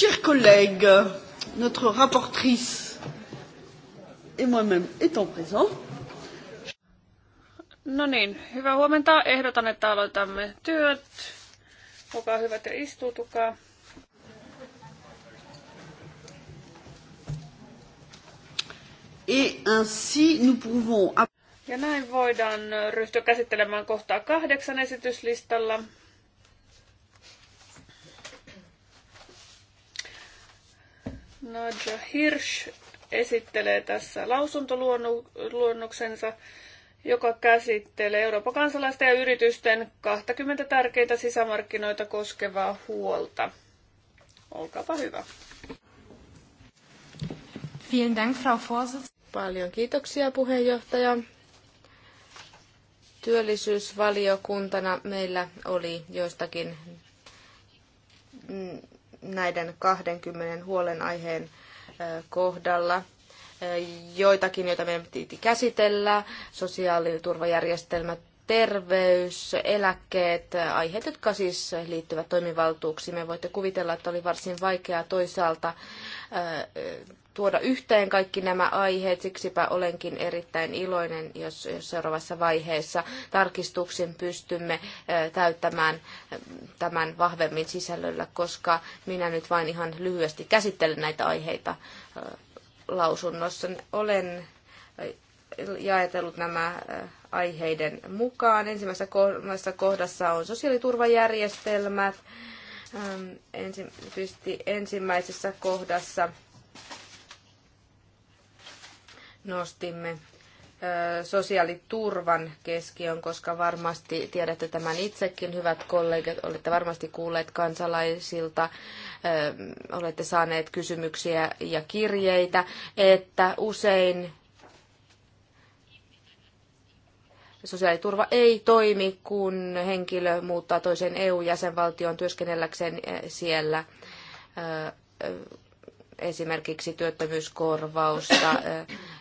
Chers collègues, notre rapportrice et moi-même étant présents. No niin, hyvää huomenta. Ehdotan, että aloitamme työt. Olkaa hyvät ja istuutukaa. Et ainsi nous pouvons... Ja näin voidaan ryhtyä käsittelemään kohtaa kahdeksan esityslistalla. Nadja Hirsch esittelee tässä lausuntoluonnoksensa, joka käsittelee Euroopan kansalaisten ja yritysten 20 tärkeitä sisämarkkinoita koskevaa huolta. Olkaapa hyvä. Vielen Dank, Frau Paljon kiitoksia puheenjohtaja. Työllisyysvaliokuntana meillä oli joistakin näiden 20 huolenaiheen kohdalla joitakin, joita meidän piti käsitellä, sosiaaliturvajärjestelmät, terveys, eläkkeet, aiheet, jotka siis liittyvät toimivaltuuksiin. Me voitte kuvitella, että oli varsin vaikeaa toisaalta tuoda yhteen kaikki nämä aiheet. Siksipä olenkin erittäin iloinen, jos, jos seuraavassa vaiheessa tarkistuksen pystymme täyttämään tämän vahvemmin sisällöllä, koska minä nyt vain ihan lyhyesti käsittelen näitä aiheita lausunnossa. Olen jaetellut nämä aiheiden mukaan. Ensimmäisessä kohdassa on sosiaaliturvajärjestelmät, ensimmäisessä kohdassa – nostimme sosiaaliturvan keskiön, koska varmasti tiedätte tämän itsekin, hyvät kollegat, olette varmasti kuulleet kansalaisilta, olette saaneet kysymyksiä ja kirjeitä, että usein sosiaaliturva ei toimi, kun henkilö muuttaa toisen EU-jäsenvaltioon työskennelläkseen siellä esimerkiksi työttömyyskorvausta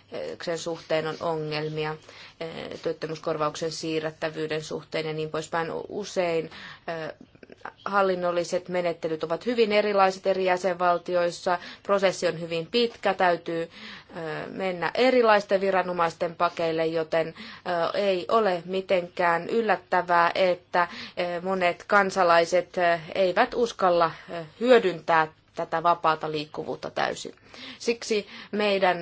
työttömyyskorvauksen suhteen on ongelmia, e, työttömyyskorvauksen siirrettävyyden suhteen ja niin poispäin. Usein e, hallinnolliset menettelyt ovat hyvin erilaiset eri jäsenvaltioissa, prosessi on hyvin pitkä, täytyy e, mennä erilaisten viranomaisten pakeille, joten ei ole mitenkään yllättävää, että monet kansalaiset eivät uskalla hyödyntää tätä vapaata liikkuvuutta täysin. Siksi meidän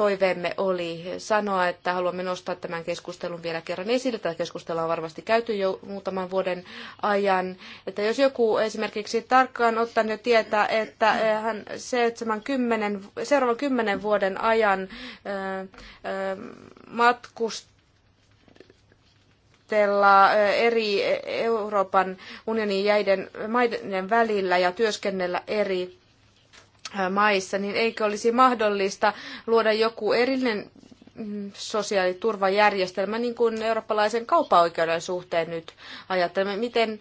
toiveemme oli sanoa, että haluamme nostaa tämän keskustelun vielä kerran esille. Tätä keskustelua on varmasti käyty jo muutaman vuoden ajan. Että jos joku esimerkiksi tarkkaan ottaen niin jo tietää, että eh, hän 70, seuraavan kymmenen vuoden ajan matkustaa eh, eh, matkustella eri Euroopan unionin jäiden, maiden välillä ja työskennellä eri maissa, niin eikö olisi mahdollista luoda joku erillinen mm, sosiaaliturvajärjestelmä, niin kuin eurooppalaisen kaupaoikeuden suhteen nyt ajattelemme, miten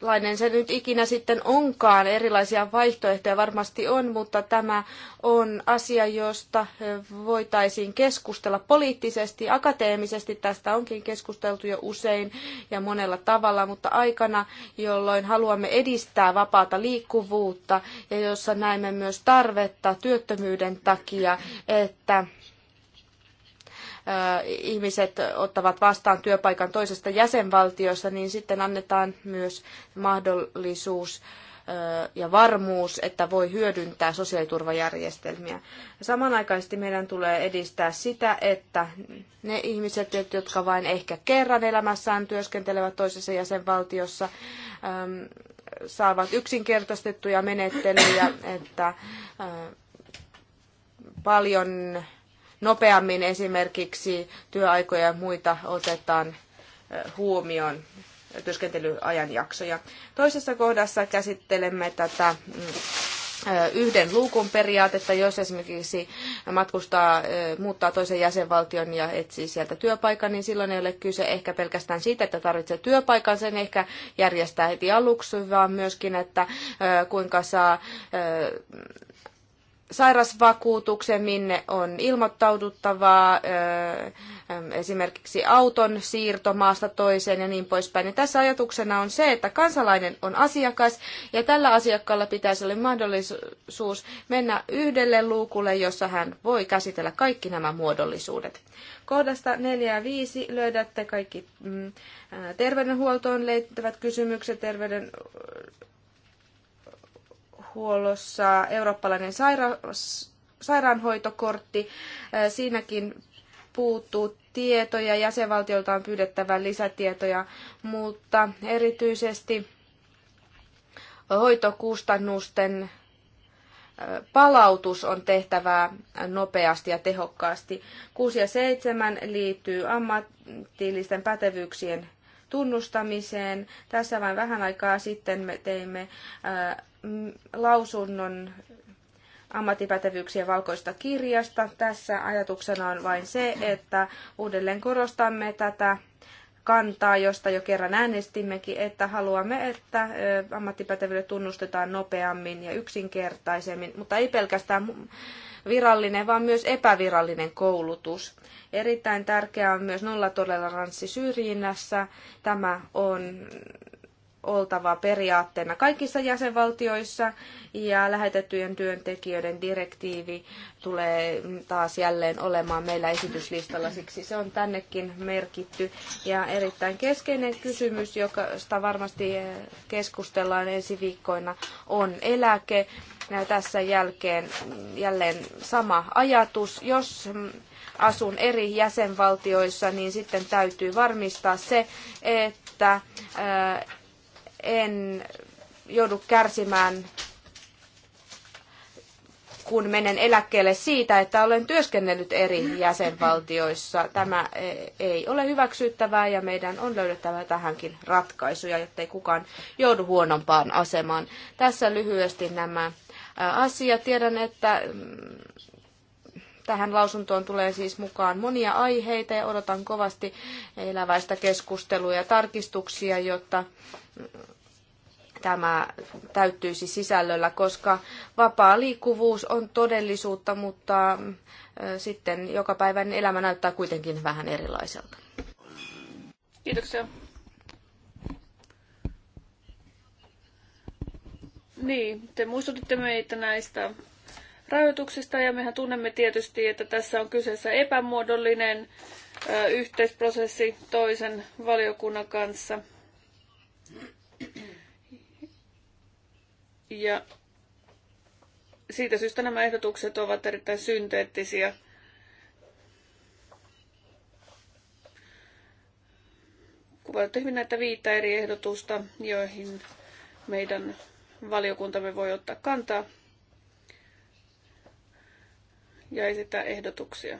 minkälainen se nyt ikinä sitten onkaan. Erilaisia vaihtoehtoja varmasti on, mutta tämä on asia, josta voitaisiin keskustella poliittisesti, akateemisesti. Tästä onkin keskusteltu jo usein ja monella tavalla, mutta aikana, jolloin haluamme edistää vapaata liikkuvuutta ja jossa näemme myös tarvetta työttömyyden takia, että ihmiset ottavat vastaan työpaikan toisesta jäsenvaltiosta, niin sitten annetaan myös mahdollisuus ja varmuus, että voi hyödyntää sosiaaliturvajärjestelmiä. Samanaikaisesti meidän tulee edistää sitä, että ne ihmiset, jotka vain ehkä kerran elämässään työskentelevät toisessa jäsenvaltiossa, saavat yksinkertaistettuja menettelyjä, että paljon nopeammin esimerkiksi työaikoja ja muita otetaan huomioon työskentelyajanjaksoja. Toisessa kohdassa käsittelemme tätä mm, yhden luukun periaatetta, jos esimerkiksi matkustaa, muuttaa toisen jäsenvaltion ja etsii sieltä työpaikan, niin silloin ei ole kyse ehkä pelkästään siitä, että tarvitsee työpaikan, sen ehkä järjestää heti aluksi, vaan myöskin, että kuinka saa sairasvakuutuksen, minne on ilmoittauduttavaa, esimerkiksi auton siirto maasta toiseen ja niin poispäin. Ja tässä ajatuksena on se, että kansalainen on asiakas ja tällä asiakkaalla pitäisi olla mahdollisuus mennä yhdelle luukulle, jossa hän voi käsitellä kaikki nämä muodollisuudet. Kohdasta 4 ja 5 löydätte kaikki mm, terveydenhuoltoon liittyvät kysymykset, terveyden terveydenhuollossa eurooppalainen saira- sairaanhoitokortti. Siinäkin puuttuu tietoja, jäsenvaltiolta on pyydettävä lisätietoja, mutta erityisesti hoitokustannusten palautus on tehtävää nopeasti ja tehokkaasti. 6 ja 7 liittyy ammatillisten pätevyyksien tunnustamiseen. Tässä vain vähän aikaa sitten me teimme Mm, lausunnon ammattipätevyyksien valkoista kirjasta. Tässä ajatuksena on vain se, että uudelleen korostamme tätä kantaa, josta jo kerran äänestimmekin, että haluamme, että ammattipätevyydet tunnustetaan nopeammin ja yksinkertaisemmin, mutta ei pelkästään virallinen, vaan myös epävirallinen koulutus. Erittäin tärkeää on myös nollatoleranssi syrjinnässä. Tämä on oltava periaatteena kaikissa jäsenvaltioissa ja lähetettyjen työntekijöiden direktiivi tulee taas jälleen olemaan meillä esityslistalla, siksi se on tännekin merkitty. Ja erittäin keskeinen kysymys, josta varmasti keskustellaan ensi viikkoina, on eläke. Ja tässä jälkeen jälleen sama ajatus. Jos asun eri jäsenvaltioissa, niin sitten täytyy varmistaa se, että en joudu kärsimään, kun menen eläkkeelle siitä, että olen työskennellyt eri jäsenvaltioissa. Tämä e, ei ole hyväksyttävää ja meidän on löydettävä tähänkin ratkaisuja, jottei kukaan joudu huonompaan asemaan. Tässä lyhyesti nämä asiat. Tiedän, että mm, Tähän lausuntoon tulee siis mukaan monia aiheita ja odotan kovasti eläväistä keskustelua ja tarkistuksia, jotta tämä täyttyisi sisällöllä, koska vapaa liikkuvuus on todellisuutta, mutta sitten jokapäiväinen elämä näyttää kuitenkin vähän erilaiselta. Kiitoksia. Niin, te muistutitte meitä näistä rajoituksista ja mehän tunnemme tietysti, että tässä on kyseessä epämuodollinen yhteisprosessi toisen valiokunnan kanssa. Ja siitä syystä nämä ehdotukset ovat erittäin synteettisiä. Kuvaatte hyvin näitä viittä eri ehdotusta, joihin meidän valiokuntamme voi ottaa kantaa ja esittää ehdotuksia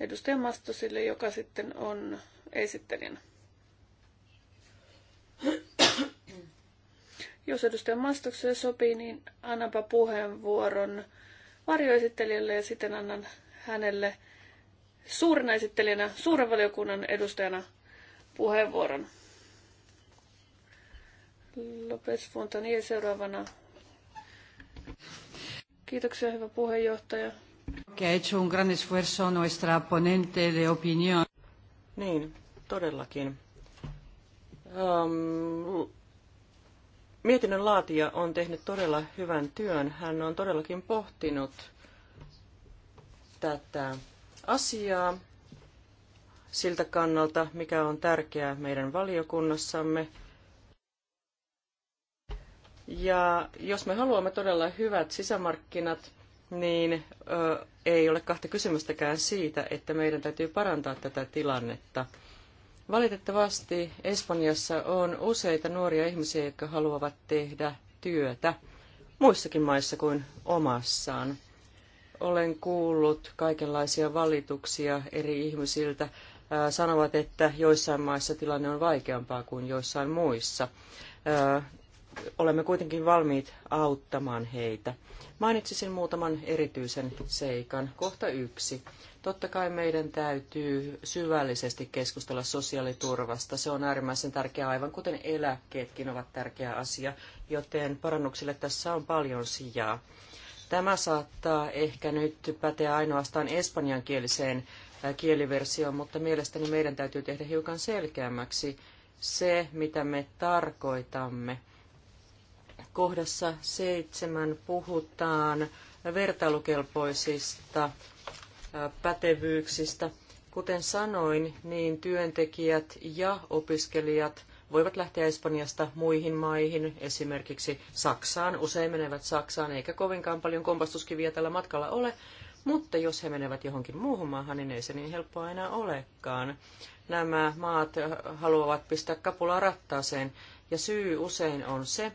edustaja Mastosille, joka sitten on esittelijänä. Jos edustaja Mastokselle sopii, niin annanpa puheenvuoron varjoesittelijälle ja sitten annan hänelle suurena esittelijänä, suuren valiokunnan edustajana puheenvuoron. Lopes Fontanier seuraavana Kiitoksia, hyvä puheenjohtaja. Que ha hecho un gran esfuerzo nuestra ponente de opinión. Niin, todellakin. Um, mietinnön laatija on tehnyt todella hyvän työn. Hän on todellakin pohtinut tätä asiaa siltä kannalta, mikä on tärkeää meidän valiokunnassamme. Ja jos me haluamme todella hyvät sisämarkkinat, niin ö, ei ole kahta kysymystäkään siitä, että meidän täytyy parantaa tätä tilannetta. Valitettavasti Espanjassa on useita nuoria ihmisiä, jotka haluavat tehdä työtä muissakin maissa kuin omassaan. Olen kuullut kaikenlaisia valituksia eri ihmisiltä. Sanovat, että joissain maissa tilanne on vaikeampaa kuin joissain muissa olemme kuitenkin valmiit auttamaan heitä. Mainitsisin muutaman erityisen seikan. Kohta yksi. Totta kai meidän täytyy syvällisesti keskustella sosiaaliturvasta. Se on äärimmäisen tärkeä, aivan kuten eläkkeetkin ovat tärkeä asia, joten parannuksille tässä on paljon sijaa. Tämä saattaa ehkä nyt päteä ainoastaan espanjankieliseen äh, kieliversioon, mutta mielestäni meidän täytyy tehdä hiukan selkeämmäksi se, mitä me tarkoitamme kohdassa seitsemän puhutaan vertailukelpoisista pätevyyksistä. Kuten sanoin, niin työntekijät ja opiskelijat voivat lähteä Espanjasta muihin maihin, esimerkiksi Saksaan. Usein menevät Saksaan, eikä kovinkaan paljon kompastuskiviä tällä matkalla ole, mutta jos he menevät johonkin muuhun maahan, niin ei se niin helppoa enää olekaan. Nämä maat haluavat pistää kapulaa rattaaseen, ja syy usein on se,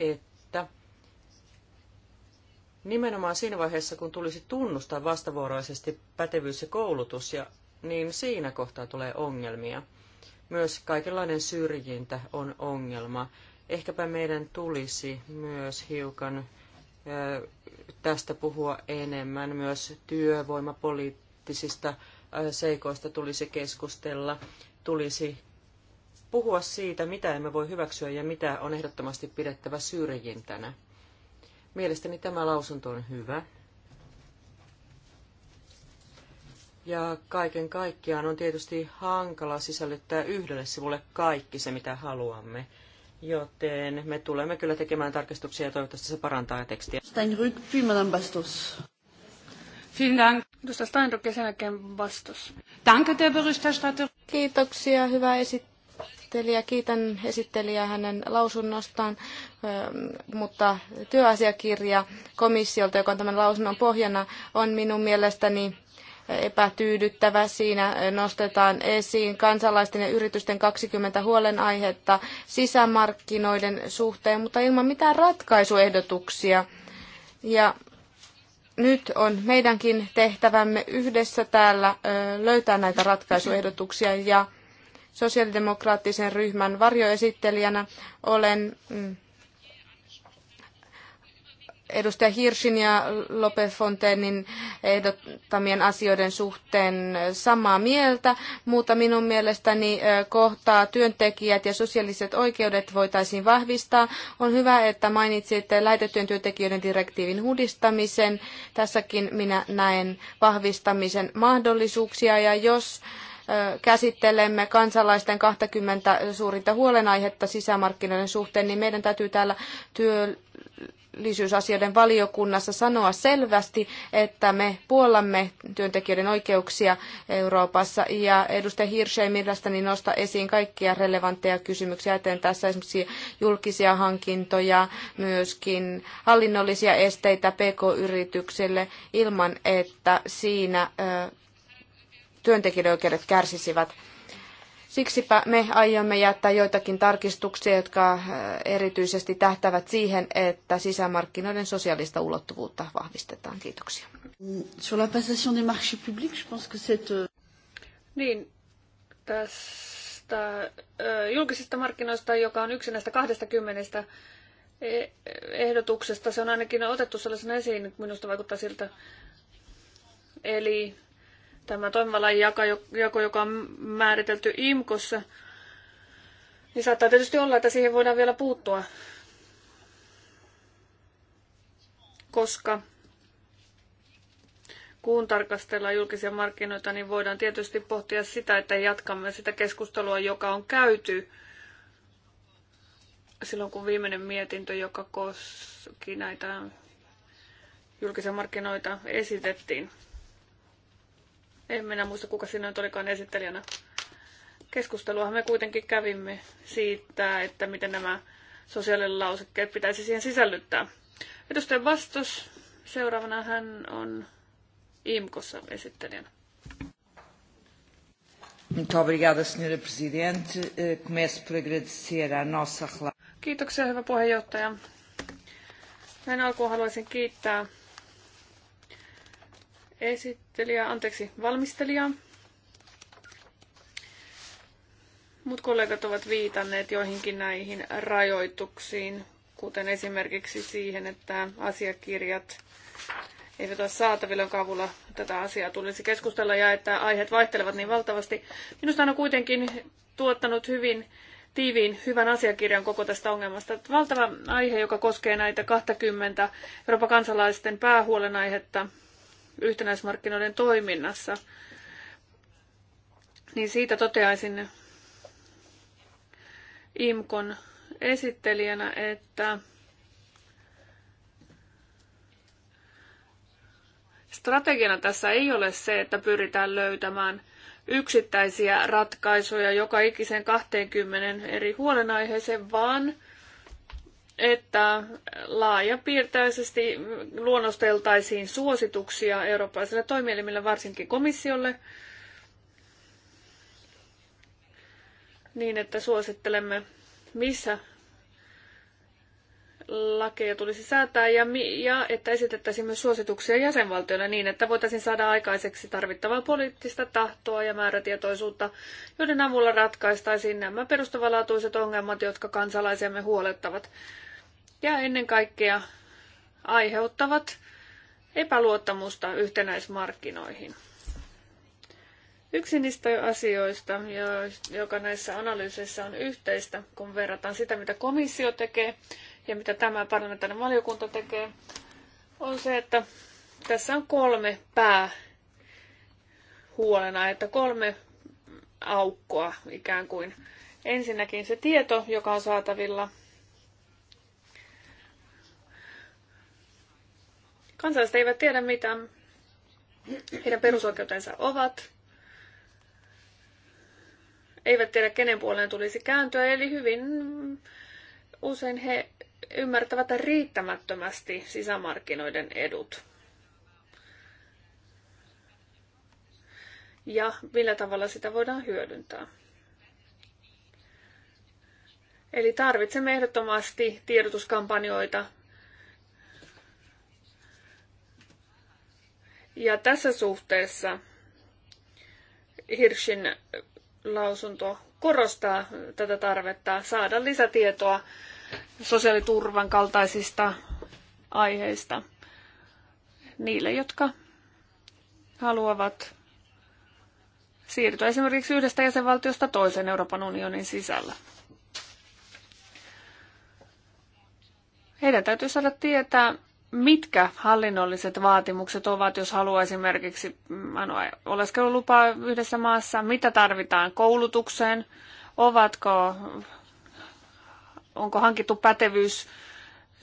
että nimenomaan siinä vaiheessa, kun tulisi tunnustaa vastavuoroisesti pätevyys ja koulutus, ja, niin siinä kohtaa tulee ongelmia. Myös kaikenlainen syrjintä on ongelma. Ehkäpä meidän tulisi myös hiukan tästä puhua enemmän. Myös työvoimapoliittisista seikoista tulisi keskustella. Tulisi puhua siitä, mitä emme voi hyväksyä ja mitä on ehdottomasti pidettävä syrjintänä. Mielestäni tämä lausunto on hyvä. Ja kaiken kaikkiaan on tietysti hankala sisällyttää yhdelle sivulle kaikki se, mitä haluamme. Joten me tulemme kyllä tekemään tarkistuksia ja toivottavasti se parantaa tekstiä. Steinrück, puis Madame Bastos. Vielen Edustaja Steinrück ja sen jälkeen Bastos. Danke der Berichterstatter. Kiitoksia, hyvä esittely esittelijä. Kiitän esittelijää hänen lausunnostaan, ähm, mutta työasiakirja komissiolta, joka on tämän lausunnon pohjana, on minun mielestäni epätyydyttävä. Siinä nostetaan esiin kansalaisten ja yritysten 20 huolenaihetta sisämarkkinoiden suhteen, mutta ilman mitään ratkaisuehdotuksia. Ja nyt on meidänkin tehtävämme yhdessä täällä äh, löytää näitä ratkaisuehdotuksia ja sosiaalidemokraattisen ryhmän varjoesittelijänä. Olen mm, edustaja Hirschin ja Lope Fontenin ehdottamien asioiden suhteen samaa mieltä, mutta minun mielestäni kohtaa työntekijät ja sosiaaliset oikeudet voitaisiin vahvistaa. On hyvä, että mainitsitte lähetettyjen työntekijöiden direktiivin uudistamisen. Tässäkin minä näen vahvistamisen mahdollisuuksia ja jos käsittelemme kansalaisten 20 suurinta huolenaihetta sisämarkkinoiden suhteen, niin meidän täytyy täällä työ, työllisyysasioiden valiokunnassa sanoa selvästi, että me puollamme työntekijöiden oikeuksia Euroopassa. Ja edustaja Hirsch ei mielestäni nosta esiin kaikkia relevantteja kysymyksiä, joten tässä esimerkiksi julkisia hankintoja, myöskin hallinnollisia esteitä pk-yrityksille ilman, että siinä työntekijöiden oikeudet kärsisivät. Siksipä me aiomme jättää joitakin tarkistuksia, jotka äh, erityisesti tähtävät siihen, että sisämarkkinoiden sosiaalista ulottuvuutta vahvistetaan. Kiitoksia. Sur la passation des marchés publics, je pense que cette... Euh, niin, tästä äh, julkisista markkinoista, joka on yksi näistä 20 e, ehdotuksesta, se on ainakin otettu sellaisena esiin, minusta vaikuttaa siltä. Eli tämä toimivalan jako, joka on määritelty IMKossa, niin saattaa tietysti olla, että siihen voidaan vielä puuttua, koska kun tarkastellaan julkisia markkinoita, niin voidaan tietysti pohtia sitä, että jatkamme sitä keskustelua, joka on käyty silloin, kun viimeinen mietintö, joka koski näitä julkisia markkinoita, esitettiin. En minä muista, kuka siinä nyt olikaan esittelijänä. Keskusteluahan me kuitenkin kävimme siitä, että miten nämä sosiaalilausekkeet pitäisi siihen sisällyttää. Edustajan vastus. Seuraavana hän on IMKossa esittelijänä. Muito senhora Presidente. Eh, começo por agradecer à nossa Kiitoksia, hyvä puheenjohtaja. Näin alkuun haluaisin kiittää esittelijää, anteeksi, valmistelijaa. Mut kollegat ovat viitanneet joihinkin näihin rajoituksiin, kuten esimerkiksi siihen, että asiakirjat eivät ole saatavilla, jonka avulla tätä asiaa tulisi keskustella ja että aiheet vaihtelevat niin valtavasti. Minusta on kuitenkin tuottanut hyvin tiiviin hyvän asiakirjan koko tästä ongelmasta. Valtava aihe, joka koskee näitä 20 Euroopan kansalaisten päähuolenaihetta, yhtenäismarkkinoiden toiminnassa, niin siitä toteaisin IMKON esittelijänä, että strategiana tässä ei ole se, että pyritään löytämään yksittäisiä ratkaisuja joka ikiseen 20 eri huolenaiheeseen, vaan – että laajapiirtäisesti luonnosteltaisiin suosituksia eurooppalaisille toimielimille, varsinkin komissiolle, niin että suosittelemme, missä lakeja tulisi säätää ja, ja että esitettäisiin myös suosituksia jäsenvaltioille niin, että voitaisiin saada aikaiseksi tarvittavaa poliittista tahtoa ja määrätietoisuutta, joiden avulla ratkaistaisiin nämä perustavanlaatuiset ongelmat, jotka kansalaisiamme huolettavat ja ennen kaikkea aiheuttavat epäluottamusta yhtenäismarkkinoihin. Yksi niistä asioista, joka näissä analyyseissä on yhteistä, kun verrataan sitä, mitä komissio tekee ja mitä tämä parlamentaarinen valiokunta tekee, on se, että tässä on kolme päähuolena, että kolme aukkoa ikään kuin. Ensinnäkin se tieto, joka on saatavilla Kansalaiset eivät tiedä, mitä heidän perusoikeutensa ovat. Eivät tiedä, kenen puoleen tulisi kääntyä, eli hyvin usein he ymmärtävät riittämättömästi sisämarkkinoiden edut. Ja millä tavalla sitä voidaan hyödyntää. Eli tarvitsemme ehdottomasti tiedotuskampanjoita Ja tässä suhteessa Hirschin lausunto korostaa tätä tarvetta saada lisätietoa sosiaaliturvan kaltaisista aiheista niille, jotka haluavat siirtyä esimerkiksi yhdestä jäsenvaltiosta toiseen Euroopan unionin sisällä. Heidän täytyy saada tietää, mitkä hallinnolliset vaatimukset ovat, jos haluaa esimerkiksi mm, oleskelulupaa yhdessä maassa, mitä tarvitaan koulutukseen, ovatko, onko hankittu pätevyys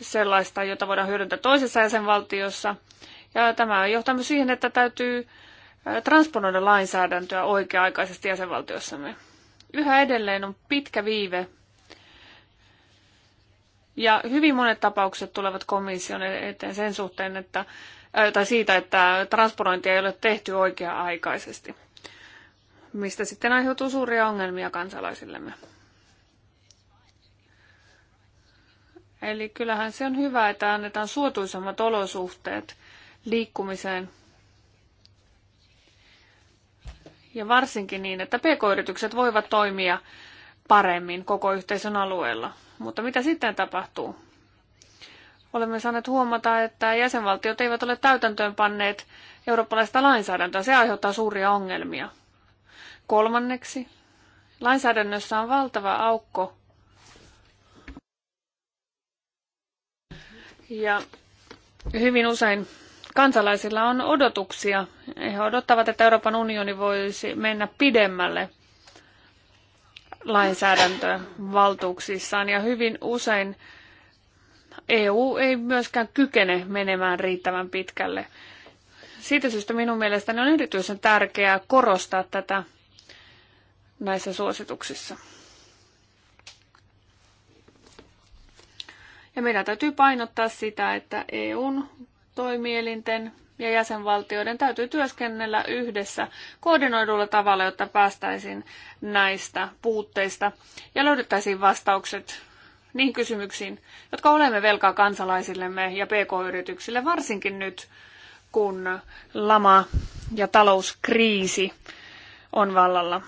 sellaista, jota voidaan hyödyntää toisessa jäsenvaltiossa. Ja tämä johtaa myös siihen, että täytyy transponoida lainsäädäntöä oikea-aikaisesti jäsenvaltiossamme. Yhä edelleen on pitkä viive ja hyvin monet tapaukset tulevat komission eteen sen suhteen, että, tai siitä, että transporointia ei ole tehty oikea-aikaisesti, mistä sitten aiheutuu suuria ongelmia kansalaisillemme. Eli kyllähän se on hyvä, että annetaan suotuisammat olosuhteet liikkumiseen. Ja varsinkin niin, että pk-yritykset voivat toimia paremmin koko yhteisön alueella. Mutta mitä sitten tapahtuu? Olemme saaneet huomata, että jäsenvaltiot eivät ole täytäntöön panneet eurooppalaista lainsäädäntöä. Se aiheuttaa suuria ongelmia. Kolmanneksi, lainsäädännössä on valtava aukko. Ja hyvin usein kansalaisilla on odotuksia. He odottavat, että Euroopan unioni voisi mennä pidemmälle – valtuuksissaan ja hyvin usein EU ei myöskään kykene menemään riittävän pitkälle. Siitä syystä minun mielestäni on erityisen tärkeää korostaa tätä näissä suosituksissa. Ja meidän täytyy painottaa sitä, että EUn toimielinten ja jäsenvaltioiden täytyy työskennellä yhdessä koordinoidulla tavalla, jotta päästäisiin näistä puutteista ja löydettäisiin vastaukset niihin kysymyksiin, jotka olemme velkaa kansalaisillemme ja pk-yrityksille, varsinkin nyt, kun lama ja talouskriisi on vallalla.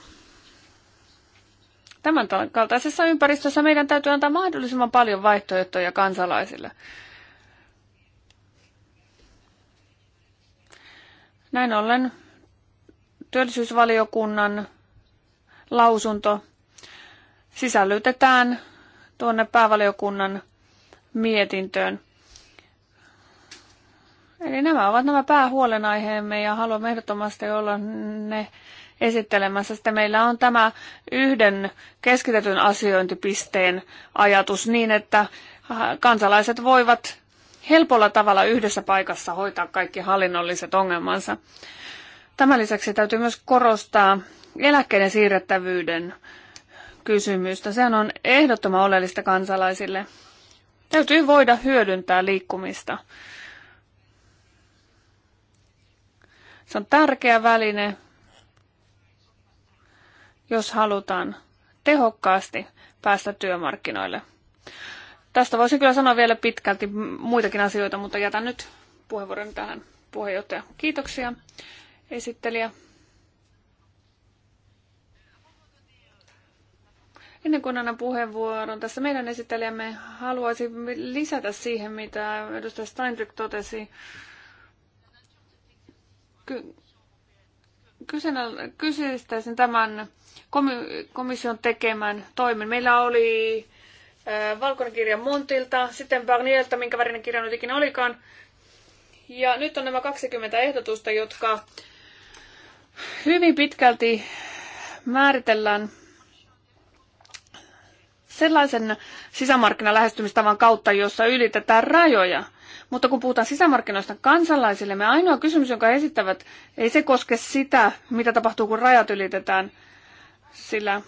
Tämän kaltaisessa ympäristössä meidän täytyy antaa mahdollisimman paljon vaihtoehtoja kansalaisille. Näin ollen työllisyysvaliokunnan lausunto sisällytetään tuonne päävaliokunnan mietintöön. Eli nämä ovat nämä päähuolenaiheemme ja haluamme ehdottomasti olla ne esittelemässä. Sitten meillä on tämä yhden keskitetyn asiointipisteen ajatus niin, että kansalaiset voivat helpolla tavalla yhdessä paikassa hoitaa kaikki hallinnolliset ongelmansa. Tämän lisäksi täytyy myös korostaa eläkkeiden siirrettävyyden kysymystä. Sehän on ehdottoman oleellista kansalaisille. Täytyy voida hyödyntää liikkumista. Se on tärkeä väline, jos halutaan tehokkaasti päästä työmarkkinoille. Tästä voisin kyllä sanoa vielä pitkälti muitakin asioita, mutta jätän nyt puheenvuoron tähän puheenjohtaja. Kiitoksia esittelijä. Ennen kuin annan puheenvuoron, tässä meidän esittelijämme haluaisi lisätä siihen, mitä edustaja Steinbrück totesi. Ky- kyseistäisin tämän komission tekemän toimen. Meillä oli valkoinen kirja Montilta, sitten Barnielta, minkä värinen kirja nyt ikinä olikaan. Ja nyt on nämä 20 ehdotusta, jotka hyvin pitkälti määritellään sellaisen sisämarkkinalähestymistavan kautta, jossa ylitetään rajoja. Mutta kun puhutaan sisämarkkinoista kansalaisille, me ainoa kysymys, jonka esittävät, ei se koske sitä, mitä tapahtuu, kun rajat ylitetään, sillä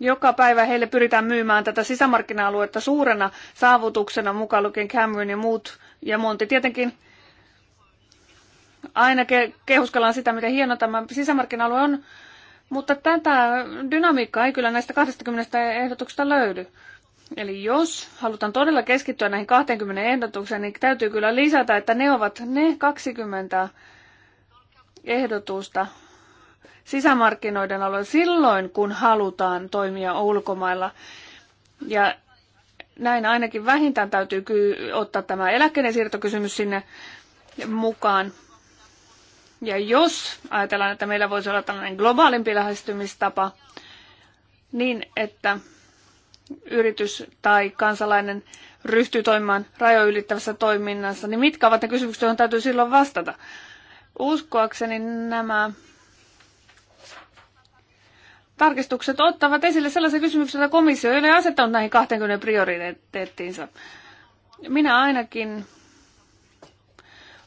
joka päivä heille pyritään myymään tätä sisämarkkina-aluetta suurena saavutuksena, mukaan lukien Cameron ja muut ja Monti tietenkin. Aina ke- kehuskellaan sitä, miten hieno tämä sisämarkkina-alue on, mutta tätä dynamiikkaa ei kyllä näistä 20 ehdotuksesta löydy. Eli jos halutaan todella keskittyä näihin 20 ehdotukseen, niin täytyy kyllä lisätä, että ne ovat ne 20 ehdotusta, sisämarkkinoiden alueella silloin, kun halutaan toimia ulkomailla. Ja näin ainakin vähintään täytyy ottaa tämä eläkkeiden siirtokysymys sinne mukaan. Ja jos ajatellaan, että meillä voisi olla tällainen globaalimpi lähestymistapa, niin että yritys tai kansalainen ryhtyy toimimaan ylittävässä toiminnassa, niin mitkä ovat ne kysymykset, joihin täytyy silloin vastata? Uskoakseni nämä tarkistukset ottavat esille sellaisen kysymyksen, että komissio ei ole asettanut näihin 20 prioriteettiinsa. Minä ainakin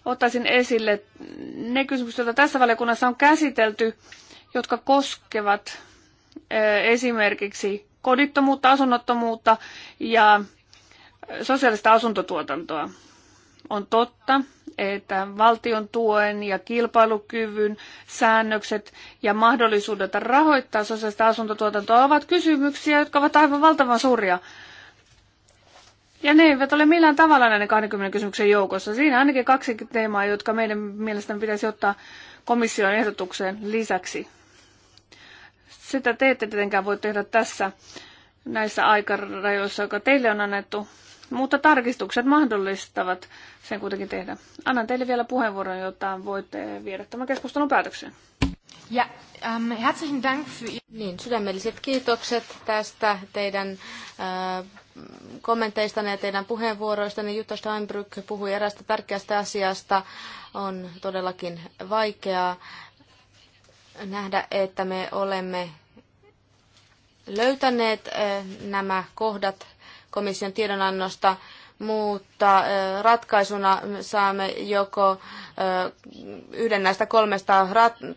ottaisin esille ne kysymykset, joita tässä valiokunnassa on käsitelty, jotka koskevat esimerkiksi kodittomuutta, asunnottomuutta ja sosiaalista asuntotuotantoa. On totta, että valtion tuen ja kilpailukyvyn säännökset ja mahdollisuudet rahoittaa sosiaalista asuntotuotantoa ovat kysymyksiä, jotka ovat aivan valtavan suuria. Ja ne eivät ole millään tavalla näiden 20 kysymyksen joukossa. Siinä on ainakin kaksi teemaa, jotka meidän mielestämme pitäisi ottaa komission ehdotukseen lisäksi. Sitä te ette tietenkään voi tehdä tässä näissä aikarajoissa, joka teille on annettu, mutta tarkistukset mahdollistavat sen kuitenkin tehdä. Annan teille vielä puheenvuoron, jotta voitte viedä tämän keskustelun päätökseen. Ja, ähm, herzlichen Dank für... Niin, sydämelliset kiitokset tästä teidän äh, kommenteistanne ja teidän puheenvuoroistanne. Jutta Steinbrück puhui erästä tärkeästä asiasta. On todellakin vaikeaa nähdä, että me olemme löytäneet äh, nämä kohdat komission tiedonannosta, mutta ratkaisuna saamme joko yhden näistä kolmesta rat-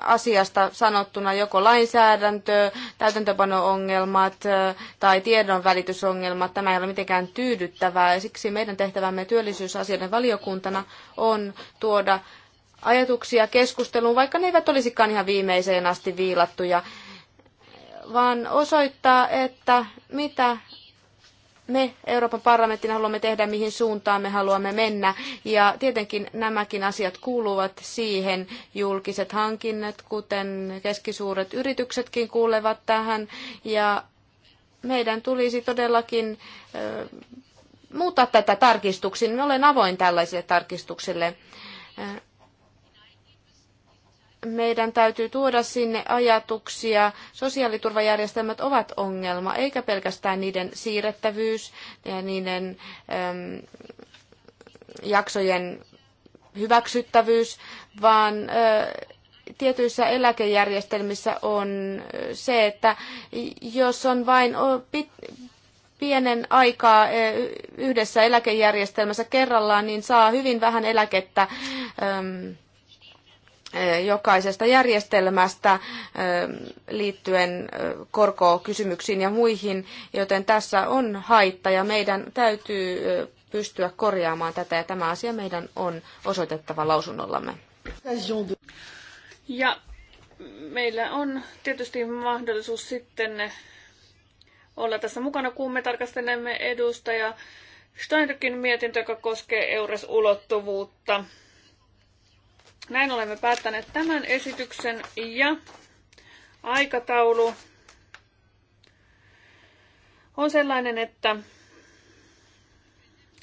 asiasta sanottuna joko lainsäädäntö, täytäntöpano-ongelmat tai tiedonvälitysongelmat. Tämä ei ole mitenkään tyydyttävää ja siksi meidän tehtävämme työllisyysasioiden valiokuntana on tuoda ajatuksia keskusteluun, vaikka ne eivät olisikaan ihan viimeiseen asti viilattuja, vaan osoittaa, että mitä me Euroopan parlamenttina haluamme tehdä, mihin suuntaan me haluamme mennä. Ja tietenkin nämäkin asiat kuuluvat siihen. Julkiset hankinnat, kuten keskisuuret yrityksetkin kuulevat tähän. Ja meidän tulisi todellakin muuttaa tätä tarkistuksiin. Olen avoin tällaisille tarkistuksille. Ö, meidän täytyy tuoda sinne ajatuksia. Sosiaaliturvajärjestelmät ovat ongelma, eikä pelkästään niiden siirrettävyys ja niiden äm, jaksojen hyväksyttävyys, vaan ä, äh, tietyissä eläkejärjestelmissä on äh, se, että jos on vain pienen aikaa äh, yhdessä eläkejärjestelmässä kerrallaan, niin saa hyvin vähän eläkettä. Ähm, jokaisesta järjestelmästä liittyen korkokysymyksiin ja muihin, joten tässä on haitta ja meidän täytyy pystyä korjaamaan tätä ja tämä asia meidän on osoitettava lausunnollamme. Ja meillä on tietysti mahdollisuus sitten olla tässä mukana, kun me tarkastelemme edustaja Steinrückin mietintö, joka koskee EURES-ulottuvuutta. Näin olemme päättäneet tämän esityksen ja aikataulu on sellainen, että,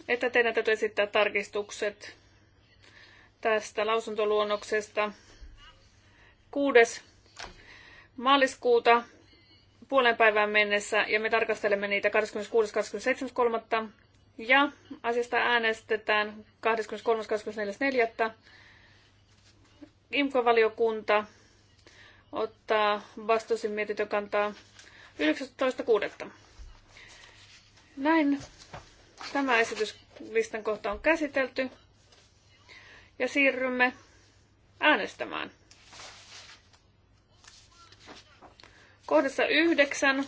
että teidän täytyy esittää tarkistukset tästä lausuntoluonnoksesta 6. maaliskuuta puolen päivään mennessä ja me tarkastelemme niitä 26.–27.3. ja asiasta äänestetään 23.–24.4. IMKO-valiokunta ottaa vastuusin mietintökantaa 19.6. Näin tämä esityslistan kohta on käsitelty ja siirrymme äänestämään. Kohdassa 9.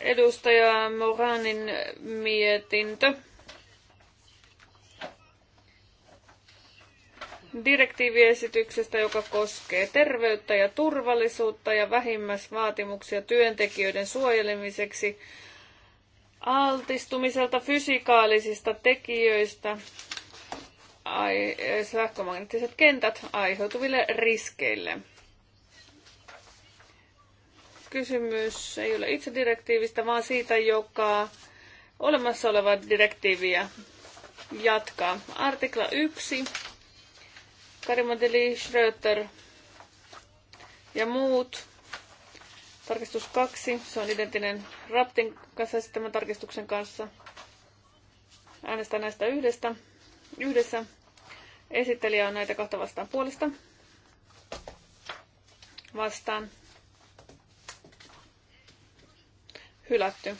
edustaja Moranin mietintö. direktiiviesityksestä, joka koskee terveyttä ja turvallisuutta ja vähimmäisvaatimuksia työntekijöiden suojelemiseksi altistumiselta fysikaalisista tekijöistä, ai, sähkömagneettiset kentät aiheutuville riskeille. Kysymys ei ole itse direktiivistä, vaan siitä, joka olemassa olevaa direktiiviä jatkaa. Artikla 1 Karimandeli, Schröter ja muut. Tarkistus 2, se on identinen Raptin kanssa esittämän tarkistuksen kanssa. Äänestä näistä yhdestä. yhdessä. Esittelijä on näitä kahta vastaan puolesta. Vastaan. Hylätty.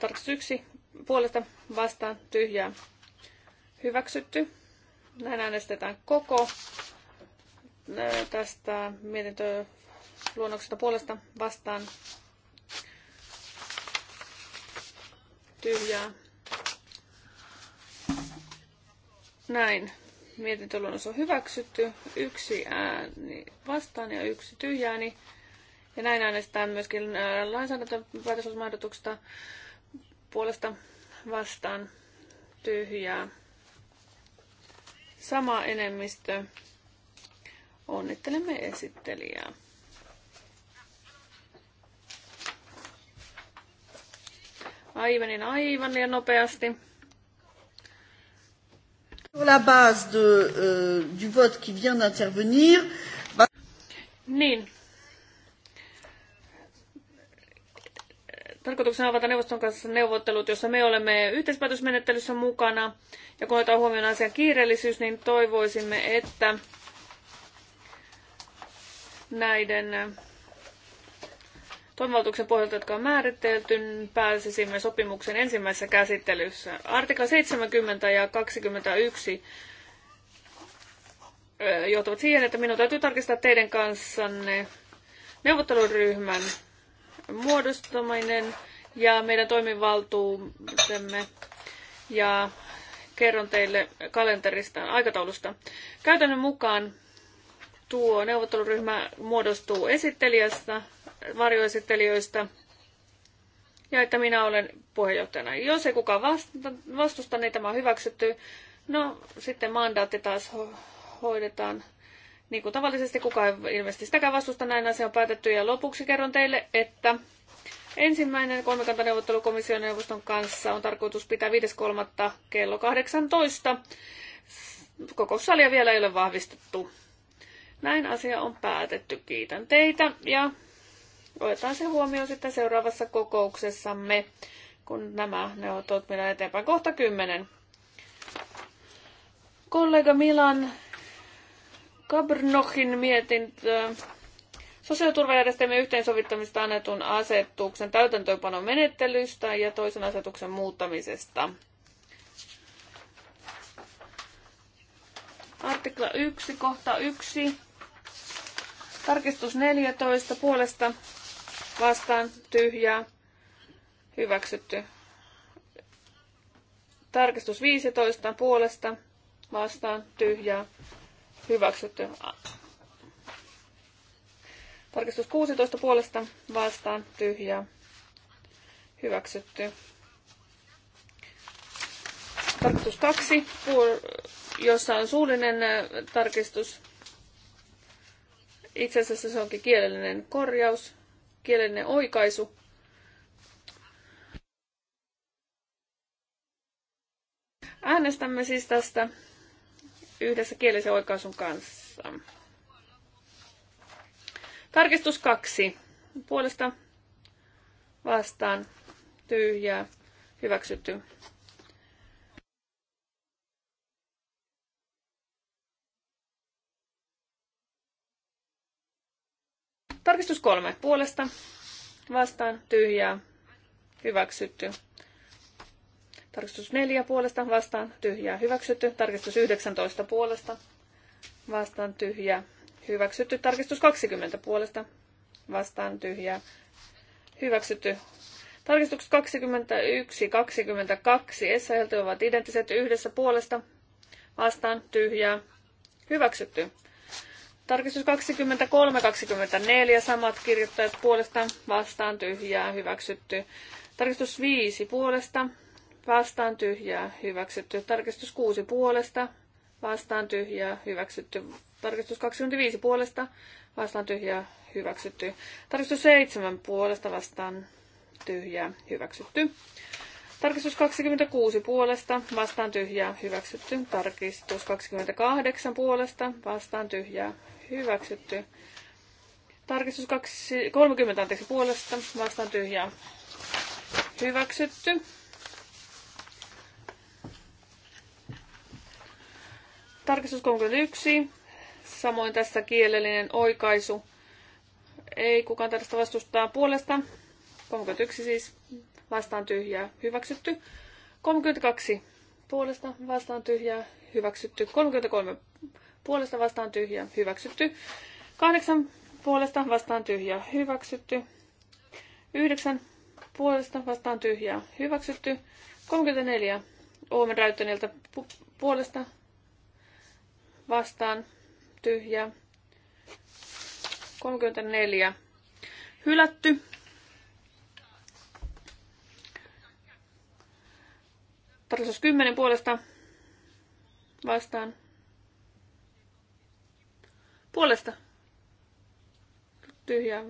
Tarkistus 1, puolesta vastaan tyhjää Hyväksytty. Näin äänestetään koko tästä mietintöluonnoksesta puolesta vastaan tyhjää. Näin. Mietintöluonnos on hyväksytty. Yksi ääni vastaan ja yksi tyhjää. Ja näin äänestetään myöskin lainsäädäntöpäätösosmahdotuksesta puolesta vastaan tyhjää sama enemmistö. Onnittelemme esittelijää. Aivan, niin aivan liian nopeasti. Sur la base de, euh, du vote qui vient d'intervenir. Niin, Tarkoituksena avata neuvoston kanssa neuvottelut, jossa me olemme yhteispäätösmenettelyssä mukana. Ja kun otetaan huomioon asian kiireellisyys, niin toivoisimme, että näiden äh, toimivaltuuksen pohjalta, jotka on määritelty, pääsisimme sopimuksen ensimmäisessä käsittelyssä. Artikla 70 ja 21 äh, johtavat siihen, että minun täytyy tarkistaa teidän kanssanne neuvotteluryhmän muodostaminen ja meidän toimivaltuutemme ja kerron teille kalenterista, aikataulusta. Käytännön mukaan tuo neuvotteluryhmä muodostuu esittelijästä, varjoesittelijöistä ja että minä olen puheenjohtajana. Jos ei kukaan vastusta, niin tämä on hyväksytty. No, sitten mandaatti taas hoidetaan niin kuin tavallisesti kukaan ei ilmeisesti sitäkään vastusta, näin asia on päätetty. Ja lopuksi kerron teille, että ensimmäinen kolmikantaneuvottelukomission neuvoston kanssa on tarkoitus pitää 5.3. kello 18. Kokoussalia vielä ei ole vahvistettu. Näin asia on päätetty. Kiitän teitä ja otetaan se huomioon sitten seuraavassa kokouksessamme, kun nämä neuvottelut meillä eteenpäin. Kohta 10. Kollega Milan Kabrnochin mietintö sosiaaliturvajärjestelmien yhteensovittamista annetun asetuksen täytäntöönpanon menettelystä ja toisen asetuksen muuttamisesta. Artikla 1, kohta 1. Tarkistus 14 puolesta vastaan tyhjää hyväksytty. Tarkistus 15 puolesta vastaan tyhjää Hyväksytty. Tarkistus 16 puolesta vastaan tyhjä. Hyväksytty. Tarkistus 2, jossa on suullinen äh, tarkistus. Itse asiassa se onkin kielellinen korjaus, kielellinen oikaisu. Äänestämme siis tästä yhdessä kielisen oikaisun kanssa. Tarkistus kaksi. Puolesta vastaan tyhjää hyväksytty. Tarkistus kolme. Puolesta vastaan tyhjää hyväksytty. Tarkistus 4 puolesta vastaan tyhjää hyväksytty. Tarkistus 19 puolesta vastaan tyhjää hyväksytty. Tarkistus 20 puolesta vastaan tyhjää hyväksytty. Tarkistukset 21, 22 Essayeltä ovat identtiset yhdessä puolesta vastaan tyhjää hyväksytty. Tarkistus 23, 24 samat kirjoittajat puolesta vastaan tyhjää hyväksytty. Tarkistus 5 puolesta vastaan tyhjää, hyväksytty. Tarkistus 6 puolesta, vastaan tyhjää, hyväksytty. Tarkistus 25 puolesta, vastaan tyhjää, hyväksytty. Tarkistus 7 puolesta, vastaan tyhjää, hyväksytty. Tarkistus 26 puolesta, vastaan tyhjää, hyväksytty. Tarkistus 28 puolesta, vastaan tyhjää, hyväksytty. Tarkistus 2, 30 anteeksi, puolesta, vastaan tyhjää, hyväksytty. Tarkistus 31. Samoin tässä kielellinen oikaisu. Ei kukaan tästä vastustaa puolesta. 31 siis vastaan tyhjää hyväksytty. 32 puolesta vastaan tyhjää hyväksytty. 33 puolesta vastaan tyhjää hyväksytty. 8 puolesta vastaan tyhjää hyväksytty. 9 puolesta vastaan tyhjää hyväksytty. 34 Oomen Räyttäniltä puolesta vastaan tyhjä. 34 hylätty. Tarkoitus 10 puolesta vastaan. Puolesta. Tyhjä.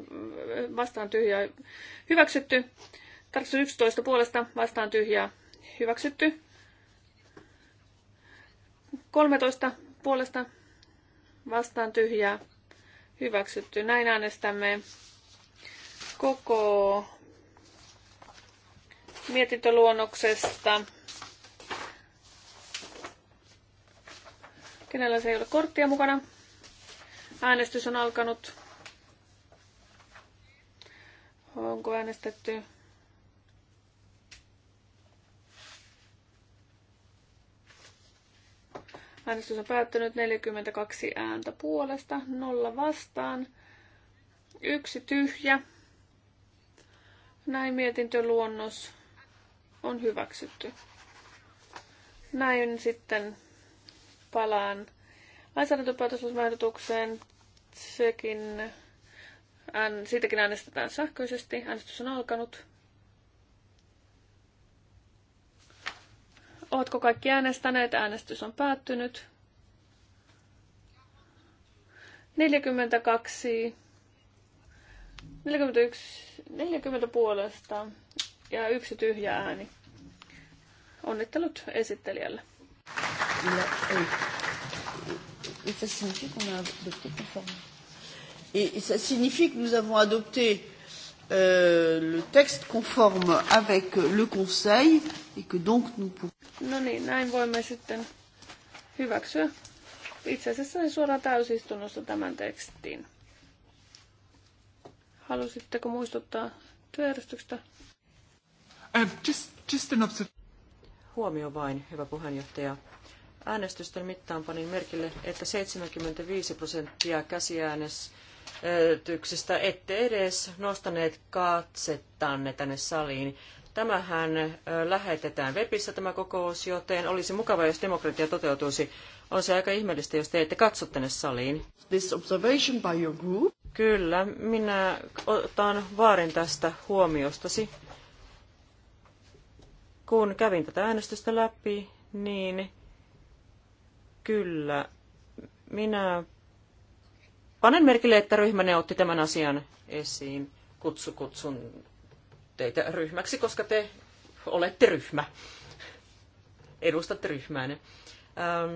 Vastaan tyhjä. Hyväksytty. Tarkoitus 11 puolesta vastaan tyhjä. Hyväksytty. 13 puolesta vastaan tyhjää hyväksytty. Näin äänestämme koko mietintöluonnoksesta. Kenellä se ei ole korttia mukana? Äänestys on alkanut. Onko äänestetty? Äänestys on päättynyt 42 ääntä puolesta, nolla vastaan, yksi tyhjä. Näin mietintöluonnos on hyväksytty. Näin sitten palaan lainsäädäntöpäätösluusmehdotukseen. Sekin, ään, siitäkin äänestetään sähköisesti. Äänestys on alkanut. Ootko kaikki äänestäneet? Äänestys on päättynyt. 42, 41, 40 puolesta ja yksi tyhjä ääni. Onnittelut esittelijälle. Et ça signifie que nous avons adopté Euh, le texte conforme avec le Conseil et que donc nous pouvons... No niin, näin voimme sitten hyväksyä itse asiassa suoraan täysistunnossa tämän tekstin. Halusitteko muistuttaa työjärjestyksestä? Um, just, just an Huomio vain, hyvä puheenjohtaja. Äänestysten mittaan panin merkille, että 75 prosenttia käsiäänes yllätyksistä, ette edes nostaneet katsettanne tänne saliin. Tämähän lähetetään webissä tämä kokous, joten olisi mukava, jos demokratia toteutuisi. On se aika ihmeellistä, jos te ette katso tänne saliin. This observation by your group. Kyllä, minä otan vaarin tästä huomiostasi. Kun kävin tätä äänestystä läpi, niin kyllä minä Panen merkille, että ryhmänne otti tämän asian esiin. Kutsu, kutsun teitä ryhmäksi, koska te olette ryhmä. Edustatte ryhmäänne. Ähm,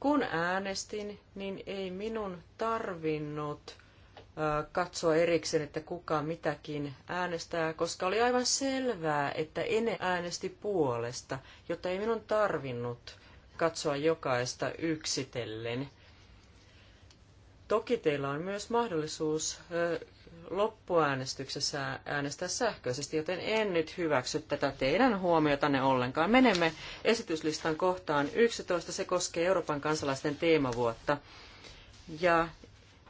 kun äänestin, niin ei minun tarvinnut äh, katsoa erikseen, että kuka mitäkin äänestää, koska oli aivan selvää, että Ene äänesti puolesta, jotta ei minun tarvinnut katsoa jokaista yksitellen. Toki teillä on myös mahdollisuus loppuäänestyksessä äänestää sähköisesti, joten en nyt hyväksy tätä teidän huomiotanne ollenkaan. Menemme esityslistan kohtaan 11. Se koskee Euroopan kansalaisten teemavuotta. Ja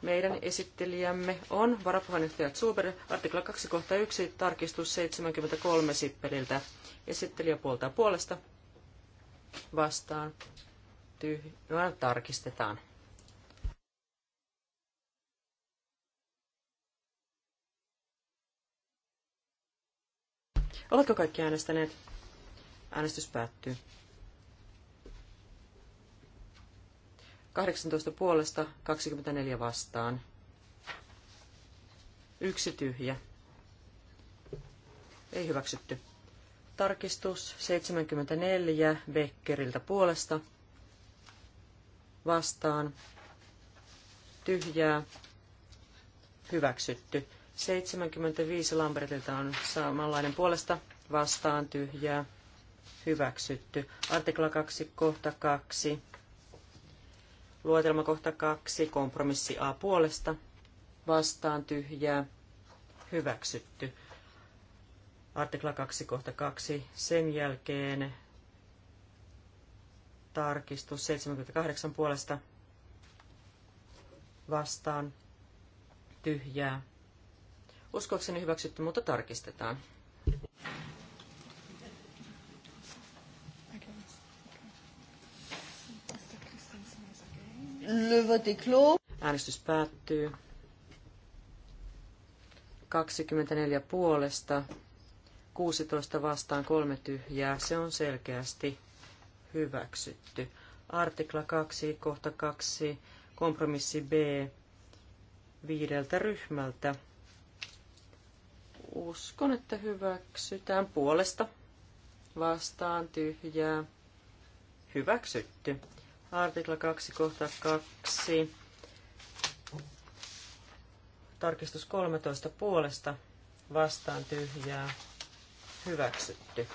meidän esittelijämme on varapuheenjohtaja Zuber, artikla 2 kohta 1, tarkistus 73 sippeliltä. Esittelijä puoltaa puolesta. Vastaan. Tyhjään tarkistetaan. Oletko kaikki äänestäneet? Äänestys päättyy. 18 puolesta, 24 vastaan. Yksi tyhjä. Ei hyväksytty. Tarkistus 74 Beckeriltä puolesta. Vastaan. Tyhjää. Hyväksytty. 75 Lambertilta on samanlainen puolesta vastaan tyhjää hyväksytty. Artikla 2, kohta 2. Luetelma kohta 2, kompromissi A puolesta vastaan tyhjää hyväksytty. Artikla 2, kohta 2. Sen jälkeen tarkistus 78 puolesta vastaan tyhjää Uskoakseni hyväksytty, mutta tarkistetaan. Le vote clos. Äänestys päättyy. 24 puolesta, 16 vastaan, kolme tyhjää. Se on selkeästi hyväksytty. Artikla 2, kohta 2, kompromissi B viideltä ryhmältä. Uskon, että hyväksytään puolesta. Vastaan tyhjää. Hyväksytty. Artikla 2, kohta 2. Tarkistus 13 puolesta. Vastaan tyhjää. Hyväksytty.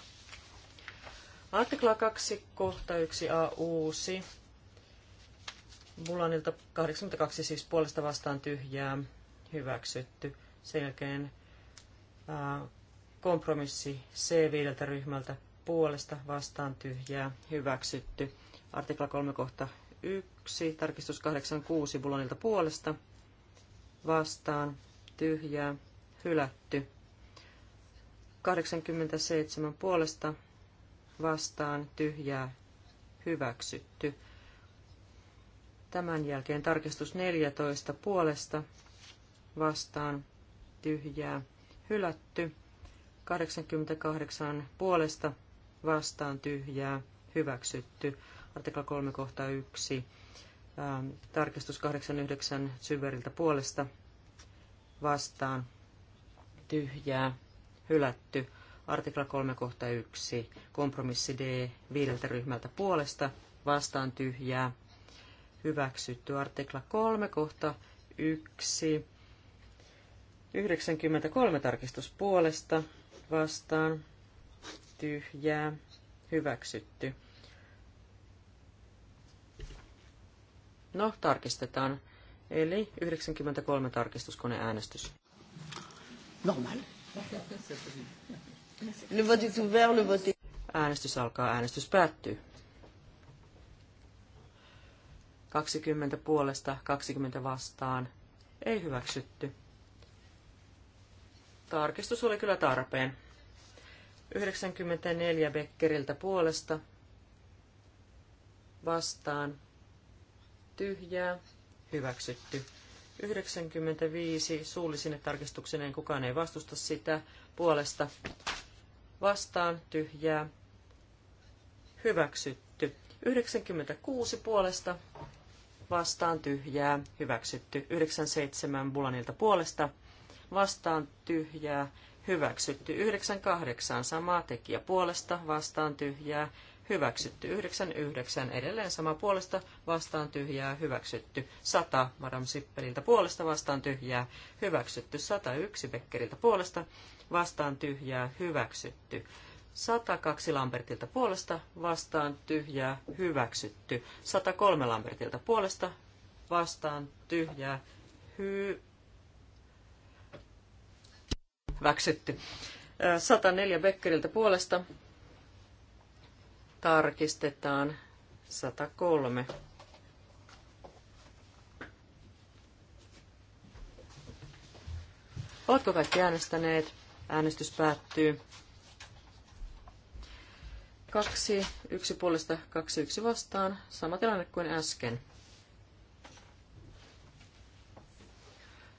Artikla 2, kohta 1a uusi. Bulanilta 82 siis puolesta vastaan tyhjää. Hyväksytty. Sen jälkeen kompromissi C viideltä ryhmältä puolesta vastaan tyhjää hyväksytty. Artikla 3 kohta 1, tarkistus 86 Bulonilta puolesta vastaan tyhjää hylätty. 87 puolesta vastaan tyhjää hyväksytty. Tämän jälkeen tarkistus 14 puolesta vastaan tyhjää hylätty. 88 puolesta vastaan tyhjää hyväksytty. Artikla 3 kohta 1. Ähm, tarkistus 89 syveriltä puolesta vastaan tyhjää hylätty. Artikla 3 kohta 1. Kompromissi D viideltä ryhmältä puolesta vastaan tyhjää hyväksytty. Artikla 3 kohta 1 93 tarkistus puolesta vastaan. Tyhjää. Hyväksytty. No, tarkistetaan. Eli 93 tarkistuskoneäänestys. Normal. Le vote est ouvert, le vote Äänestys alkaa, äänestys päättyy. 20 puolesta, 20 vastaan. Ei hyväksytty. Tarkistus oli kyllä tarpeen. 94 Beckeriltä puolesta vastaan tyhjää hyväksytty. 95 suullisine tarkistuksineen kukaan ei vastusta sitä puolesta vastaan tyhjää hyväksytty. 96 puolesta vastaan tyhjää hyväksytty. 97 Bulanilta puolesta vastaan tyhjää, hyväksytty. 98 samaa tekijä puolesta, vastaan tyhjää, hyväksytty. 99 edelleen sama puolesta, vastaan tyhjää, hyväksytty. 100 Madame Sippeliltä puolesta, vastaan tyhjää, hyväksytty. 101 Beckeriltä puolesta, vastaan tyhjää, hyväksytty. 102 Lambertilta puolesta, vastaan tyhjää, hyväksytty. 103 Lambertilta puolesta, vastaan tyhjää, hyväksytty Väksytty. 104 Beckeriltä puolesta. Tarkistetaan 103. Oletko kaikki äänestäneet? Äänestys päättyy. Kaksi, yksi puolesta, kaksi, yksi vastaan. Sama tilanne kuin äsken.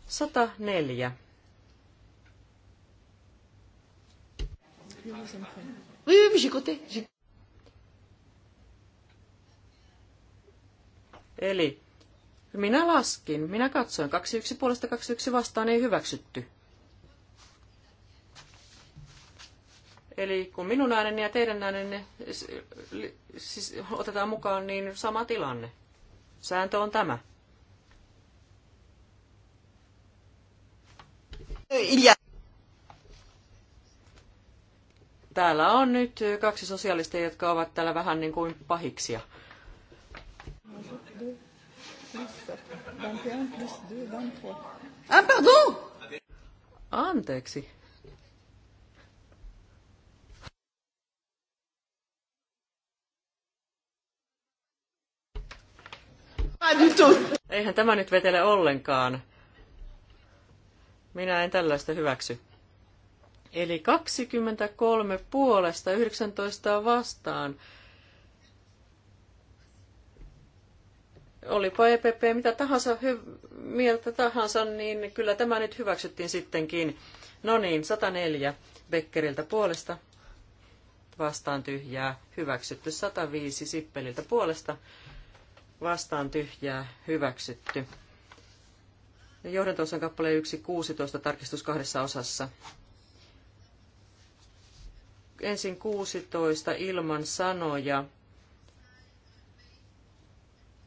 104 Oui, oui, oui j'ai compté. Eli minä laskin, minä katsoin. yksi puolesta yksi vastaan ei hyväksytty. Eli kun minun ääneni ja teidän äänenne siis otetaan mukaan, niin sama tilanne. Sääntö on tämä. Il y Täällä on nyt kaksi sosialistia, jotka ovat täällä vähän niin kuin pahiksia. Ah, pardon! Anteeksi. Eihän tämä nyt vetele ollenkaan. Minä en tällaista hyväksy. Eli 23 puolesta 19 vastaan. Olipa EPP mitä tahansa hy- mieltä tahansa, niin kyllä tämä nyt hyväksyttiin sittenkin. No niin, 104 Beckeriltä puolesta vastaan tyhjää, hyväksytty 105 Sippeliltä puolesta, vastaan tyhjää, hyväksytty. Johdantosan kappale 1, 16, tarkistus kahdessa osassa ensin 16 ilman sanoja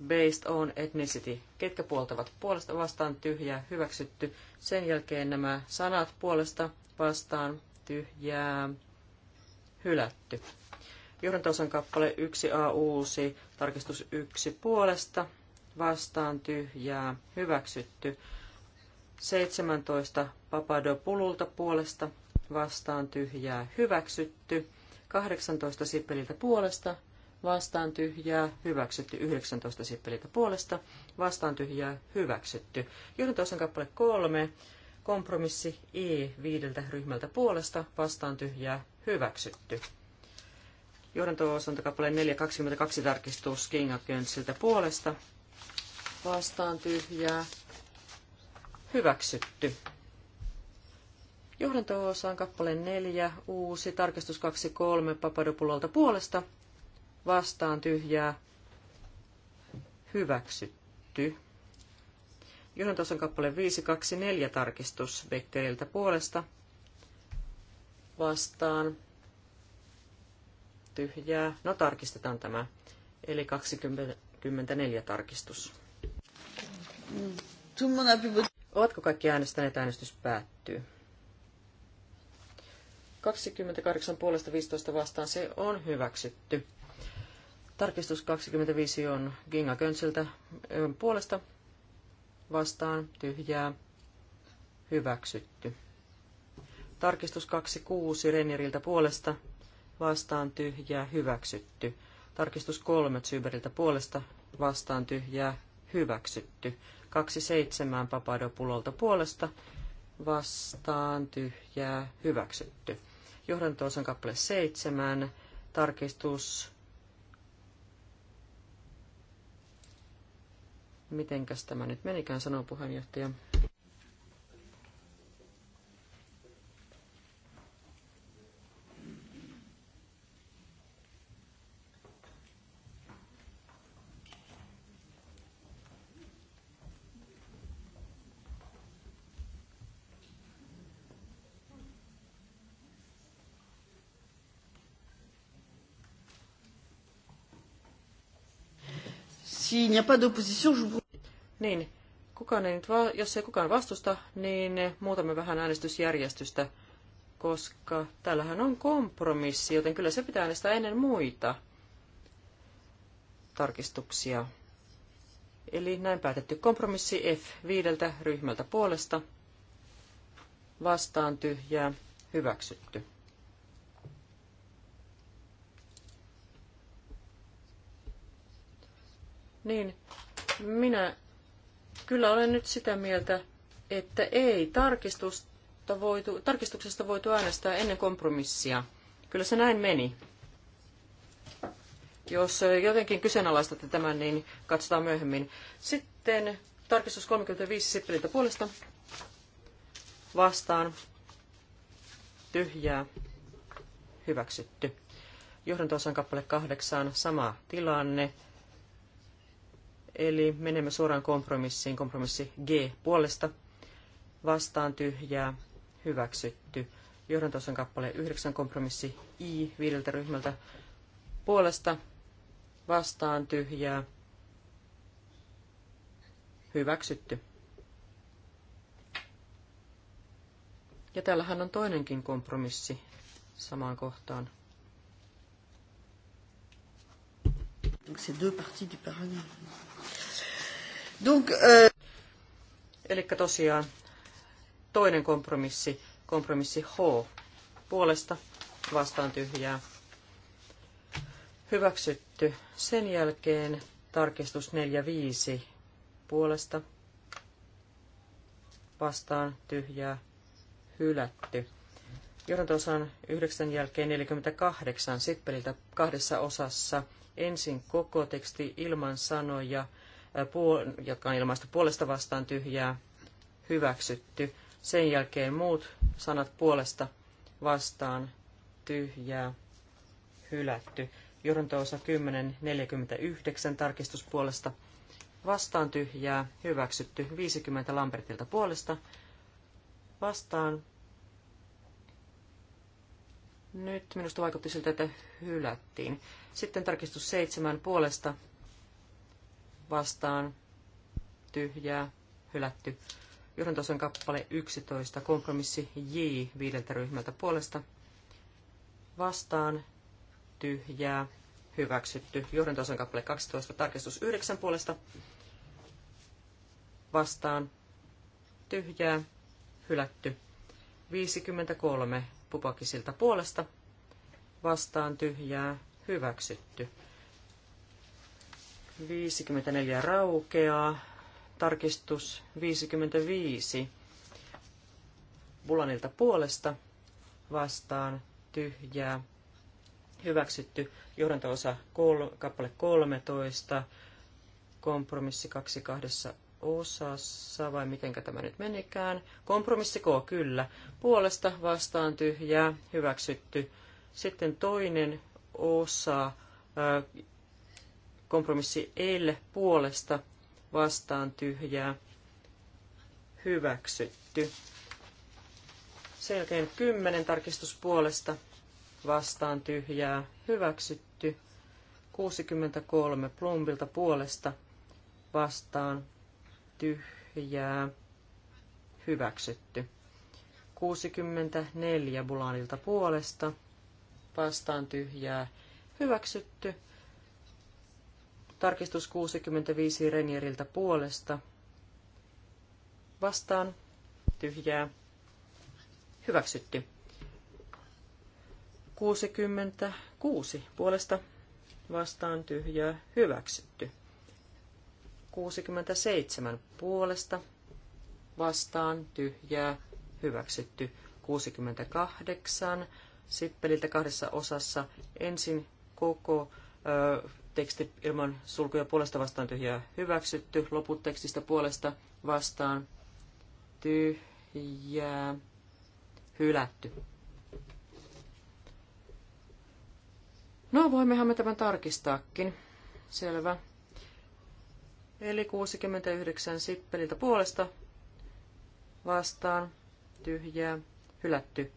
based on ethnicity. Ketkä puoltavat puolesta vastaan tyhjää hyväksytty. Sen jälkeen nämä sanat puolesta vastaan tyhjää hylätty. Johdantosan kappale 1a uusi, tarkistus 1 puolesta vastaan tyhjää hyväksytty. 17 Papadopululta puolesta vastaan tyhjää hyväksytty. 18 sippeliltä puolesta vastaan tyhjää hyväksytty. 19 sippeliltä puolesta vastaan tyhjää hyväksytty. Johdantosan kappale kolme Kompromissi E viideltä ryhmältä puolesta vastaan tyhjää hyväksytty. Johdanto-osanto kappale 4.22 tarkistus Kinga Könsiltä puolesta vastaan tyhjää hyväksytty. Johdanto-osaan kappale 4, uusi, tarkistus 2.3 Papadopulolta puolesta, vastaan tyhjää, hyväksytty. johdanto osaan kappale 524 tarkistus Beckeriltä puolesta, vastaan tyhjää. No tarkistetaan tämä, eli 24 tarkistus. Mm. Ovatko kaikki äänestäneet? Äänestys päättyy. 28 puolesta 15 vastaan se on hyväksytty. Tarkistus 25 on Ginga Könseltä puolesta vastaan tyhjää hyväksytty. Tarkistus 26 Renieriltä puolesta vastaan tyhjää hyväksytty. Tarkistus 3 Zyberiltä puolesta vastaan tyhjää hyväksytty. 27 Papadopulolta puolesta vastaan tyhjää hyväksytty. Johdantoosan kappale 7, tarkistus. Mitenkäs tämä nyt menikään, sanoo puheenjohtaja. n'y a pas d'opposition, je vous... Niin, kukaan ei nyt va- jos ei kukaan vastusta, niin muutamme vähän äänestysjärjestystä, koska täällähän on kompromissi, joten kyllä se pitää äänestää ennen muita tarkistuksia. Eli näin päätetty kompromissi F viideltä ryhmältä puolesta vastaan tyhjää hyväksytty. niin minä kyllä olen nyt sitä mieltä, että ei tarkistusta voitu, tarkistuksesta voitu äänestää ennen kompromissia. Kyllä se näin meni. Jos jotenkin kyseenalaistatte tämän, niin katsotaan myöhemmin. Sitten tarkistus 35 Sippeliltä puolesta vastaan tyhjää hyväksytty. Johdanto-osan kappale 8, sama tilanne. Eli menemme suoraan kompromissiin. Kompromissi G puolesta vastaan tyhjää hyväksytty. Johdantosan kappale 9 kompromissi I viideltä ryhmältä puolesta vastaan tyhjää hyväksytty. Ja täällähän on toinenkin kompromissi samaan kohtaan. Donc c'est deux parties du paragraphe. Donc, euh... Eli tosiaan toinen kompromissi, kompromissi H, puolesta vastaan tyhjää. Hyväksytty. Sen jälkeen tarkistus 4.5 puolesta vastaan tyhjää hylätty. Johdantosan 9 jälkeen 48 sippeliltä kahdessa osassa. Ensin koko teksti ilman sanoja jotka on ilmaistu puolesta vastaan tyhjää, hyväksytty. Sen jälkeen muut sanat puolesta vastaan tyhjää, hylätty. Joronto-osa 10.49 tarkistuspuolesta vastaan tyhjää, hyväksytty. 50 Lambertilta puolesta vastaan. Nyt minusta vaikutti siltä, että hylättiin. Sitten tarkistus 7 puolesta vastaan tyhjää hylätty. Johdantoson kappale 11, kompromissi J viideltä ryhmältä puolesta vastaan tyhjää hyväksytty. Johdantoson kappale 12, tarkistus 9 puolesta vastaan tyhjää hylätty. 53 pupakisilta puolesta vastaan tyhjää hyväksytty. 54 raukeaa. Tarkistus 55. Bulanilta puolesta vastaan tyhjää. Hyväksytty johdantoosa kol, kappale 13, kompromissi kaksi kahdessa osassa, vai mitenkä tämä nyt menikään. Kompromissi K, kyllä. Puolesta vastaan tyhjää, hyväksytty. Sitten toinen osa, Kompromissi L puolesta vastaan tyhjää hyväksytty. Sen jälkeen 10 tarkistus puolesta vastaan tyhjää hyväksytty. 63 plumbilta puolesta vastaan tyhjää hyväksytty. 64 bulanilta puolesta vastaan tyhjää hyväksytty. Tarkistus 65 Renieriltä puolesta. Vastaan. Tyhjää. Hyväksytty. 66 puolesta. Vastaan tyhjää. Hyväksytty. 67 puolesta. Vastaan tyhjää. Hyväksytty. 68. Sippeliltä kahdessa osassa. Ensin koko ö, teksti ilman sulkuja puolesta vastaan tyhjää hyväksytty. Loput tekstistä puolesta vastaan tyhjää hylätty. No, voimmehan me tämän tarkistaakin. Selvä. Eli 69 sippeliltä puolesta vastaan tyhjää hylätty.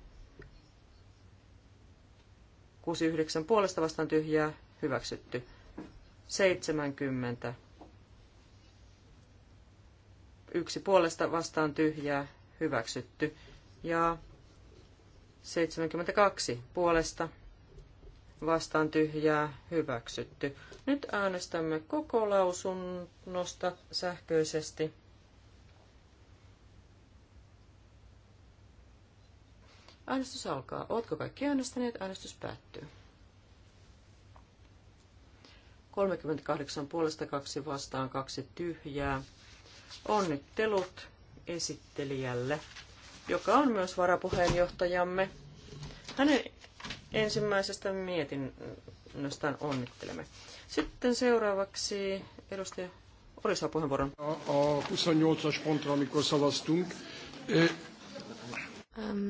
69 puolesta vastaan tyhjää hyväksytty. 70. Yksi puolesta vastaan tyhjää, hyväksytty. Ja 72 puolesta vastaan tyhjää, hyväksytty. Nyt äänestämme koko lausunnosta sähköisesti. Äänestys alkaa. Ootko kaikki äänestäneet? Äänestys päättyy. 38 puolesta kaksi vastaan kaksi tyhjää. Onnittelut esittelijälle, joka on myös varapuheenjohtajamme. Hänen ensimmäisestä mietinnöstään onnittelemme. Sitten seuraavaksi edustaja oli saa puheenvuoron.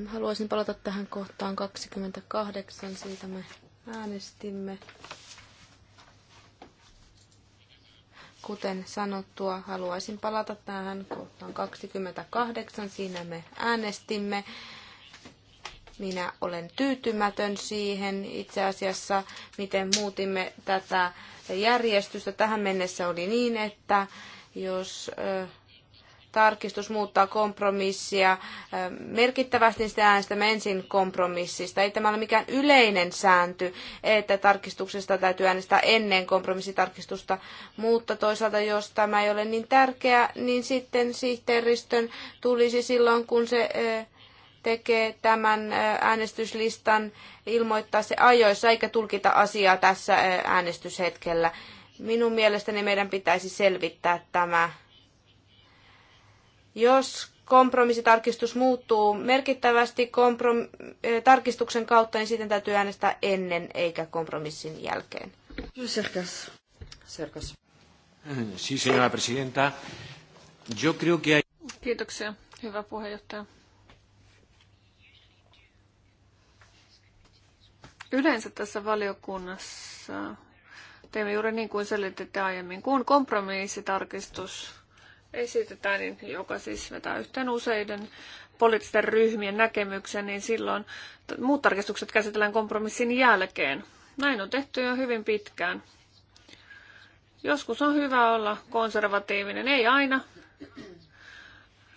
Haluaisin palata tähän kohtaan 28, siitä me äänestimme. Kuten sanottua, haluaisin palata tähän kohtaan 28. Siinä me äänestimme. Minä olen tyytymätön siihen itse asiassa, miten muutimme tätä järjestystä. Tähän mennessä oli niin, että jos tarkistus muuttaa kompromissia merkittävästi, niin sitä äänestämme ensin kompromissista. Ei tämä ole mikään yleinen sääntö, että tarkistuksesta täytyy äänestää ennen kompromissitarkistusta, mutta toisaalta jos tämä ei ole niin tärkeä, niin sitten sihteeristön tulisi silloin, kun se tekee tämän äänestyslistan, ilmoittaa se ajoissa eikä tulkita asiaa tässä äänestyshetkellä. Minun mielestäni meidän pitäisi selvittää tämä jos kompromissitarkistus muuttuu merkittävästi komprom- eh, tarkistuksen kautta, niin sitten täytyy äänestää ennen eikä kompromissin jälkeen. Serkas. Serkas. Sí, señora presidenta. Yo creo que hay... Kiitoksia, hyvä puheenjohtaja. Yleensä tässä valiokunnassa teemme juuri niin kuin selititte aiemmin, kun kompromissitarkistus esitetään, niin joka siis vetää yhteen useiden poliittisten ryhmien näkemyksen, niin silloin muut tarkistukset käsitellään kompromissin jälkeen. Näin on tehty jo hyvin pitkään. Joskus on hyvä olla konservatiivinen, ei aina,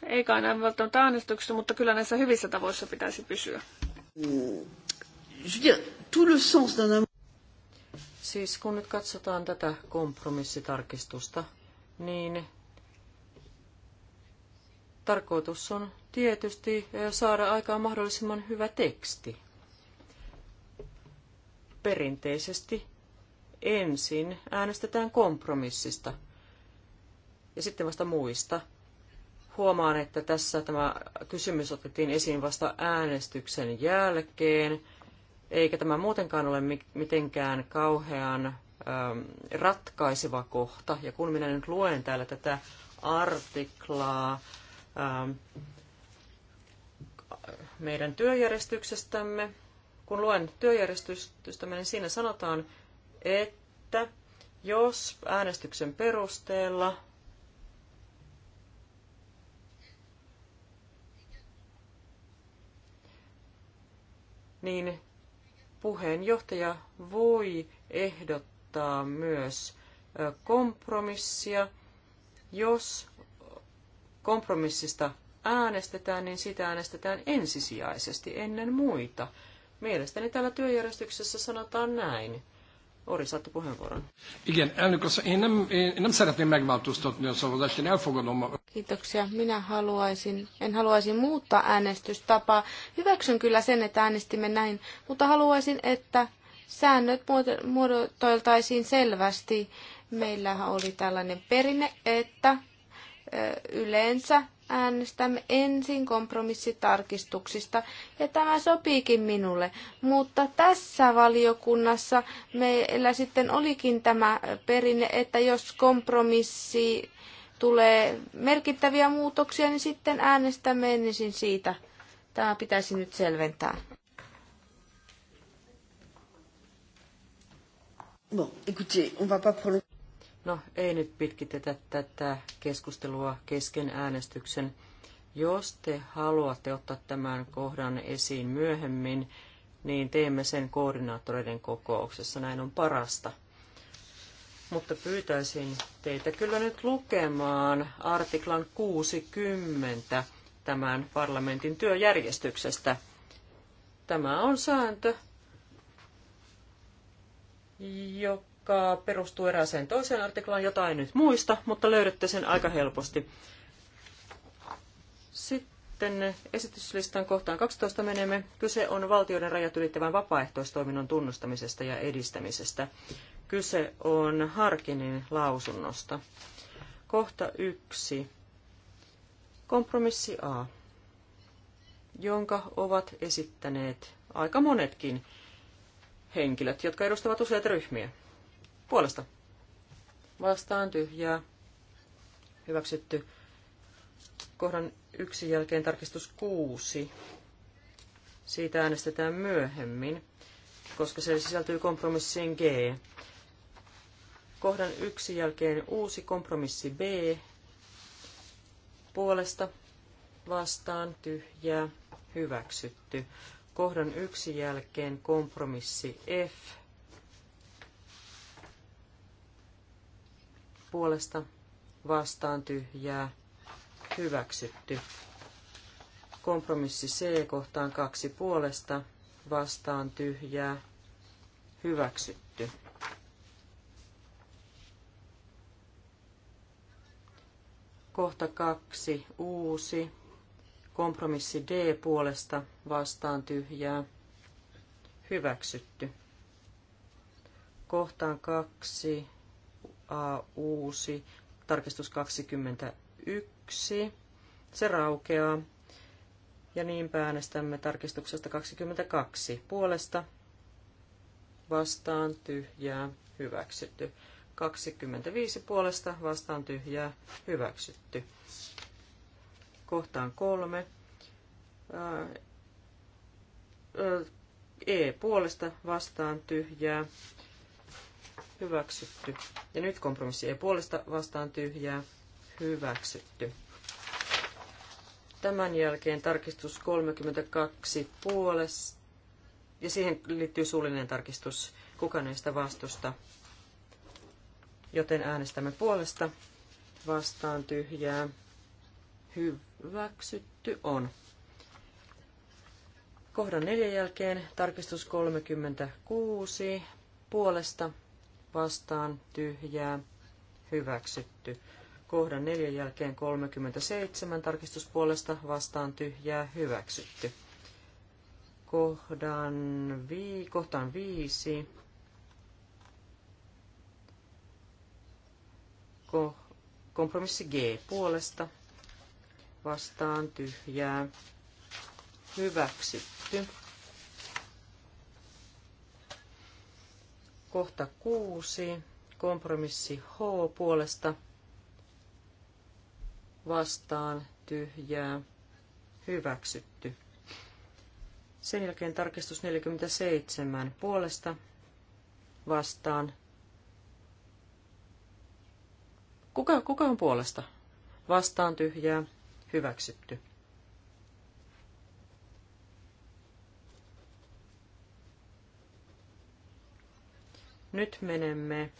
eikä aina välttämättä äänestyksessä, mutta kyllä näissä hyvissä tavoissa pitäisi pysyä. Siis kun nyt katsotaan tätä kompromissitarkistusta, niin Tarkoitus on tietysti saada aikaan mahdollisimman hyvä teksti. Perinteisesti ensin äänestetään kompromissista ja sitten vasta muista. Huomaan, että tässä tämä kysymys otettiin esiin vasta äänestyksen jälkeen, eikä tämä muutenkaan ole mitenkään kauhean ratkaiseva kohta. Ja kun minä nyt luen täällä tätä artiklaa Ähm, meidän työjärjestyksestämme. Kun luen työjärjestystämme, niin siinä sanotaan, että jos äänestyksen perusteella niin puheenjohtaja voi ehdottaa myös kompromissia, jos kompromissista äänestetään, niin sitä äänestetään ensisijaisesti ennen muita. Mielestäni täällä työjärjestyksessä sanotaan näin. Ori, saatte puheenvuoron. Igen, elnök, en nem, én nem szeretném megváltoztatni Kiitoksia. Minä haluaisin, en haluaisi muuttaa äänestystapaa. Hyväksyn kyllä sen, että äänestimme näin, mutta haluaisin, että säännöt muotoiltaisiin selvästi. Meillähän oli tällainen perinne, että yleensä äänestämme ensin kompromissitarkistuksista, ja tämä sopiikin minulle. Mutta tässä valiokunnassa meillä sitten olikin tämä perinne, että jos kompromissi tulee merkittäviä muutoksia, niin sitten äänestämme ensin siitä. Tämä pitäisi nyt selventää. Bon, écoutez, on va pas prolonger. No, ei nyt pitkitetä tätä keskustelua kesken äänestyksen. Jos te haluatte ottaa tämän kohdan esiin myöhemmin, niin teemme sen koordinaattoreiden kokouksessa. Näin on parasta. Mutta pyytäisin teitä kyllä nyt lukemaan artiklan 60 tämän parlamentin työjärjestyksestä. Tämä on sääntö, joka joka perustuu erääseen toiseen artiklaan, jota en nyt muista, mutta löydätte sen aika helposti. Sitten esityslistan kohtaan 12 menemme. Kyse on valtioiden rajat ylittävän vapaaehtoistoiminnon tunnustamisesta ja edistämisestä. Kyse on Harkinin lausunnosta. Kohta 1. Kompromissi A, jonka ovat esittäneet aika monetkin henkilöt, jotka edustavat useita ryhmiä puolesta. Vastaan tyhjää. Hyväksytty. Kohdan yksi jälkeen tarkistus kuusi. Siitä äänestetään myöhemmin, koska se sisältyy kompromissiin G. Kohdan yksi jälkeen uusi kompromissi B. Puolesta vastaan tyhjää hyväksytty. Kohdan yksi jälkeen kompromissi F puolesta vastaan tyhjää hyväksytty. Kompromissi C kohtaan kaksi puolesta vastaan tyhjää hyväksytty. Kohta kaksi uusi. Kompromissi D puolesta vastaan tyhjää hyväksytty kohtaan kaksi uusi tarkistus 21. Se raukeaa. Ja niinpä äänestämme tarkistuksesta 22 puolesta vastaan tyhjää hyväksytty. 25 puolesta vastaan tyhjää hyväksytty. Kohtaan kolme. E puolesta vastaan tyhjää hyväksytty. Ja nyt kompromissi ei puolesta vastaan tyhjää, hyväksytty. Tämän jälkeen tarkistus 32 puolesta, ja siihen liittyy suullinen tarkistus, kuka näistä vastusta. Joten äänestämme puolesta, vastaan tyhjää, hyväksytty on. Kohdan neljän jälkeen tarkistus 36 puolesta vastaan tyhjää hyväksytty. Kohdan 4 jälkeen 37 tarkistuspuolesta vastaan tyhjää hyväksytty. Kohdan vii, kohtaan 5. Ko, kompromissi G puolesta vastaan tyhjää hyväksytty. Kohta kuusi, kompromissi H puolesta vastaan tyhjää hyväksytty. Sen jälkeen tarkistus 47 puolesta vastaan. Kuka, kuka on puolesta? Vastaan tyhjää hyväksytty. Nyt menemme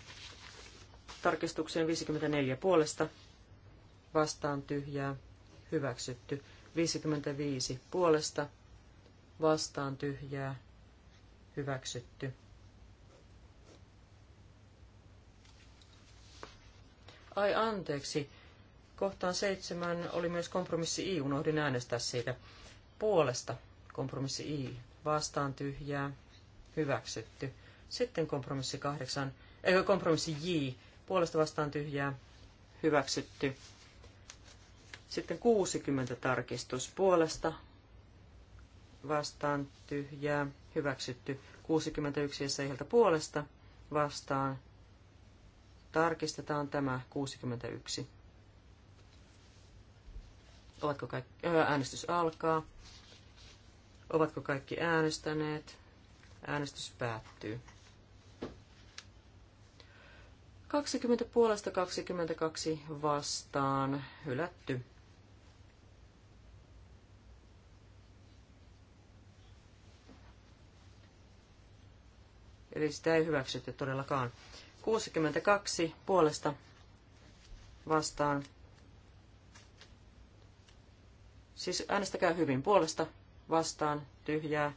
tarkistukseen 54 puolesta. Vastaan tyhjää. Hyväksytty. 55 puolesta. Vastaan tyhjää. Hyväksytty. Ai anteeksi. Kohtaan seitsemän oli myös kompromissi I. Unohdin äänestää siitä. Puolesta kompromissi I. Vastaan tyhjää. Hyväksytty. Sitten kompromissi kahdeksan, äh, kompromissi J, puolesta vastaan tyhjää, hyväksytty. Sitten 60 tarkistus puolesta vastaan tyhjää, hyväksytty. 61 seihiltä puolesta vastaan. Tarkistetaan tämä 61. Ovatko kaikki, äänestys alkaa. Ovatko kaikki äänestäneet? Äänestys päättyy. 20 puolesta 22 vastaan hylätty. Eli sitä ei hyväksytty todellakaan. 62 puolesta vastaan. Siis äänestäkää hyvin puolesta, vastaan, tyhjää,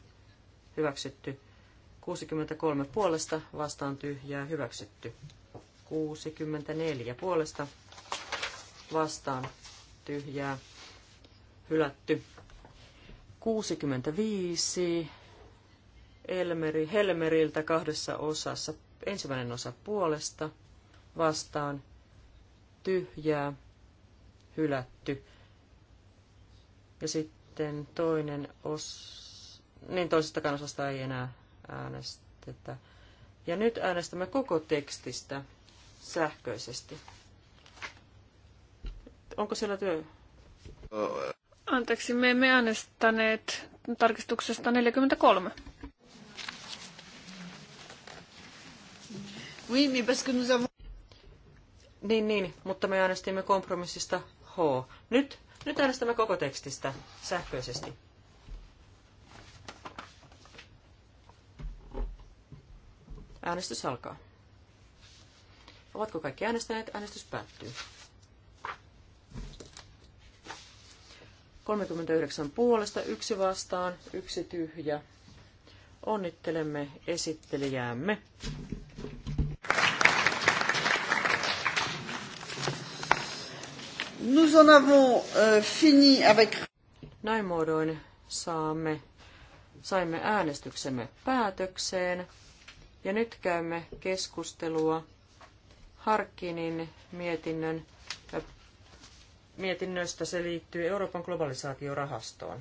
hyväksytty. 63 puolesta, vastaan, tyhjää, hyväksytty. 64 puolesta vastaan tyhjää hylätty. 65 Elmeri, Helmeriltä kahdessa osassa. Ensimmäinen osa puolesta vastaan tyhjää hylätty. Ja sitten toinen os... Niin toisesta kannasta ei enää äänestetä. Ja nyt äänestämme koko tekstistä sähköisesti. Onko siellä työ? Anteeksi, me emme äänestäneet tarkistuksesta 43. Oui, mais parce que nous avons... Niin, niin, mutta me äänestimme kompromissista H. Nyt, nyt äänestämme koko tekstistä sähköisesti. Äänestys alkaa. Ovatko kaikki äänestäneet? Äänestys päättyy. 39 puolesta, yksi vastaan, yksi tyhjä. Onnittelemme esittelijäämme. Nous en avons euh, fini avec... Näin muodoin saamme, saimme äänestyksemme päätökseen ja nyt käymme keskustelua Harkkinin mietinnön, mietinnöstä. Se liittyy Euroopan globalisaatiorahastoon.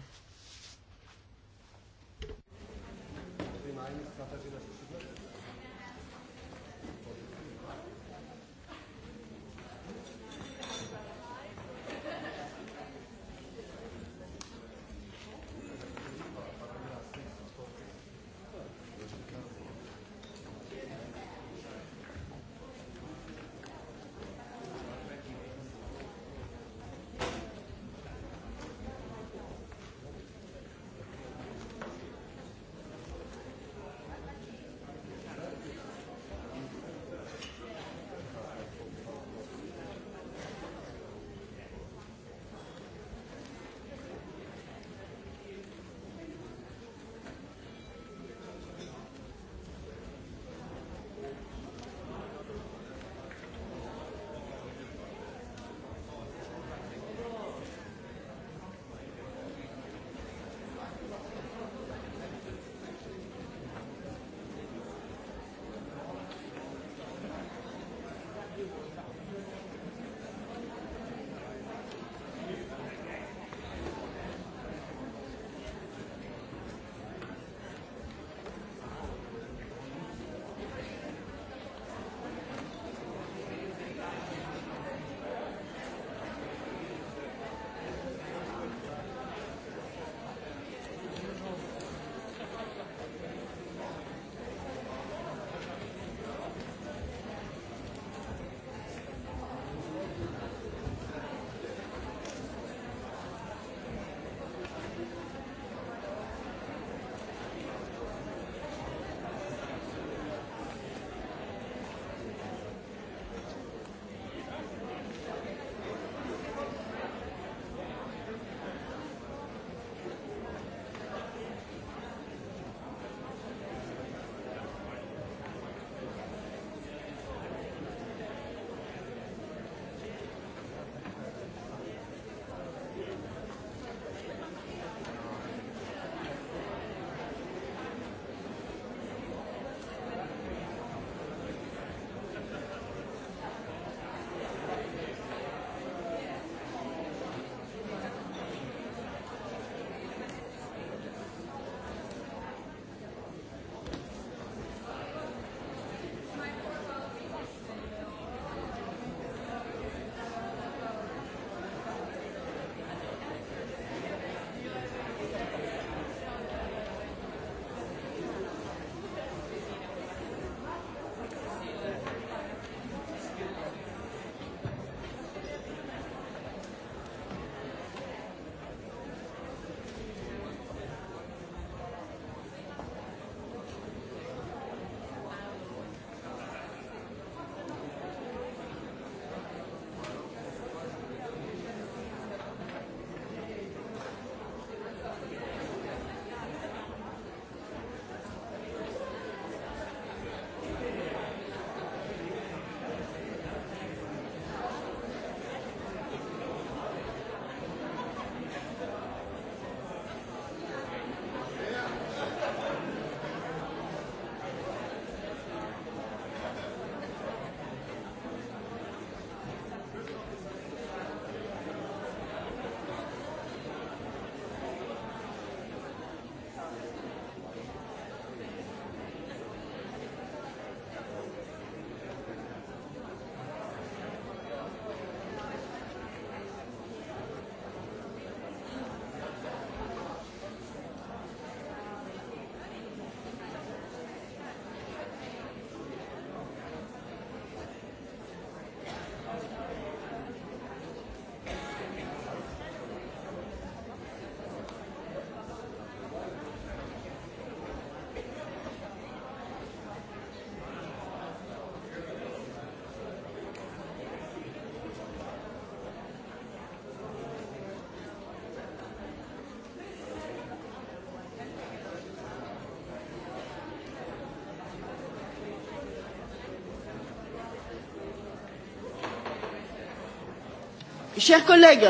Chers collègues,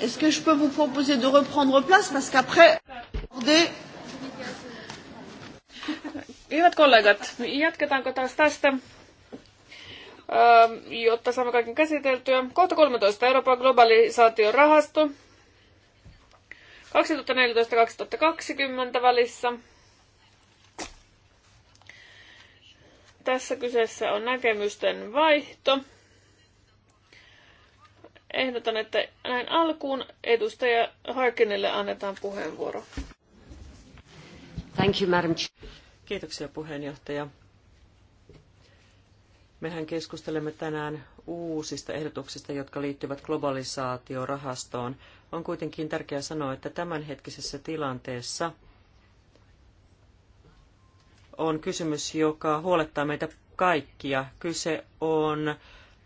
est-ce que je peux vous proposer de reprendre place parce qu'après, Hyvät kollegat, jatketaanko taas tästä, öö, jotta saamme kaiken käsiteltyä. Kohta 13. Euroopan globalisaation rahasto 2014-2020 välissä. Tässä kyseessä on näkemysten vaihto. Ehdotan, että näin alkuun edustaja Harkinille annetaan puheenvuoro. Thank you, Madam Kiitoksia puheenjohtaja. Mehän keskustelemme tänään uusista ehdotuksista, jotka liittyvät globalisaatiorahastoon. On kuitenkin tärkeää sanoa, että tämänhetkisessä tilanteessa on kysymys, joka huolettaa meitä kaikkia. Kyse on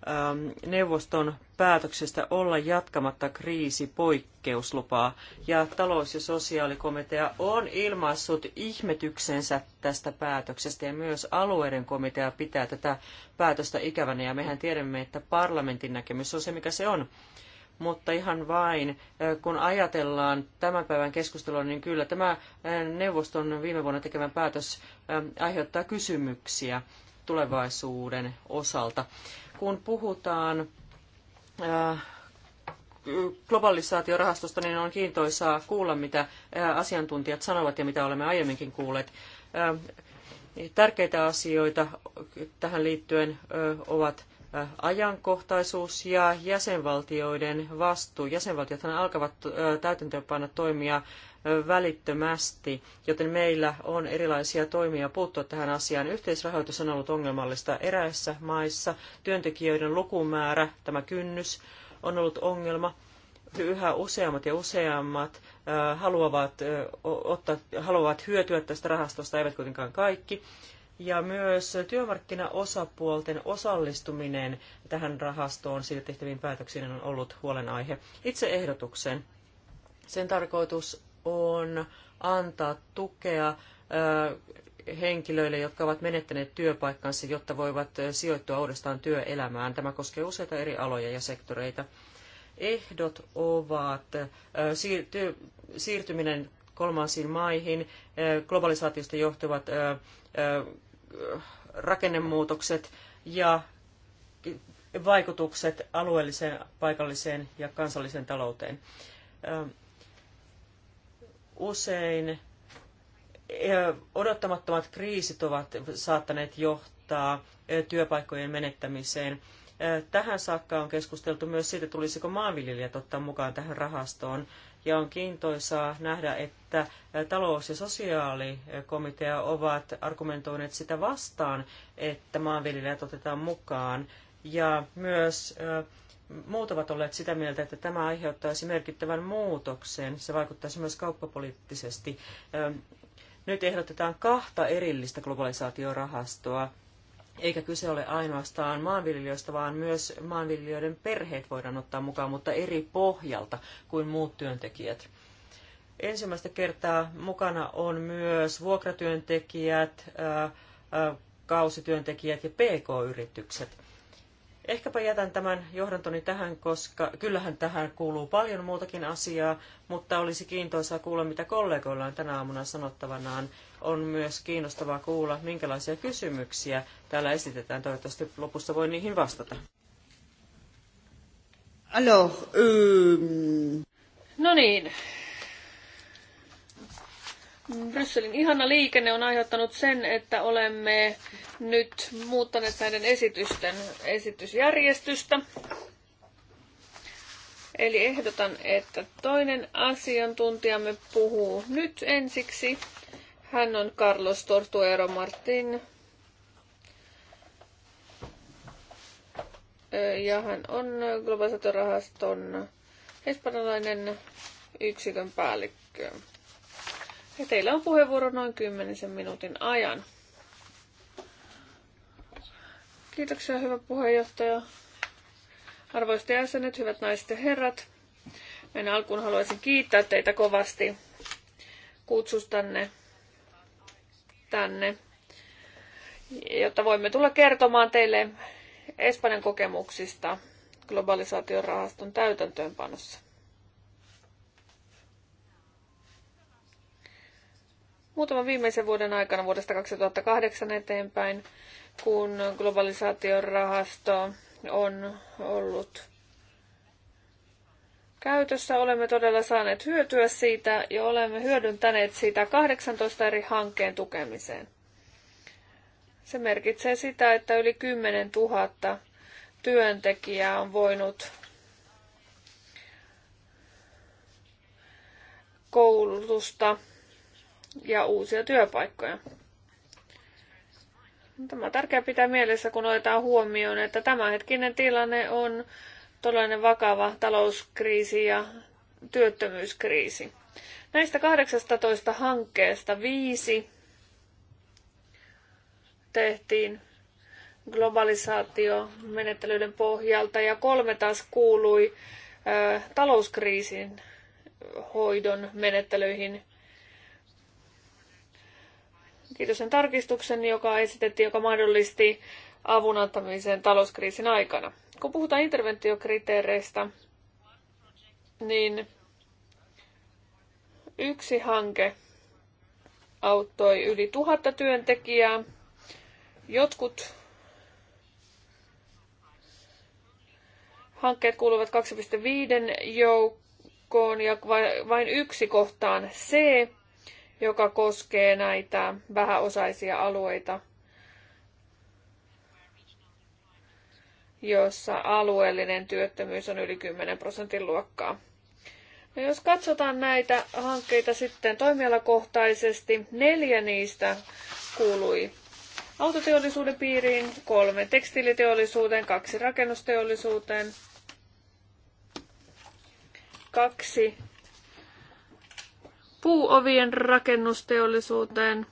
Ähm, neuvoston päätöksestä olla jatkamatta kriisipoikkeuslupaa. Ja talous- ja sosiaalikomitea on ilmaissut ihmetyksensä tästä päätöksestä ja myös alueiden komitea pitää tätä päätöstä ikävänä ja mehän tiedämme, että parlamentin näkemys on se, mikä se on. Mutta ihan vain, äh, kun ajatellaan tämän päivän keskustelua, niin kyllä tämä äh, neuvoston viime vuonna tekemä päätös äh, aiheuttaa kysymyksiä tulevaisuuden osalta kun puhutaan äh, globalisaatiorahastosta, niin on kiintoisaa kuulla, mitä äh, asiantuntijat sanovat ja mitä olemme aiemminkin kuulleet. Äh, tärkeitä asioita tähän liittyen ovat ajankohtaisuus ja jäsenvaltioiden vastuu. Jäsenvaltiothan alkavat täytäntöönpanna toimia välittömästi, joten meillä on erilaisia toimia puuttua tähän asiaan. Yhteisrahoitus on ollut ongelmallista eräissä maissa. Työntekijöiden lukumäärä, tämä kynnys, on ollut ongelma. Yhä useammat ja useammat äh, haluavat, äh, ottaa, haluavat hyötyä tästä rahastosta, eivät kuitenkaan kaikki. Ja myös työmarkkinaosapuolten osallistuminen tähän rahastoon siitä tehtäviin päätöksiin on ollut huolenaihe. Itse ehdotuksen. Sen tarkoitus on antaa tukea henkilöille, jotka ovat menettäneet työpaikkansa, jotta voivat sijoittua uudestaan työelämään. Tämä koskee useita eri aloja ja sektoreita. Ehdot ovat siirtyminen kolmansiin maihin, globalisaatiosta johtuvat rakennemuutokset ja vaikutukset alueelliseen, paikalliseen ja kansalliseen talouteen. Usein eh, odottamattomat kriisit ovat saattaneet johtaa eh, työpaikkojen menettämiseen. Eh, tähän saakka on keskusteltu myös siitä, tulisiko maanviljelijät ottaa mukaan tähän rahastoon. Ja on kiintoisaa nähdä, että talous- ja sosiaalikomitea ovat argumentoineet sitä vastaan, että maanviljelijät otetaan mukaan. Ja myös muut ovat olleet sitä mieltä, että tämä aiheuttaisi merkittävän muutoksen. Se vaikuttaisi myös kauppapoliittisesti. Nyt ehdotetaan kahta erillistä globalisaatiorahastoa, eikä kyse ole ainoastaan maanviljelijöistä, vaan myös maanviljelijöiden perheet voidaan ottaa mukaan, mutta eri pohjalta kuin muut työntekijät. Ensimmäistä kertaa mukana on myös vuokratyöntekijät, kausityöntekijät ja pk-yritykset – Ehkäpä jätän tämän johdantoni tähän, koska kyllähän tähän kuuluu paljon muutakin asiaa, mutta olisi kiintoisaa kuulla, mitä kollegoilla on tänä aamuna sanottavanaan. On myös kiinnostavaa kuulla, minkälaisia kysymyksiä täällä esitetään. Toivottavasti lopussa voi niihin vastata. Alors, um... No niin, Brysselin ihana liikenne on aiheuttanut sen, että olemme nyt muuttaneet näiden esitysten esitysjärjestystä. Eli ehdotan, että toinen asiantuntijamme puhuu nyt ensiksi. Hän on Carlos Tortuero Martin. Ja hän on globalisaatiorahaston espanjalainen yksikön päällikkö. Ja teillä on puheenvuoro noin kymmenisen minuutin ajan. Kiitoksia, hyvä puheenjohtaja. Arvoisat jäsenet, hyvät naiset ja herrat. En alkuun haluaisin kiittää teitä kovasti kutsustanne tänne, jotta voimme tulla kertomaan teille Espanjan kokemuksista globalisaatiorahaston täytäntöönpanossa. muutaman viimeisen vuoden aikana vuodesta 2008 eteenpäin, kun globalisaation rahasto on ollut käytössä. Olemme todella saaneet hyötyä siitä ja olemme hyödyntäneet siitä 18 eri hankkeen tukemiseen. Se merkitsee sitä, että yli 10 000 työntekijää on voinut koulutusta ja uusia työpaikkoja. Tämä on tärkeää pitää mielessä, kun otetaan huomioon, että tämänhetkinen tilanne on todellinen vakava talouskriisi ja työttömyyskriisi. Näistä 18 hankkeesta viisi tehtiin globalisaatiomenettelyiden pohjalta ja kolme taas kuului talouskriisin hoidon menettelyihin sen tarkistuksen, joka esitettiin, joka mahdollisti avun antamisen talouskriisin aikana. Kun puhutaan interventiokriteereistä, niin yksi hanke auttoi yli tuhatta työntekijää. Jotkut hankkeet kuuluvat 2,5 joukkoon ja vain yksi kohtaan C joka koskee näitä vähäosaisia alueita, joissa alueellinen työttömyys on yli 10 prosentin luokkaa. No jos katsotaan näitä hankkeita sitten toimialakohtaisesti, neljä niistä kuului autoteollisuuden piiriin, kolme tekstiiliteollisuuteen, kaksi rakennusteollisuuteen, kaksi puuovien rakennusteollisuuteen,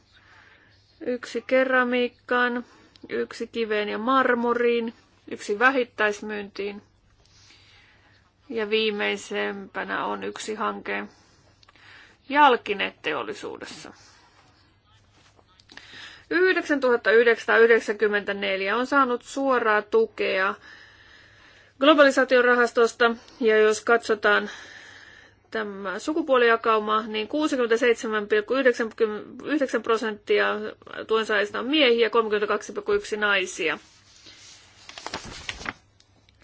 yksi keramiikkaan, yksi kiveen ja marmoriin, yksi vähittäismyyntiin ja viimeisempänä on yksi hanke jalkineteollisuudessa. 1994 on saanut suoraa tukea globalisaation rahastosta ja jos katsotaan tämä sukupuolijakauma, niin 67,9 prosenttia tuensaajista on miehiä ja 32,1 naisia.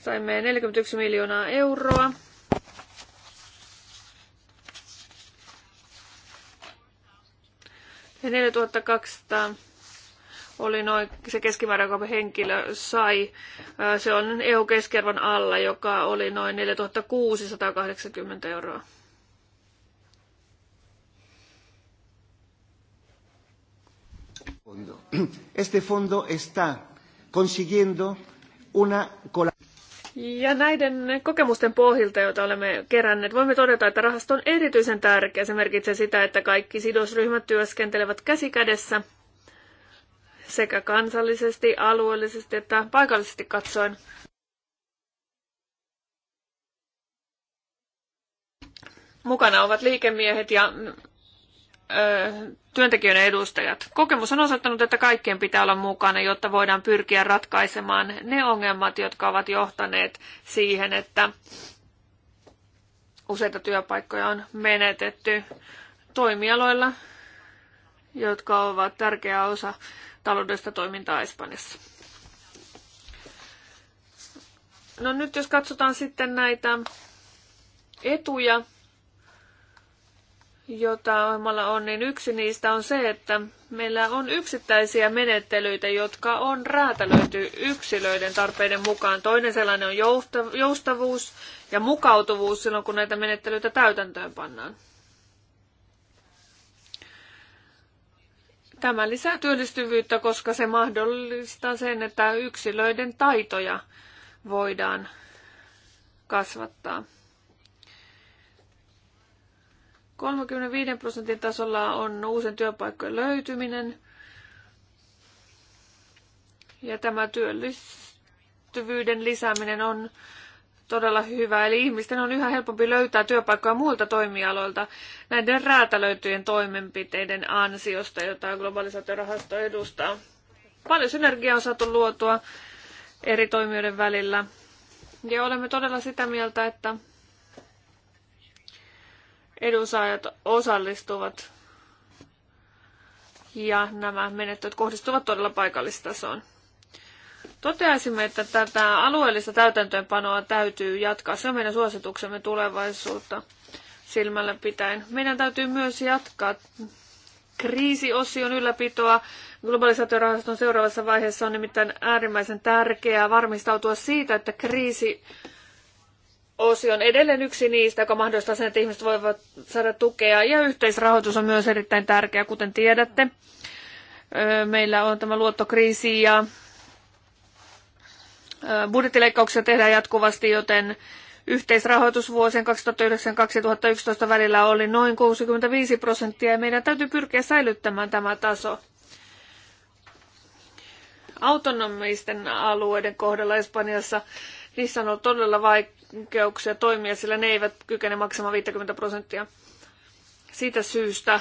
Saimme 41 miljoonaa euroa. Ja 4200 oli noin se keskimäärä, joka henkilö sai. Se on eu keskervan alla, joka oli noin 4680 euroa. Este fondo está consiguiendo una ja näiden kokemusten pohjalta joita olemme keränneet, voimme todeta, että rahasto on erityisen tärkeä. Se merkitsee sitä, että kaikki sidosryhmät työskentelevät käsi kädessä sekä kansallisesti, alueellisesti että paikallisesti katsoen. Mukana ovat liikemiehet ja työntekijöiden edustajat. Kokemus on osoittanut, että kaikkien pitää olla mukana, jotta voidaan pyrkiä ratkaisemaan ne ongelmat, jotka ovat johtaneet siihen, että useita työpaikkoja on menetetty toimialoilla, jotka ovat tärkeä osa taloudellista toimintaa Espanjassa. No nyt jos katsotaan sitten näitä etuja, jota ohjelmalla on, niin yksi niistä on se, että meillä on yksittäisiä menettelyitä, jotka on räätälöity yksilöiden tarpeiden mukaan. Toinen sellainen on joustavuus ja mukautuvuus silloin, kun näitä menettelyitä täytäntöön pannaan. Tämä lisää työllistyvyyttä, koska se mahdollistaa sen, että yksilöiden taitoja voidaan kasvattaa. 35 prosentin tasolla on uusien työpaikkojen löytyminen. Ja tämä työllistyvyyden lisääminen on todella hyvä. Eli ihmisten on yhä helpompi löytää työpaikkoja muilta toimialoilta näiden räätälöityjen toimenpiteiden ansiosta, jota globalisaatiorahasto edustaa. Paljon synergiaa on saatu luotua eri toimijoiden välillä. Ja olemme todella sitä mieltä, että edunsaajat osallistuvat ja nämä menettelyt kohdistuvat todella paikallistasoon. Toteaisimme, että tätä alueellista täytäntöönpanoa täytyy jatkaa. Se on meidän suosituksemme tulevaisuutta silmällä pitäen. Meidän täytyy myös jatkaa kriisiosion ylläpitoa. Globalisaatiorahaston seuraavassa vaiheessa on nimittäin äärimmäisen tärkeää varmistautua siitä, että kriisi osio on edelleen yksi niistä, joka mahdollistaa sen, että ihmiset voivat saada tukea. Ja yhteisrahoitus on myös erittäin tärkeä, kuten tiedätte. Meillä on tämä luottokriisi ja budjettileikkauksia tehdään jatkuvasti, joten yhteisrahoitus vuosien 2009-2011 välillä oli noin 65 prosenttia ja meidän täytyy pyrkiä säilyttämään tämä taso. Autonomisten alueiden kohdalla Espanjassa niissä on ollut todella vaikeuksia toimia, sillä ne eivät kykene maksamaan 50 prosenttia. Siitä syystä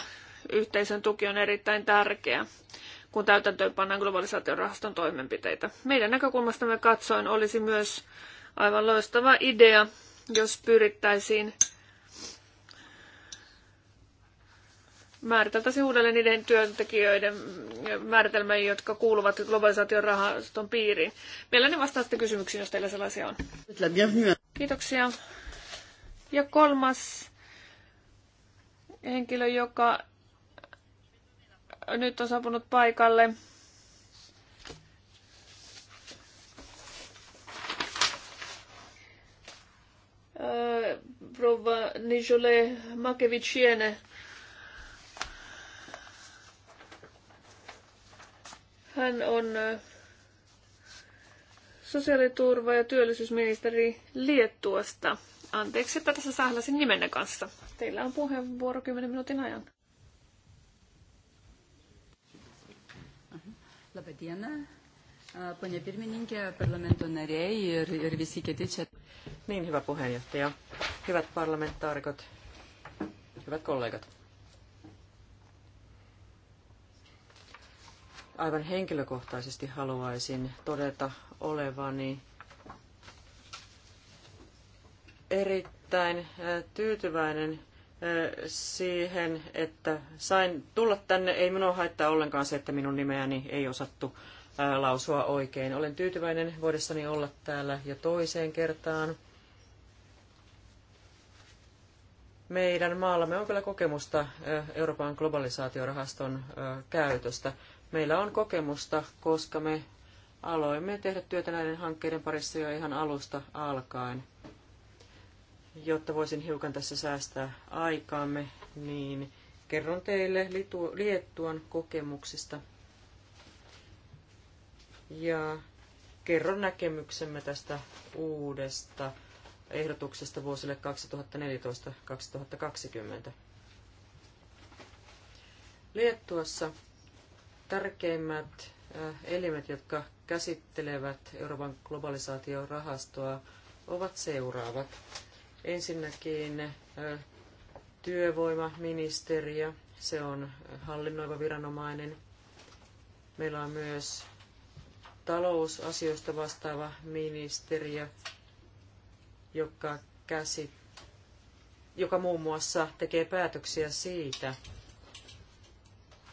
yhteisön tuki on erittäin tärkeä, kun täytäntöön pannaan rahaston toimenpiteitä. Meidän näkökulmastamme katsoen olisi myös aivan loistava idea, jos pyrittäisiin määriteltäisiin uudelleen niiden työntekijöiden määritelmä, jotka kuuluvat globalisaation rahaston piiriin. Mielelläni vastaan sitten kysymyksiin, jos teillä sellaisia on. Kiitoksia. Ja kolmas henkilö, joka nyt on saapunut paikalle. Rova Nijole Makeviciene Hän on sosiaaliturva- ja työllisyysministeri Liettuosta. Anteeksi, että tässä sähläsin nimenne kanssa. Teillä on puheenvuoro 10 minuutin ajan. Labai diena, ponė parlamento nariai ir, ir visi kiti čia. Niin, hyvä puheenjohtaja. Hyvät parlamentaarikot, hyvät kollegat. aivan henkilökohtaisesti haluaisin todeta olevani erittäin tyytyväinen siihen, että sain tulla tänne. Ei minua haittaa ollenkaan se, että minun nimeäni ei osattu lausua oikein. Olen tyytyväinen voidessani olla täällä jo toiseen kertaan. Meidän maallamme on kyllä kokemusta Euroopan globalisaatiorahaston käytöstä. Meillä on kokemusta, koska me aloimme tehdä työtä näiden hankkeiden parissa jo ihan alusta alkaen. Jotta voisin hiukan tässä säästää aikaamme, niin kerron teille Liettuan kokemuksista ja kerron näkemyksemme tästä uudesta ehdotuksesta vuosille 2014-2020. Liettuassa Tärkeimmät äh, elimet, jotka käsittelevät Euroopan globalisaatiorahastoa, ovat seuraavat. Ensinnäkin äh, työvoimaministeriö, se on hallinnoiva viranomainen. Meillä on myös talousasioista vastaava ministeriö, joka, käsit, joka muun muassa tekee päätöksiä siitä,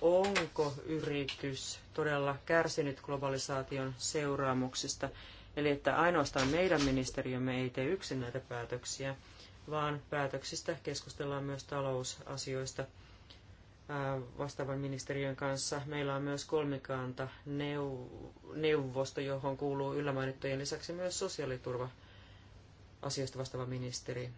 onko yritys todella kärsinyt globalisaation seuraamuksista. Eli että ainoastaan meidän ministeriömme ei tee yksin näitä päätöksiä, vaan päätöksistä keskustellaan myös talousasioista vastaavan ministeriön kanssa. Meillä on myös kolmikanta neuvosto, johon kuuluu yllä mainittujen lisäksi myös sosiaaliturva asioista vastaava ministeri.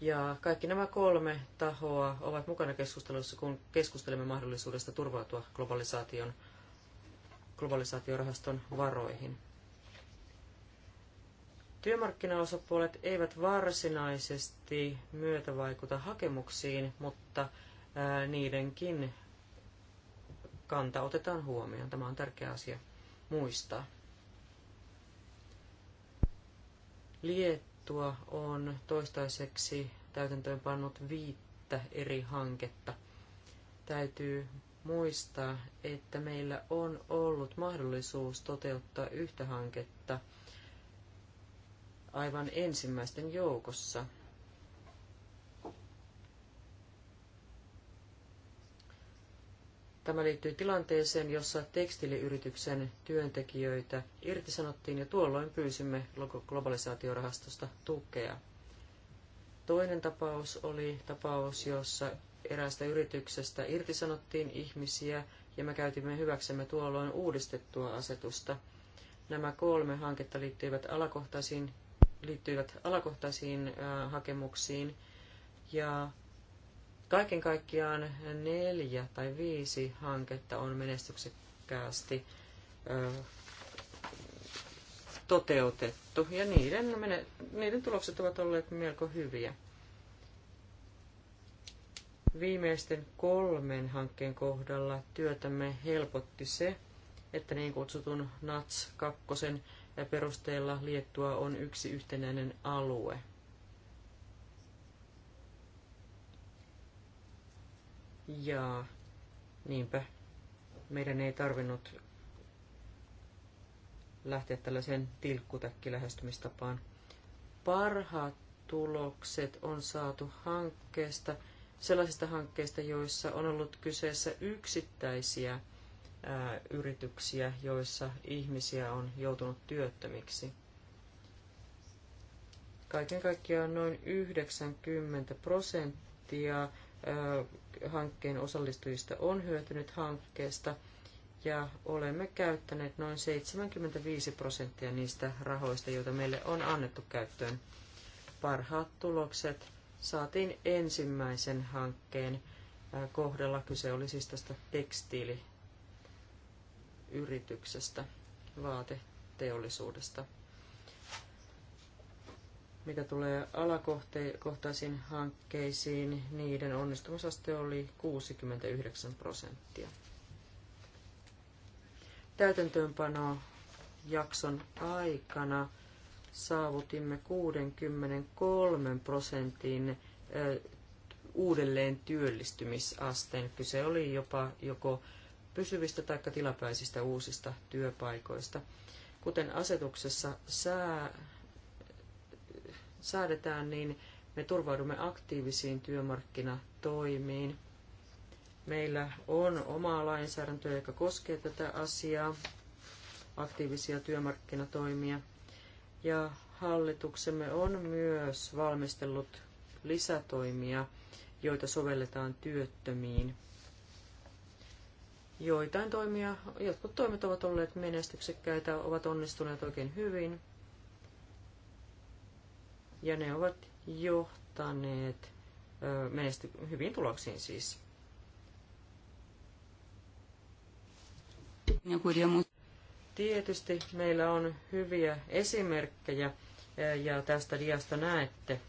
Ja kaikki nämä kolme tahoa ovat mukana keskustelussa, kun keskustelemme mahdollisuudesta turvautua globalisaation, globalisaatiorahaston varoihin. Työmarkkinaosapuolet eivät varsinaisesti myötävaikuta hakemuksiin, mutta ää, niidenkin kanta otetaan huomioon. Tämä on tärkeä asia muistaa. Liet sanottua, on toistaiseksi täytäntöön pannut viittä eri hanketta. Täytyy muistaa, että meillä on ollut mahdollisuus toteuttaa yhtä hanketta aivan ensimmäisten joukossa – Tämä liittyy tilanteeseen, jossa tekstiiliyrityksen työntekijöitä irtisanottiin ja tuolloin pyysimme globalisaatiorahastosta tukea. Toinen tapaus oli tapaus, jossa eräästä yrityksestä irtisanottiin ihmisiä ja me käytimme hyväksemme tuolloin uudistettua asetusta. Nämä kolme hanketta liittyivät alakohtaisiin, liittyivät alakohtaisiin hakemuksiin ja Kaiken kaikkiaan neljä tai viisi hanketta on menestyksekkäästi toteutettu ja niiden, niiden tulokset ovat olleet melko hyviä. Viimeisten kolmen hankkeen kohdalla työtämme helpotti se, että niin kutsutun NATS 2 perusteella Liettua on yksi yhtenäinen alue – Ja niinpä, meidän ei tarvinnut lähteä tällaiseen lähestymistapaan. Parhaat tulokset on saatu hankkeesta, sellaisista hankkeista, joissa on ollut kyseessä yksittäisiä ää, yrityksiä, joissa ihmisiä on joutunut työttömiksi. Kaiken kaikkiaan noin 90 prosenttia hankkeen osallistujista on hyötynyt hankkeesta ja olemme käyttäneet noin 75 prosenttia niistä rahoista, joita meille on annettu käyttöön. Parhaat tulokset saatiin ensimmäisen hankkeen kohdalla. Kyse oli siis tästä tekstiiliyrityksestä, vaateteollisuudesta. Mitä tulee alakohtaisiin hankkeisiin, niiden onnistumisaste oli 69 prosenttia. Täytäntöönpano jakson aikana saavutimme 63 prosentin uudelleen työllistymisasteen. Kyse oli jopa joko pysyvistä tai tilapäisistä uusista työpaikoista. Kuten asetuksessa sää, säädetään, niin me turvaudumme aktiivisiin työmarkkinatoimiin. Meillä on omaa lainsäädäntöä, joka koskee tätä asiaa, aktiivisia työmarkkinatoimia. Ja hallituksemme on myös valmistellut lisätoimia, joita sovelletaan työttömiin. Joitain toimia, jotkut toimet ovat olleet menestyksekkäitä, ovat onnistuneet oikein hyvin, ja ne ovat johtaneet menesty hyvin tuloksiin siis. Tietysti meillä on hyviä esimerkkejä ja tästä diasta näette,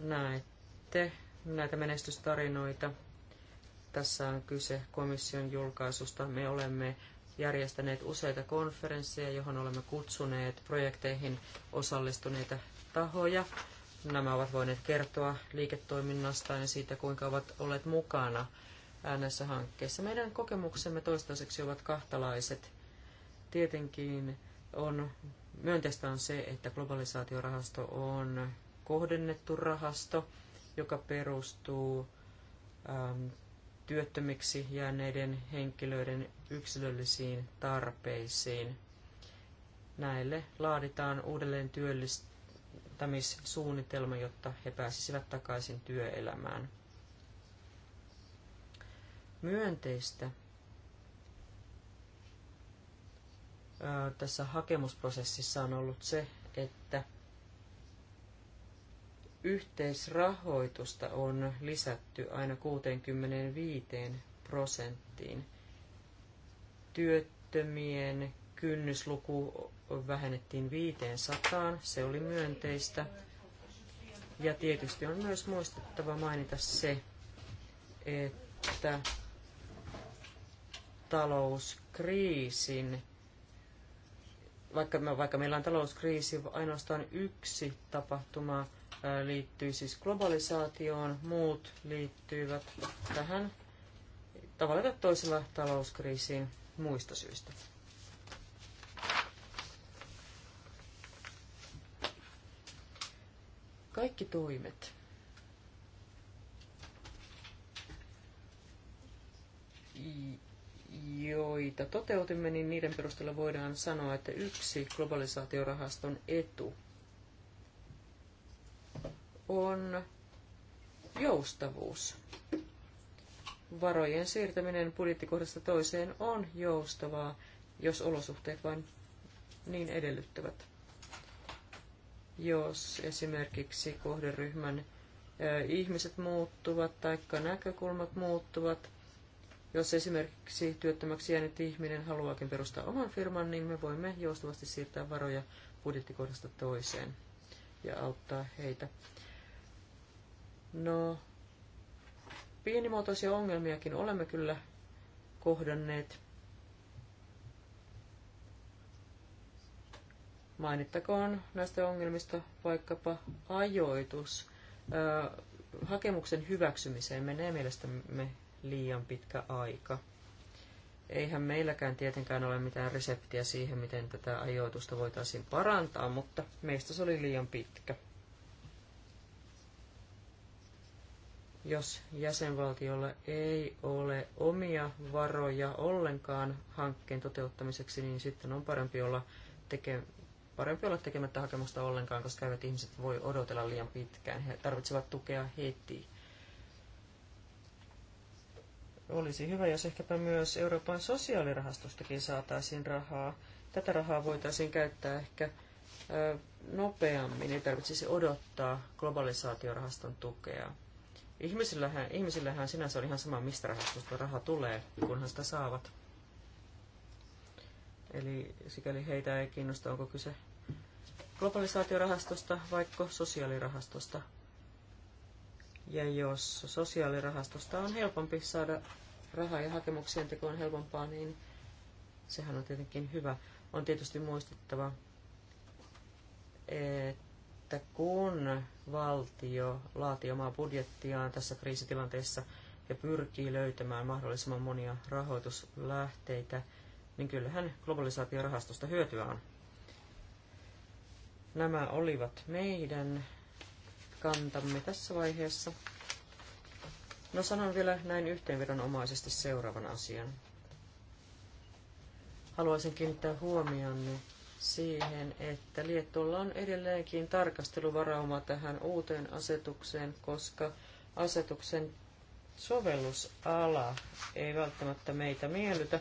näette näitä menestystarinoita. Tässä on kyse komission julkaisusta. Me olemme järjestäneet useita konferensseja, johon olemme kutsuneet projekteihin osallistuneita tahoja. Nämä ovat voineet kertoa liiketoiminnastaan ja siitä, kuinka ovat olleet mukana näissä hankkeissa. Meidän kokemuksemme toistaiseksi ovat kahtalaiset. Tietenkin on, myönteistä on se, että globalisaatiorahasto on kohdennettu rahasto, joka perustuu työttömiksi jääneiden henkilöiden yksilöllisiin tarpeisiin. Näille laaditaan uudelleen työllistämissuunnitelma, jotta he pääsisivät takaisin työelämään. Myönteistä tässä hakemusprosessissa on ollut se, että yhteisrahoitusta on lisätty aina 65 prosenttiin. Työttömien kynnysluku vähennettiin 500, se oli myönteistä. Ja tietysti on myös muistettava mainita se, että talouskriisin, vaikka, vaikka meillä on talouskriisi ainoastaan yksi tapahtuma, liittyy siis globalisaatioon, muut liittyvät tähän tavalla tai toisella talouskriisiin muista syistä. Kaikki toimet, joita toteutimme, niin niiden perusteella voidaan sanoa, että yksi globalisaatiorahaston etu – on joustavuus. Varojen siirtäminen budjettikohdasta toiseen on joustavaa, jos olosuhteet vain niin edellyttävät. Jos esimerkiksi kohderyhmän ihmiset muuttuvat tai näkökulmat muuttuvat, jos esimerkiksi työttömäksi jäänyt ihminen haluaakin perustaa oman firman, niin me voimme joustavasti siirtää varoja budjettikohdasta toiseen ja auttaa heitä. No, pienimuotoisia ongelmiakin olemme kyllä kohdanneet. Mainittakoon näistä ongelmista vaikkapa ajoitus. hakemuksen hyväksymiseen menee mielestämme liian pitkä aika. Eihän meilläkään tietenkään ole mitään reseptiä siihen, miten tätä ajoitusta voitaisiin parantaa, mutta meistä se oli liian pitkä. jos jäsenvaltiolla ei ole omia varoja ollenkaan hankkeen toteuttamiseksi, niin sitten on parempi olla, teke, parempi olla tekemättä hakemusta ollenkaan, koska eivät ihmiset voi odotella liian pitkään. He tarvitsevat tukea heti. Olisi hyvä, jos ehkäpä myös Euroopan sosiaalirahastostakin saataisiin rahaa. Tätä rahaa voitaisiin käyttää ehkä nopeammin, ei tarvitsisi odottaa globalisaatiorahaston tukea. Ihmisillähän, ihmisillähän sinänsä on ihan sama, mistä rahastosta raha tulee, kunhan sitä saavat. Eli sikäli heitä ei kiinnosta, onko kyse globalisaatiorahastosta vaikka sosiaalirahastosta. Ja jos sosiaalirahastosta on helpompi saada rahaa ja hakemuksien teko on helpompaa, niin sehän on tietenkin hyvä. On tietysti muistettava, että että kun valtio laatii omaa budjettiaan tässä kriisitilanteessa ja pyrkii löytämään mahdollisimman monia rahoituslähteitä, niin kyllähän globalisaatiorahastosta hyötyä on. Nämä olivat meidän kantamme tässä vaiheessa. No sanon vielä näin yhteenvedonomaisesti seuraavan asian. Haluaisin kiinnittää huomionne siihen, että Liettualla on edelleenkin tarkasteluvarauma tähän uuteen asetukseen, koska asetuksen sovellusala ei välttämättä meitä miellytä.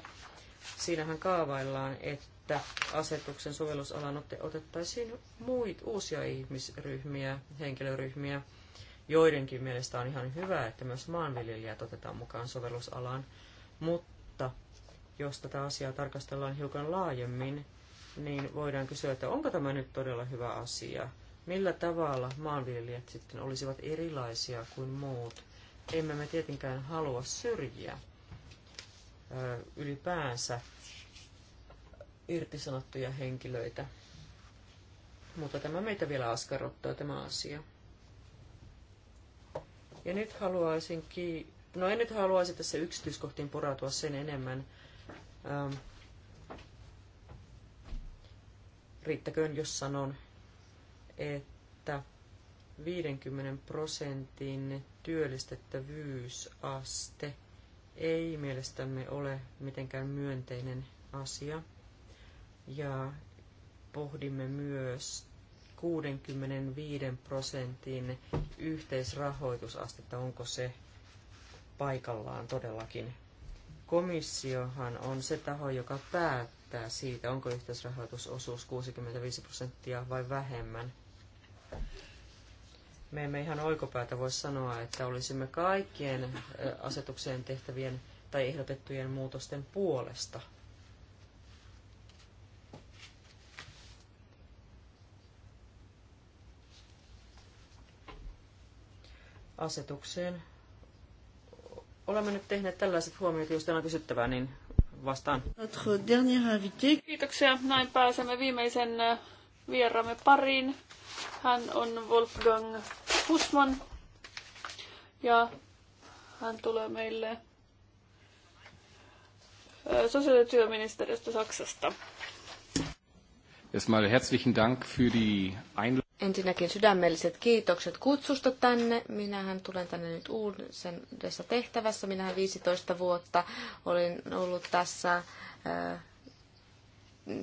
Siinähän kaavaillaan, että asetuksen sovellusalan otettaisiin muit uusia ihmisryhmiä, henkilöryhmiä. Joidenkin mielestä on ihan hyvä, että myös maanviljelijät otetaan mukaan sovellusalaan, mutta jos tätä asiaa tarkastellaan hiukan laajemmin, niin voidaan kysyä, että onko tämä nyt todella hyvä asia? Millä tavalla maanviljelijät sitten olisivat erilaisia kuin muut? Emme me tietenkään halua syrjiä ö, ylipäänsä irtisanottuja henkilöitä. Mutta tämä meitä vielä askarruttaa tämä asia. Ja nyt haluaisin ki... No en nyt haluaisi tässä yksityiskohtiin porautua sen enemmän. Ähm, riittäköön, jos sanon, että 50 prosentin työllistettävyysaste ei mielestämme ole mitenkään myönteinen asia. Ja pohdimme myös 65 prosentin yhteisrahoitusastetta, onko se paikallaan todellakin. Komissiohan on se taho, joka päättää päättää siitä, onko yhteisrahoitusosuus 65 prosenttia vai vähemmän. Me emme ihan oikopäätä voi sanoa, että olisimme kaikkien asetukseen tehtävien tai ehdotettujen muutosten puolesta. Asetukseen olemme nyt tehneet tällaiset huomiot, jos on kysyttävää, niin vastaan. Kiitoksia. Näin pääsemme viimeisen äh, vieraamme pariin. Hän on Wolfgang Husman ja hän tulee meille äh, työministeriöstä Saksasta. Erstmal herzlichen Dank für die Einladung. Ensinnäkin sydämelliset kiitokset kutsusta tänne. Minähän tulen tänne nyt uudessa tehtävässä. Minähän 15 vuotta olin ollut tässä, äh,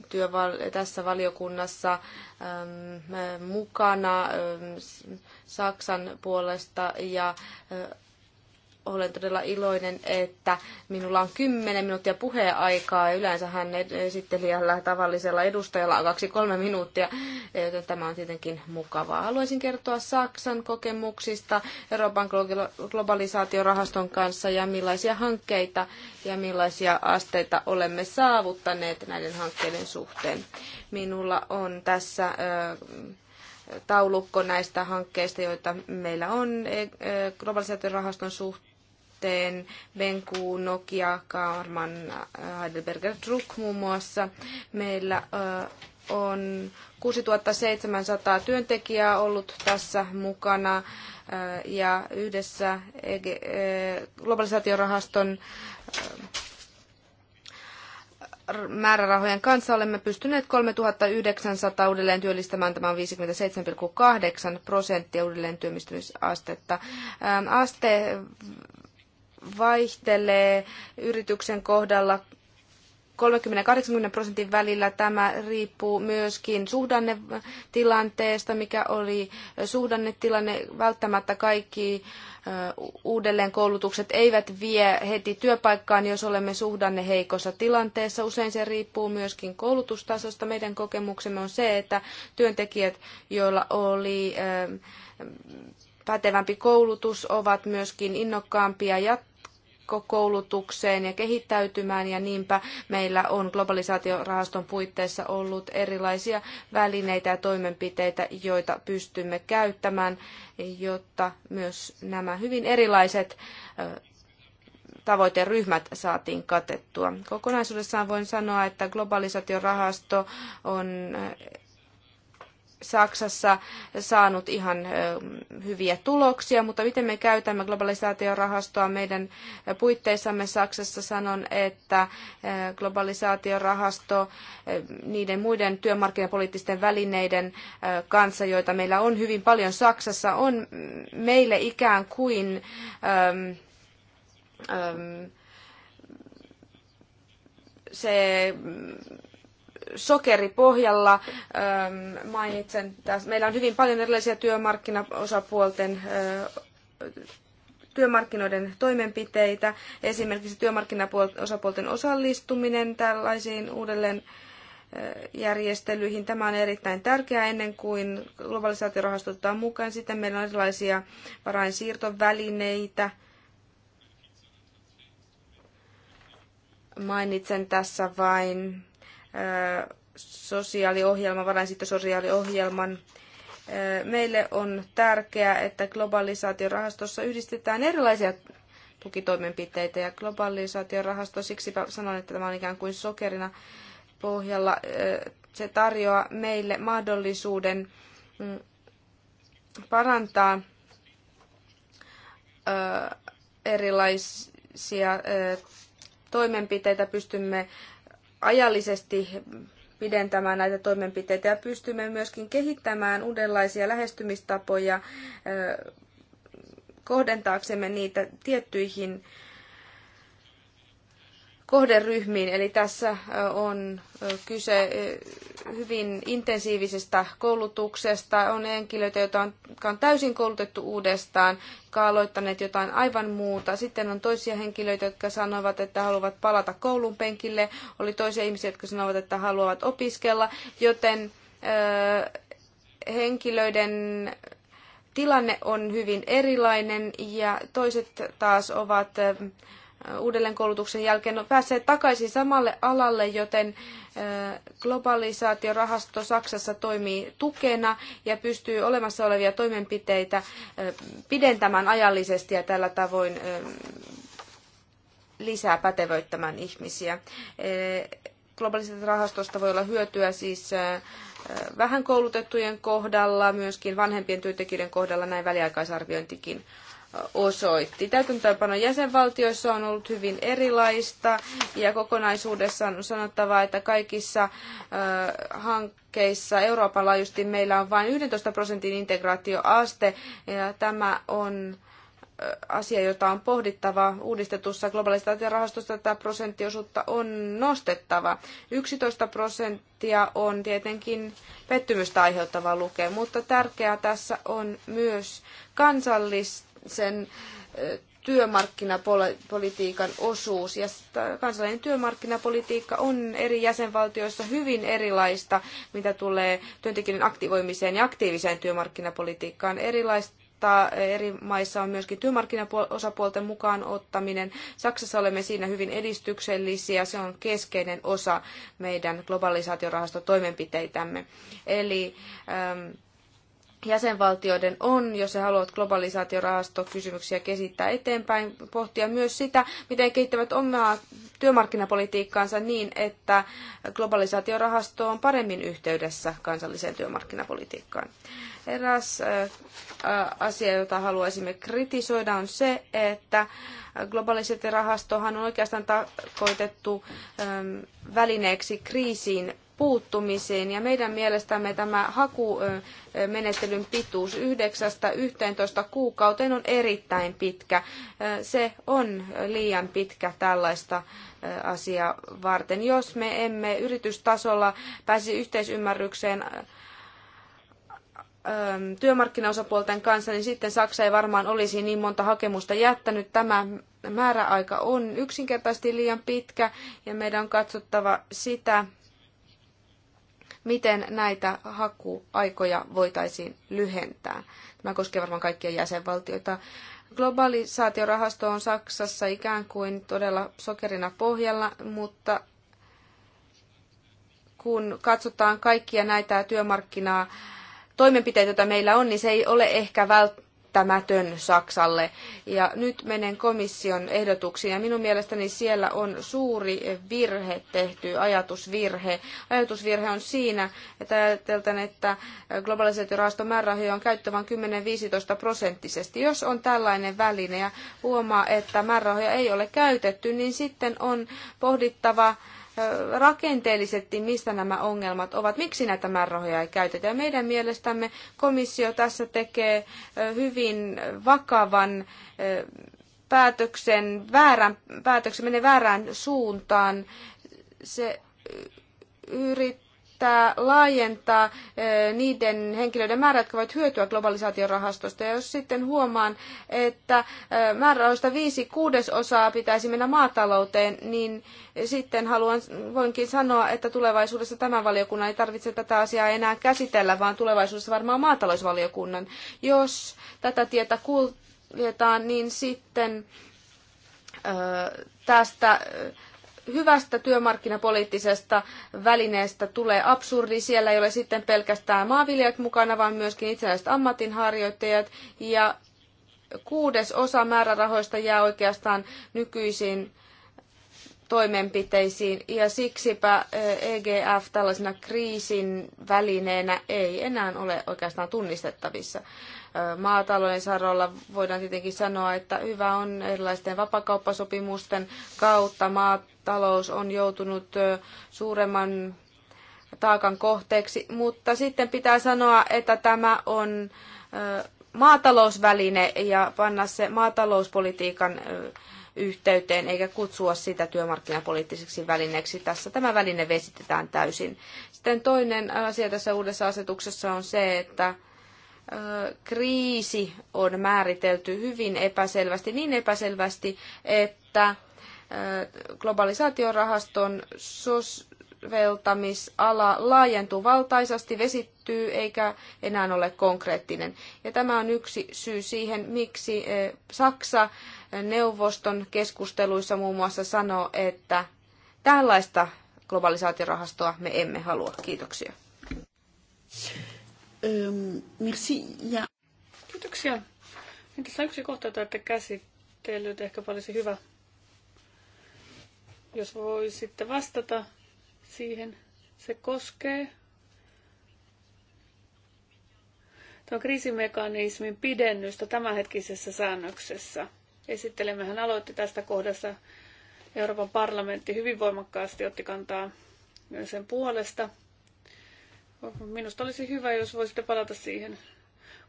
työval- tässä valiokunnassa ähm, mukana ähm, Saksan puolesta ja äh, olen todella iloinen, että minulla on 10 minuuttia puheaikaa ja yleensä hän esittelijällä tavallisella edustajalla on kaksi kolme minuuttia, joten tämä on tietenkin mukavaa. Haluaisin kertoa Saksan kokemuksista Euroopan globalisaatiorahaston kanssa ja millaisia hankkeita ja millaisia asteita olemme saavuttaneet näiden hankkeiden suhteen. Minulla on tässä taulukko näistä hankkeista, joita meillä on e, globalisaatiorahaston suhteen sitten Benku, Nokia, Kaarman, Heidelberger Druck muun muassa. Meillä on 6700 työntekijää ollut tässä mukana ja yhdessä globalisaatiorahaston määrärahojen kanssa olemme pystyneet 3900 uudelleen työllistämään tämän 57,8 prosenttia uudelleen työllistymisastetta. Aste vaihtelee yrityksen kohdalla 30-80 prosentin välillä. Tämä riippuu myöskin suhdannetilanteesta, mikä oli suhdannetilanne. Välttämättä kaikki uudelleenkoulutukset eivät vie heti työpaikkaan, jos olemme suhdanne heikossa tilanteessa. Usein se riippuu myöskin koulutustasosta. Meidän kokemuksemme on se, että työntekijät, joilla oli pätevämpi koulutus, ovat myöskin innokkaampia ja koulutukseen ja kehittäytymään ja niinpä meillä on globalisaatiorahaston puitteissa ollut erilaisia välineitä ja toimenpiteitä, joita pystymme käyttämään, jotta myös nämä hyvin erilaiset tavoiteryhmät saatiin katettua. Kokonaisuudessaan voin sanoa, että globalisaatiorahasto on Saksassa saanut ihan hyviä tuloksia, mutta miten me käytämme globalisaatiorahastoa meidän puitteissamme Saksassa sanon, että globalisaatiorahasto niiden muiden työmarkkinapoliittisten välineiden kanssa, joita meillä on hyvin paljon Saksassa, on meille ikään kuin äm, äm, se sokeripohjalla mainitsen. Tässä. Meillä on hyvin paljon erilaisia työmarkkinaosapuolten työmarkkinoiden toimenpiteitä, esimerkiksi työmarkkinaosapuolten osallistuminen tällaisiin uudelleen järjestelyihin. Tämä on erittäin tärkeää ennen kuin globalisaatiorahasto otetaan mukaan. Sitten meillä on erilaisia varainsiirtovälineitä. Mainitsen tässä vain sosiaaliohjelman, varainsiirtososiaaliohjelman. Meille on tärkeää, että globalisaatiorahastossa yhdistetään erilaisia tukitoimenpiteitä ja globalisaatiorahasto, siksi sanon, että tämä on ikään kuin sokerina pohjalla. Se tarjoaa meille mahdollisuuden mm, parantaa erilaisia toimenpiteitä, pystymme ajallisesti pidentämään näitä toimenpiteitä ja pystymme myöskin kehittämään uudenlaisia lähestymistapoja kohdentaaksemme niitä tiettyihin kohderyhmiin. Eli tässä on kyse hyvin intensiivisestä koulutuksesta. On henkilöitä, jotka on täysin koulutettu uudestaan, jotka aloittaneet jotain aivan muuta. Sitten on toisia henkilöitä, jotka sanovat, että haluavat palata koulun penkille. Oli toisia ihmisiä, jotka sanovat, että haluavat opiskella. Joten henkilöiden tilanne on hyvin erilainen ja toiset taas ovat uudelleenkoulutuksen jälkeen no, päässeet takaisin samalle alalle, joten globalisaatiorahasto Saksassa toimii tukena ja pystyy olemassa olevia toimenpiteitä pidentämään ajallisesti ja tällä tavoin lisää pätevöittämään ihmisiä. Globalisaatiorahastosta voi olla hyötyä siis vähän koulutettujen kohdalla, myöskin vanhempien työntekijöiden kohdalla, näin väliaikaisarviointikin osoitti. Täytäntöönpano jäsenvaltioissa on ollut hyvin erilaista ja kokonaisuudessaan on sanottava, että kaikissa hankkeissa Euroopan laajuisesti meillä on vain 11 prosentin integraatioaste ja tämä on asia, jota on pohdittava uudistetussa globalisaatiorahastossa, tätä prosenttiosuutta on nostettava. 11 prosenttia on tietenkin pettymystä aiheuttava luke, mutta tärkeää tässä on myös kansallista sen työmarkkinapolitiikan osuus. Ja kansallinen työmarkkinapolitiikka on eri jäsenvaltioissa hyvin erilaista, mitä tulee työntekijöiden aktivoimiseen ja aktiiviseen työmarkkinapolitiikkaan. Erilaista eri maissa on myöskin työmarkkinaosapuolten mukaan ottaminen. Saksassa olemme siinä hyvin edistyksellisiä, se on keskeinen osa meidän globalisaatiorahastotoimenpiteitämme. Eli ähm, jäsenvaltioiden on, jos he haluavat globalisaatiorahastokysymyksiä kehittää eteenpäin, pohtia myös sitä, miten kehittävät omaa työmarkkinapolitiikkaansa niin, että globalisaatiorahasto on paremmin yhteydessä kansalliseen työmarkkinapolitiikkaan. Eräs asia, jota haluaisimme kritisoida, on se, että globalisaatiorahastohan on oikeastaan tarkoitettu välineeksi kriisiin puuttumiseen. Ja meidän mielestämme tämä hakumenettelyn pituus 9-11 kuukauteen on erittäin pitkä. Se on liian pitkä tällaista asiaa varten. Jos me emme yritystasolla pääsisi yhteisymmärrykseen työmarkkinaosapuolten kanssa, niin sitten Saksa ei varmaan olisi niin monta hakemusta jättänyt. Tämä määräaika on yksinkertaisesti liian pitkä ja meidän on katsottava sitä, miten näitä hakuaikoja voitaisiin lyhentää. Tämä koskee varmaan kaikkia jäsenvaltioita. Globalisaatiorahasto on Saksassa ikään kuin todella sokerina pohjalla, mutta kun katsotaan kaikkia näitä työmarkkinaa, toimenpiteitä, joita meillä on, niin se ei ole ehkä vält- välttämätön Saksalle. Ja nyt menen komission ehdotuksiin ja minun mielestäni siellä on suuri virhe tehty, ajatusvirhe. Ajatusvirhe on siinä, että ajateltaan, että globalisaatiorahaston määrärahoja on käyttö vain 10-15 prosenttisesti. Jos on tällainen väline ja huomaa, että määrärahoja ei ole käytetty, niin sitten on pohdittava rakenteellisesti, mistä nämä ongelmat ovat, miksi näitä määrärahoja ei käytetä. Ja meidän mielestämme komissio tässä tekee hyvin vakavan päätöksen, väärän, päätöksen menee väärään suuntaan. Se yrittää yrittää laajentaa eh, niiden henkilöiden määrää, jotka voivat hyötyä globalisaatiorahastosta. Ja jos sitten huomaan, että eh, määrärahoista viisi kuudesosaa pitäisi mennä maatalouteen, niin sitten haluan, voinkin sanoa, että tulevaisuudessa tämän valiokunnan ei tarvitse tätä asiaa enää käsitellä, vaan tulevaisuudessa varmaan maatalousvaliokunnan. Jos tätä tietä kuljetaan, niin sitten eh, tästä hyvästä työmarkkinapoliittisesta välineestä tulee absurdi. Siellä ei ole sitten pelkästään maanviljelijät mukana, vaan myöskin itsenäiset ammatinharjoittajat. Ja kuudes osa määrärahoista jää oikeastaan nykyisiin toimenpiteisiin ja siksipä EGF e tällaisena kriisin välineenä ei enää ole oikeastaan tunnistettavissa maatalouden saralla voidaan tietenkin sanoa, että hyvä on erilaisten vapakauppasopimusten kautta maatalous on joutunut suuremman taakan kohteeksi, mutta sitten pitää sanoa, että tämä on maatalousväline ja panna se maatalouspolitiikan yhteyteen eikä kutsua sitä työmarkkinapoliittiseksi välineeksi tässä. Tämä väline vesitetään täysin. Sitten toinen asia tässä uudessa asetuksessa on se, että kriisi on määritelty hyvin epäselvästi, niin epäselvästi, että globalisaatiorahaston soveltamisala laajentuu valtaisasti, vesittyy eikä enää ole konkreettinen. Ja tämä on yksi syy siihen, miksi Saksa neuvoston keskusteluissa muun muassa sanoo, että tällaista globalisaatiorahastoa me emme halua. Kiitoksia merci. Ja. Kiitoksia. Entä on yksi kohta, jota olette käsitellyt. Ehkä olisi hyvä, jos voisitte vastata siihen. Se koskee tuon kriisimekanismin pidennystä tämänhetkisessä säännöksessä. Esittelemmehän aloitti tästä kohdassa. Euroopan parlamentti hyvin voimakkaasti otti kantaa sen puolesta. Minusta olisi hyvä, jos voisitte palata siihen.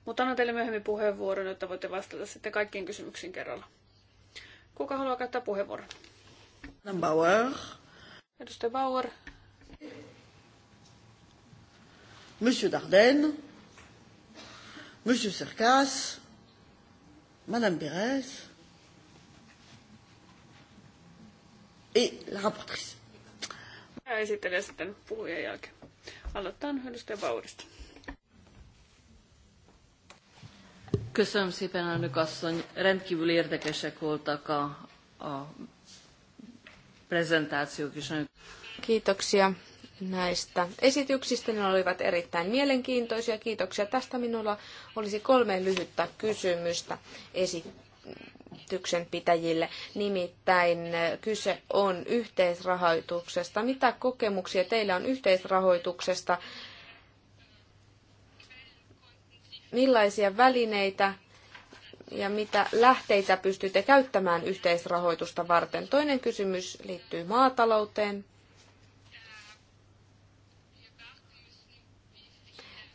Mutta annan teille myöhemmin puheenvuoron, jotta voitte vastata sitten kaikkiin kysymyksiin kerralla. Kuka haluaa käyttää puheenvuoron? Bauer. Edustaja Bauer. Monsieur Dardenne. Monsieur Serkas. Madame Pérez. Et la rapportrice. Ja esittelen sitten puhujan jälkeen. Aloitetaan edustaja Baudista. Köszönöm szépen, elnök asszony. Rendkívül érdekesek voltak a, a prezentációk is. Kiitoksia näistä esityksistä. Ne olivat erittäin mielenkiintoisia. Kiitoksia tästä. Minulla olisi kolme lyhyttä kysymystä esittää yrityksen pitäjille. Nimittäin kyse on yhteisrahoituksesta. Mitä kokemuksia teillä on yhteisrahoituksesta? Millaisia välineitä ja mitä lähteitä pystytte käyttämään yhteisrahoitusta varten? Toinen kysymys liittyy maatalouteen.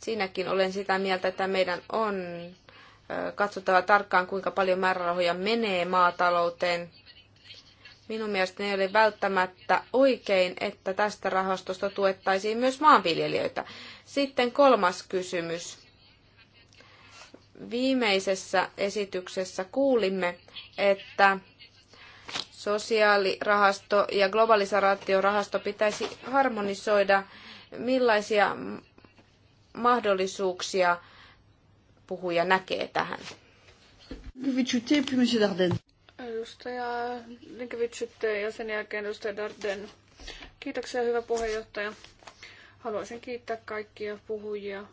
Siinäkin olen sitä mieltä, että meidän on katsottava tarkkaan, kuinka paljon määrärahoja menee maatalouteen. Minun mielestäni ei ole välttämättä oikein, että tästä rahastosta tuettaisiin myös maanviljelijöitä. Sitten kolmas kysymys. Viimeisessä esityksessä kuulimme, että sosiaalirahasto ja globalisaatiorahasto pitäisi harmonisoida, millaisia mahdollisuuksia puhuja näkee tähän. Edustaja Linkevichutte ja sen jälkeen edustaja Darden. Kiitoksia hyvä puheenjohtaja. Haluaisin kiittää kaikkia puhujia.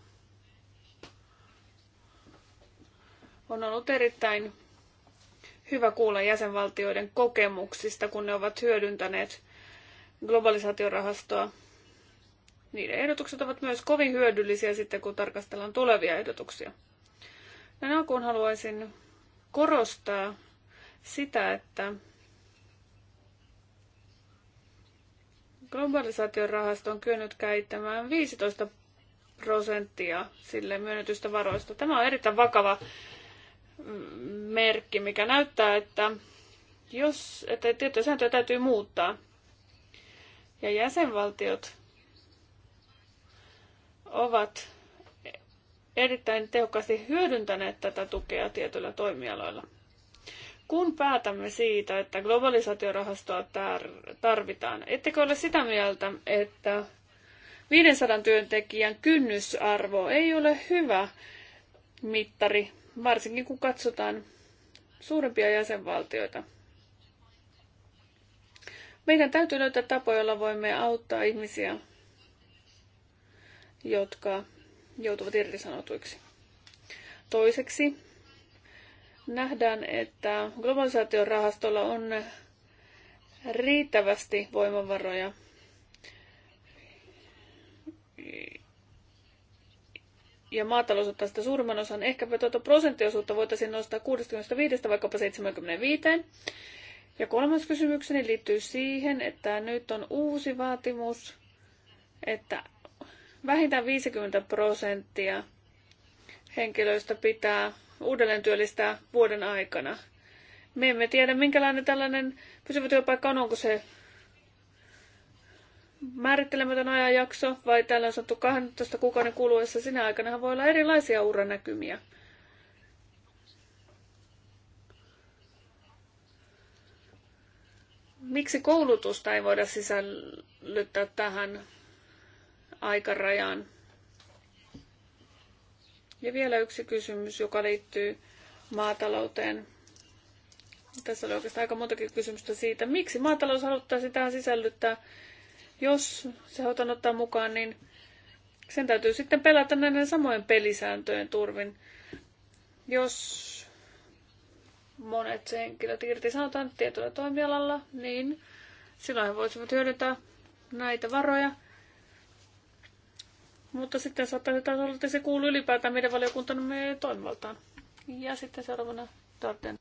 On ollut erittäin hyvä kuulla jäsenvaltioiden kokemuksista, kun ne ovat hyödyntäneet globalisaatiorahastoa. Niiden ehdotukset ovat myös kovin hyödyllisiä sitten, kun tarkastellaan tulevia ehdotuksia. Näin no niin, alkuun haluaisin korostaa sitä, että globalisaation rahasto on kyennyt käyttämään 15 prosenttia sille myönnetystä varoista. Tämä on erittäin vakava merkki, mikä näyttää, että, jos, että tiettyjä sääntöjä täytyy muuttaa. Ja jäsenvaltiot ovat erittäin tehokkaasti hyödyntäneet tätä tukea tietyillä toimialoilla. Kun päätämme siitä, että globalisaatiorahastoa tarvitaan, ettekö ole sitä mieltä, että 500 työntekijän kynnysarvo ei ole hyvä mittari, varsinkin kun katsotaan suurempia jäsenvaltioita? Meidän täytyy löytää tapoja, joilla voimme auttaa ihmisiä, jotka joutuvat irtisanotuiksi. Toiseksi nähdään, että globalisaation rahastolla on riittävästi voimavaroja ja maatalous ottaa sitä suurimman osan. Ehkäpä tuota prosenttiosuutta voitaisiin nostaa 65 vaikkapa 75. Ja kolmas kysymykseni liittyy siihen, että nyt on uusi vaatimus, että vähintään 50 prosenttia henkilöistä pitää uudelleen työllistää vuoden aikana. Me emme tiedä, minkälainen tällainen pysyvä työpaikka on, onko se määrittelemätön ajanjakso vai täällä on sanottu 12 kuukauden kuluessa. Sinä aikana voi olla erilaisia uranäkymiä. Miksi koulutusta ei voida sisällyttää tähän Aikarajan. Ja vielä yksi kysymys, joka liittyy maatalouteen. Tässä oli oikeastaan aika montakin kysymystä siitä, miksi maatalous haluttaisiin tähän sisällyttää. Jos se halutaan ottaa mukaan, niin sen täytyy sitten pelata näiden samojen pelisääntöjen turvin. Jos monet henkilöt irtisanotaan tietyllä toimialalla, niin silloin he voisivat hyödyntää näitä varoja – mutta sitten saattaisi taas olla, että se kuuluu ylipäätään meidän valiokuntamme toimivaltaan. Ja sitten seuraavana Darden.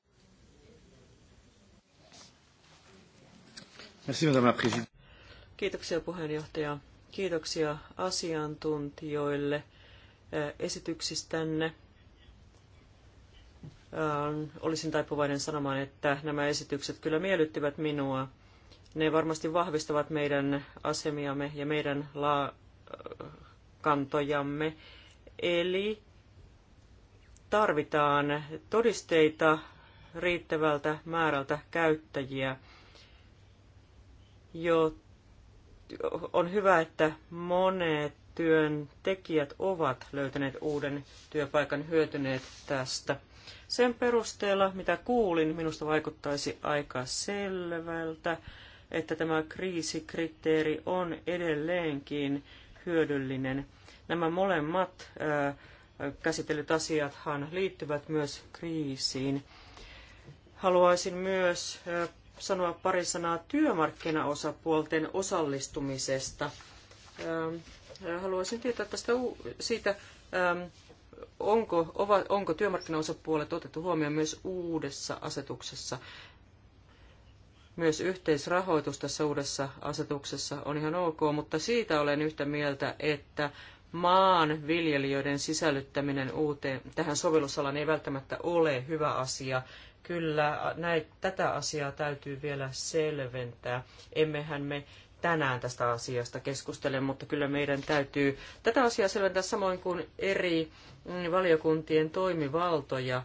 Kiitoksia puheenjohtaja. Kiitoksia asiantuntijoille eh, esityksistänne. Ähm, olisin taipuvainen sanomaan, että nämä esitykset kyllä miellyttivät minua. Ne varmasti vahvistavat meidän asemiamme ja meidän laa kantojamme. Eli tarvitaan todisteita riittävältä määrältä käyttäjiä, jo on hyvä, että monet työntekijät ovat löytäneet uuden työpaikan hyötyneet tästä. Sen perusteella, mitä kuulin, minusta vaikuttaisi aika selvältä, että tämä kriisikriteeri on edelleenkin hyödyllinen – Nämä molemmat käsitellyt asiathan liittyvät myös kriisiin. Haluaisin myös sanoa pari sanaa työmarkkinaosapuolten osallistumisesta. Haluaisin tietää tästä siitä, onko, onko työmarkkinaosapuolet otettu huomioon myös uudessa asetuksessa. Myös yhteisrahoitus tässä uudessa asetuksessa on ihan ok, mutta siitä olen yhtä mieltä, että maan viljelijöiden sisällyttäminen uuteen, tähän sovellusalaan ei välttämättä ole hyvä asia. Kyllä näitä, tätä asiaa täytyy vielä selventää. Emmehän me tänään tästä asiasta keskustele, mutta kyllä meidän täytyy tätä asiaa selventää samoin kuin eri mm, valiokuntien toimivaltoja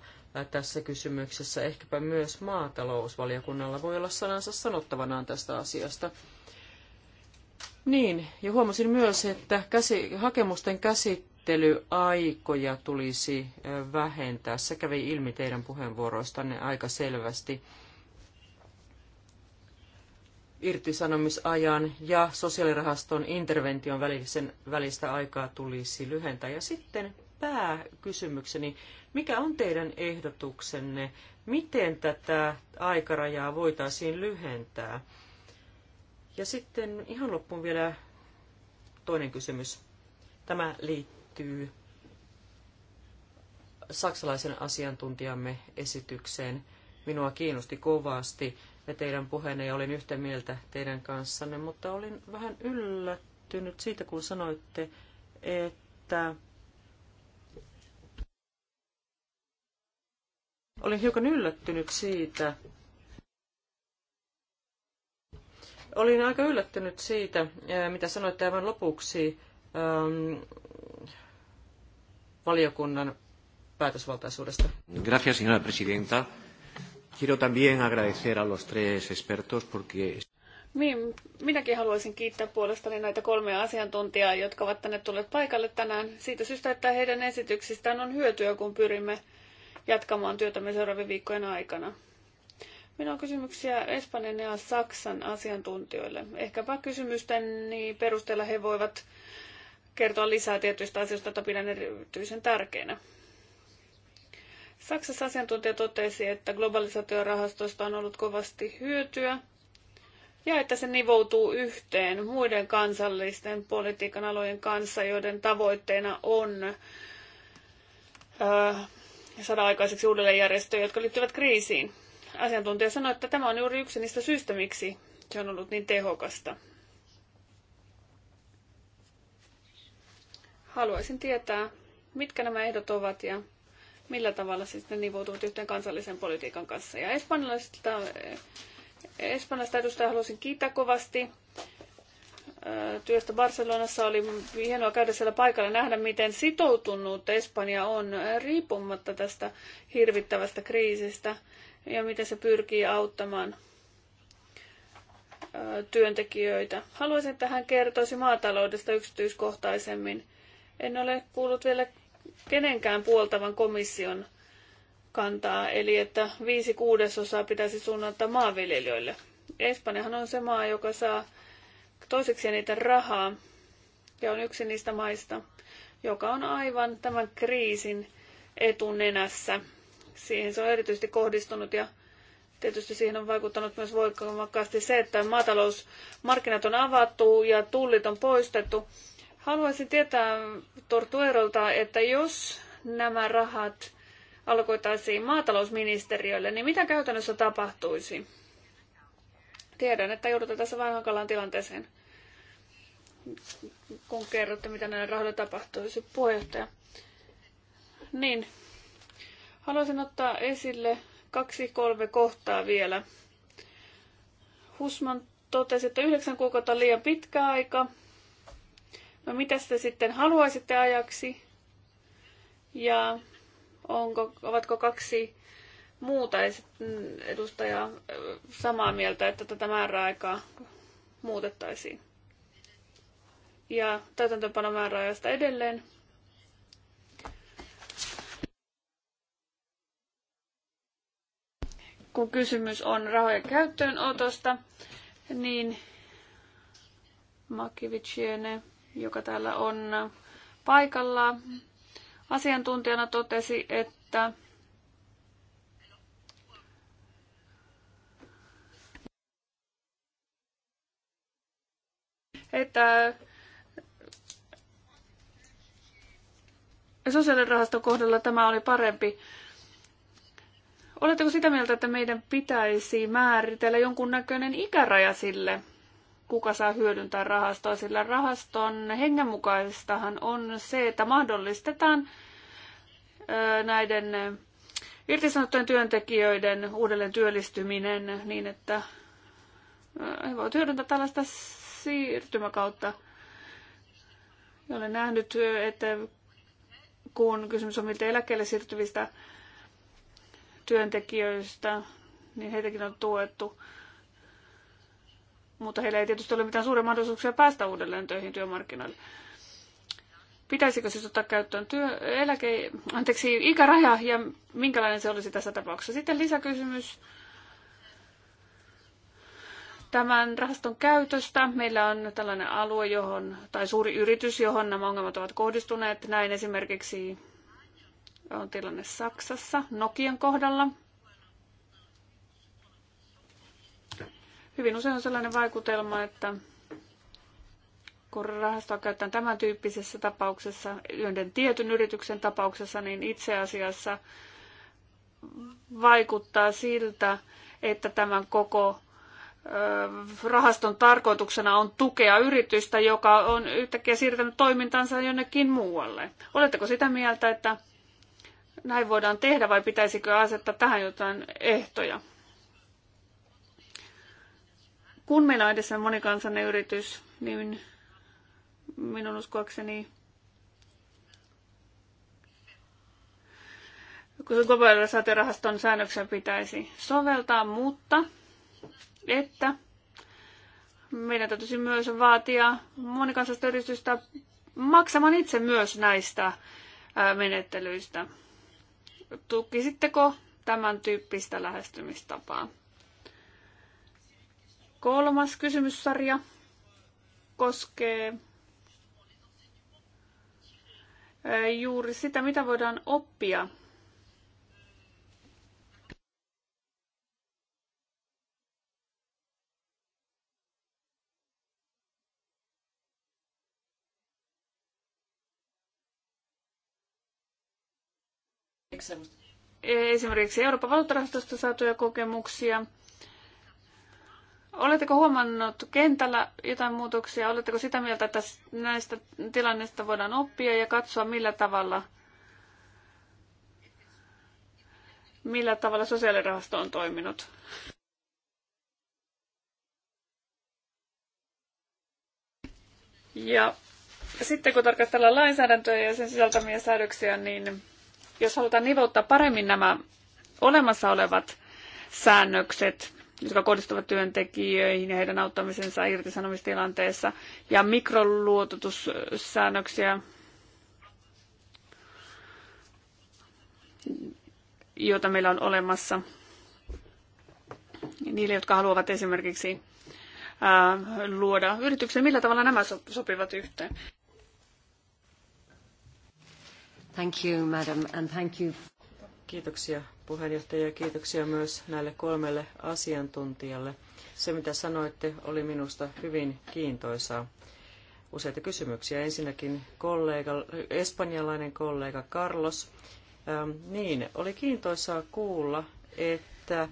tässä kysymyksessä. Ehkäpä myös maatalousvaliokunnalla voi olla sanansa sanottavanaan tästä asiasta. Niin, ja huomasin myös, että käsi, hakemusten käsittelyaikoja tulisi vähentää. Se kävi ilmi teidän puheenvuoroistanne aika selvästi irtisanomisajan ja sosiaalirahaston intervention välisen, välistä aikaa tulisi lyhentää. Ja sitten pääkysymykseni, mikä on teidän ehdotuksenne, miten tätä aikarajaa voitaisiin lyhentää? Ja sitten ihan loppuun vielä toinen kysymys. Tämä liittyy saksalaisen asiantuntijamme esitykseen. Minua kiinnosti kovasti ja teidän puheenne ja olin yhtä mieltä teidän kanssanne, mutta olin vähän yllättynyt siitä, kun sanoitte, että olin hiukan yllättynyt siitä, Olin aika yllättynyt siitä, mitä sanoitte aivan lopuksi ähm, valiokunnan päätösvaltaisuudesta. Gracias, señora presidenta. Quiero también agradecer a los tres expertos porque... Niin, minäkin haluaisin kiittää puolestani näitä kolmea asiantuntijaa, jotka ovat tänne tulleet paikalle tänään. Siitä syystä, että heidän esityksistään on hyötyä, kun pyrimme jatkamaan työtämme seuraavien viikkojen aikana. Minulla on kysymyksiä Espanjan ja Saksan asiantuntijoille. Ehkäpä kysymysten niin perusteella he voivat kertoa lisää tietyistä asioista, joita pidän erityisen tärkeänä. Saksassa asiantuntija totesi, että globalisaatiorahastosta on ollut kovasti hyötyä ja että se nivoutuu yhteen muiden kansallisten politiikan alojen kanssa, joiden tavoitteena on öö, saada aikaiseksi uudelleenjärjestöjä, jotka liittyvät kriisiin asiantuntija sanoi, että tämä on juuri yksi niistä syistä, miksi se on ollut niin tehokasta. Haluaisin tietää, mitkä nämä ehdot ovat ja millä tavalla siis ne nivoutuvat yhteen kansallisen politiikan kanssa. Ja espanjalaista, espanjalaista edustajaa haluaisin kiittää kovasti työstä Barcelonassa. Oli hienoa käydä siellä paikalla nähdä, miten sitoutunut Espanja on riippumatta tästä hirvittävästä kriisistä ja miten se pyrkii auttamaan työntekijöitä. Haluaisin, että hän kertoisi maataloudesta yksityiskohtaisemmin. En ole kuullut vielä kenenkään puoltavan komission kantaa, eli että viisi kuudesosaa pitäisi suunnata maanviljelijöille. Espanjahan on se maa, joka saa toiseksi eniten rahaa ja on yksi niistä maista, joka on aivan tämän kriisin etunenässä siihen se on erityisesti kohdistunut ja tietysti siihen on vaikuttanut myös voimakkaasti se, että maatalousmarkkinat on avattu ja tullit on poistettu. Haluaisin tietää Tortuerolta, että jos nämä rahat alkoitaisiin maatalousministeriölle, niin mitä käytännössä tapahtuisi? Tiedän, että joudutaan tässä vähän hankalaan tilanteeseen, kun kerrotte, mitä näille rahoille tapahtuisi. Puheenjohtaja. Niin, Haluaisin ottaa esille kaksi kolme kohtaa vielä. Husman totesi, että yhdeksän kuukautta on liian pitkä aika. No mitä te sitten haluaisitte ajaksi? Ja onko, ovatko kaksi muuta edustajaa samaa mieltä, että tätä määräaikaa muutettaisiin? Ja täytäntöönpanomääräajasta edelleen. kun kysymys on rahojen käyttöönotosta, niin Makiviciene, joka täällä on paikalla, asiantuntijana totesi, että että sosiaalirahaston kohdalla tämä oli parempi Oletteko sitä mieltä, että meidän pitäisi määritellä jonkunnäköinen ikäraja sille, kuka saa hyödyntää rahastoa, sillä rahaston hengenmukaistahan on se, että mahdollistetaan näiden irtisanottujen työntekijöiden uudelleen työllistyminen niin, että he voivat hyödyntää tällaista siirtymäkautta. Olen nähnyt, että kun kysymys on miltä eläkkeelle siirtyvistä työntekijöistä, niin heitäkin on tuettu. Mutta heillä ei tietysti ole mitään suuria mahdollisuuksia päästä uudelleen töihin työmarkkinoille. Pitäisikö siis ottaa käyttöön työ, eläke, anteeksi, ikäraja ja minkälainen se olisi tässä tapauksessa? Sitten lisäkysymys tämän rahaston käytöstä. Meillä on tällainen alue, johon, tai suuri yritys, johon nämä ongelmat ovat kohdistuneet. Näin esimerkiksi on tilanne Saksassa Nokian kohdalla. Hyvin usein on sellainen vaikutelma, että kun rahastoa käytetään tämän tyyppisessä tapauksessa, yhden tietyn yrityksen tapauksessa, niin itse asiassa vaikuttaa siltä, että tämän koko rahaston tarkoituksena on tukea yritystä, joka on yhtäkkiä siirtänyt toimintansa jonnekin muualle. Oletteko sitä mieltä, että näin voidaan tehdä vai pitäisikö asettaa tähän jotain ehtoja? Kun meillä on edessä monikansainen yritys, niin minun uskoakseni kun globaalisaatiorahaston säännöksen pitäisi soveltaa, mutta että meidän täytyisi myös vaatia monikansallista yritystä maksamaan itse myös näistä menettelyistä. Tukisitteko tämän tyyppistä lähestymistapaa? Kolmas kysymyssarja koskee eh, juuri sitä, mitä voidaan oppia esimerkiksi Euroopan valuuttarahastosta saatuja kokemuksia. Oletteko huomannut kentällä jotain muutoksia? Oletteko sitä mieltä, että näistä tilanneista voidaan oppia ja katsoa, millä tavalla, millä tavalla sosiaalirahasto on toiminut? Ja sitten kun tarkastellaan lainsäädäntöä ja sen sisältämiä säädöksiä, niin jos halutaan nivouttaa paremmin nämä olemassa olevat säännökset, jotka kohdistuvat työntekijöihin ja heidän auttamisensa irtisanomistilanteessa, ja mikroluototussäännöksiä, joita meillä on olemassa niille, jotka haluavat esimerkiksi luoda yrityksen. Millä tavalla nämä sopivat yhteen? Thank you, madam, and thank you. Kiitoksia puheenjohtaja ja kiitoksia myös näille kolmelle asiantuntijalle. Se, mitä sanoitte, oli minusta hyvin kiintoisaa. Useita kysymyksiä. Ensinnäkin kollega, espanjalainen kollega Carlos. Ähm, niin, oli kiintoisaa kuulla, että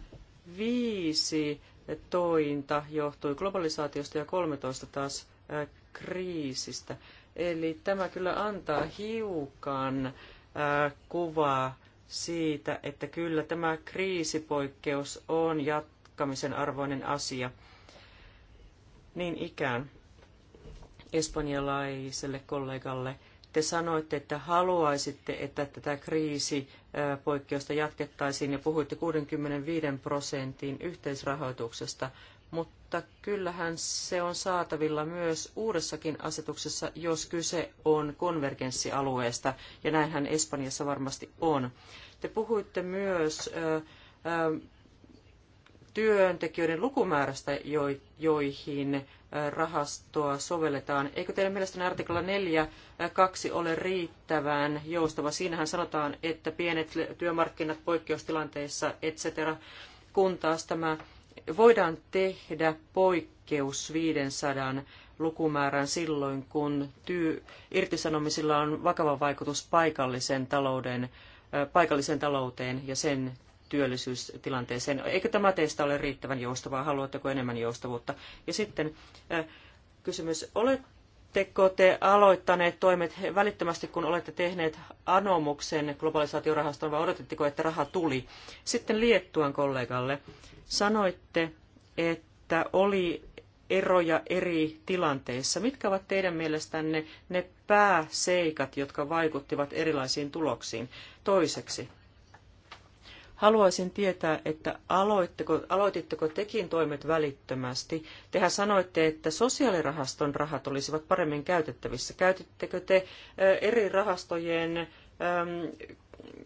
viisi tointa johtui globalisaatiosta ja 13 taas äh, kriisistä. Eli tämä kyllä antaa hiukan kuvaa siitä, että kyllä tämä kriisipoikkeus on jatkamisen arvoinen asia. Niin ikään espanjalaiselle kollegalle. Te sanoitte, että haluaisitte, että tätä kriisipoikkeusta jatkettaisiin ja puhuitte 65 prosentin yhteisrahoituksesta mutta kyllähän se on saatavilla myös uudessakin asetuksessa, jos kyse on konvergenssialueesta, ja näinhän Espanjassa varmasti on. Te puhuitte myös työntekijöiden lukumäärästä, joihin rahastoa sovelletaan. Eikö teidän mielestänne artikla 4.2 ole riittävän joustava? Siinähän sanotaan, että pienet työmarkkinat poikkeustilanteissa, etc. Kun taas tämä voidaan tehdä poikkeus 500 lukumäärän silloin, kun tyy, irtisanomisilla on vakava vaikutus paikallisen talouden, paikalliseen talouteen ja sen työllisyystilanteeseen. Eikö tämä teistä ole riittävän joustavaa? Haluatteko enemmän joustavuutta? Ja sitten kysymys, olet, Oletteko te aloittaneet toimet välittömästi, kun olette tehneet anomuksen globalisaatiorahastoon, vai odotitteko, että raha tuli? Sitten Liettuan kollegalle. Sanoitte, että oli eroja eri tilanteissa. Mitkä ovat teidän mielestänne ne pääseikat, jotka vaikuttivat erilaisiin tuloksiin? Toiseksi, Haluaisin tietää, että aloitteko, aloititteko tekin toimet välittömästi. Tehän sanoitte, että sosiaalirahaston rahat olisivat paremmin käytettävissä. Käytittekö te eri rahastojen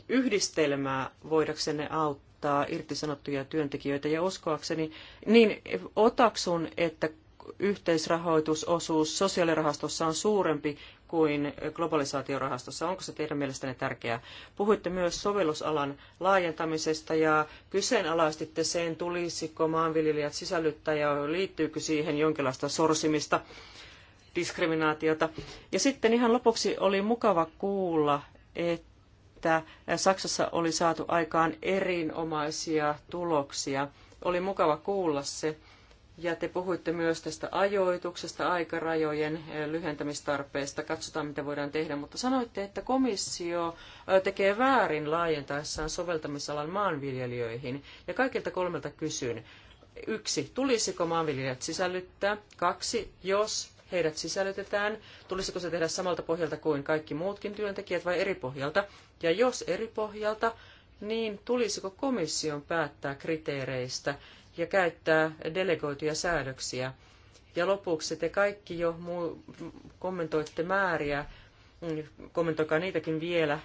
yhdistelmää voidaksenne auttaa irtisanottuja työntekijöitä ja uskoakseni, niin otaksun, että yhteisrahoitusosuus sosiaalirahastossa on suurempi kuin globalisaatiorahastossa. Onko se teidän mielestänne tärkeää? Puhuitte myös sovellusalan laajentamisesta ja kyseenalaistitte sen, tulisiko maanviljelijät sisällyttää ja liittyykö siihen jonkinlaista sorsimista, diskriminaatiota. Ja sitten ihan lopuksi oli mukava kuulla, että Saksassa oli saatu aikaan erinomaisia tuloksia. Oli mukava kuulla se. Ja te puhuitte myös tästä ajoituksesta, aikarajojen eh, lyhentämistarpeesta, katsotaan mitä voidaan tehdä, mutta sanoitte, että komissio eh, tekee väärin laajentaessaan soveltamisalan maanviljelijöihin. Ja kaikilta kolmelta kysyn, yksi, tulisiko maanviljelijät sisällyttää? Kaksi, jos heidät sisällytetään, tulisiko se tehdä samalta pohjalta kuin kaikki muutkin työntekijät vai eri pohjalta? Ja jos eri pohjalta, niin tulisiko komission päättää kriteereistä ja käyttää delegoituja säädöksiä. Ja lopuksi te kaikki jo kommentoitte määriä, mm, kommentoikaa niitäkin vielä.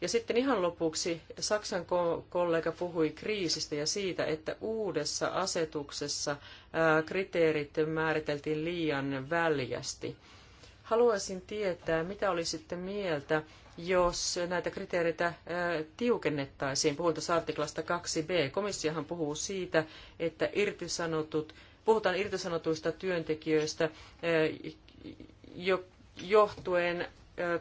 Ja sitten ihan lopuksi Saksan kollega puhui kriisistä ja siitä, että uudessa asetuksessa kriteerit määriteltiin liian väljästi. Haluaisin tietää, mitä olisitte mieltä jos näitä kriteereitä tiukennettaisiin. Puhun tuossa artiklasta 2b. Komissiohan puhuu siitä, että irtisanotut, puhutaan irtisanotuista työntekijöistä johtuen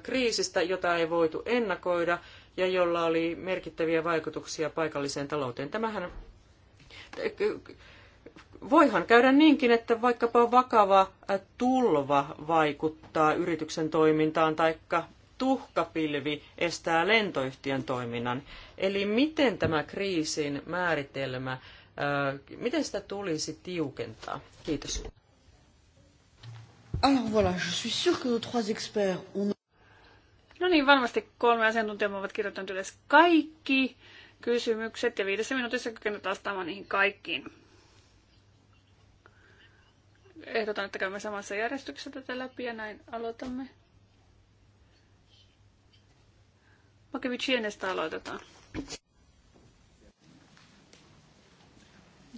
kriisistä, jota ei voitu ennakoida ja jolla oli merkittäviä vaikutuksia paikalliseen talouteen. Tämähän voihan käydä niinkin, että vaikkapa vakava tulva vaikuttaa yrityksen toimintaan tai tuhkapilvi estää lentoyhtiön toiminnan. Eli miten tämä kriisin määritelmä, miten sitä tulisi tiukentaa? Kiitos. Alors voilà, je suis sûr que nos trois experts No niin, varmasti kolme asiantuntijaa ovat kirjoittaneet ylös kaikki kysymykset ja viidessä minuutissa kykenet vastaamaan niihin kaikkiin. Ehdotan, että käymme samassa järjestyksessä tätä läpi ja näin aloitamme Makevicienestä aloitetaan.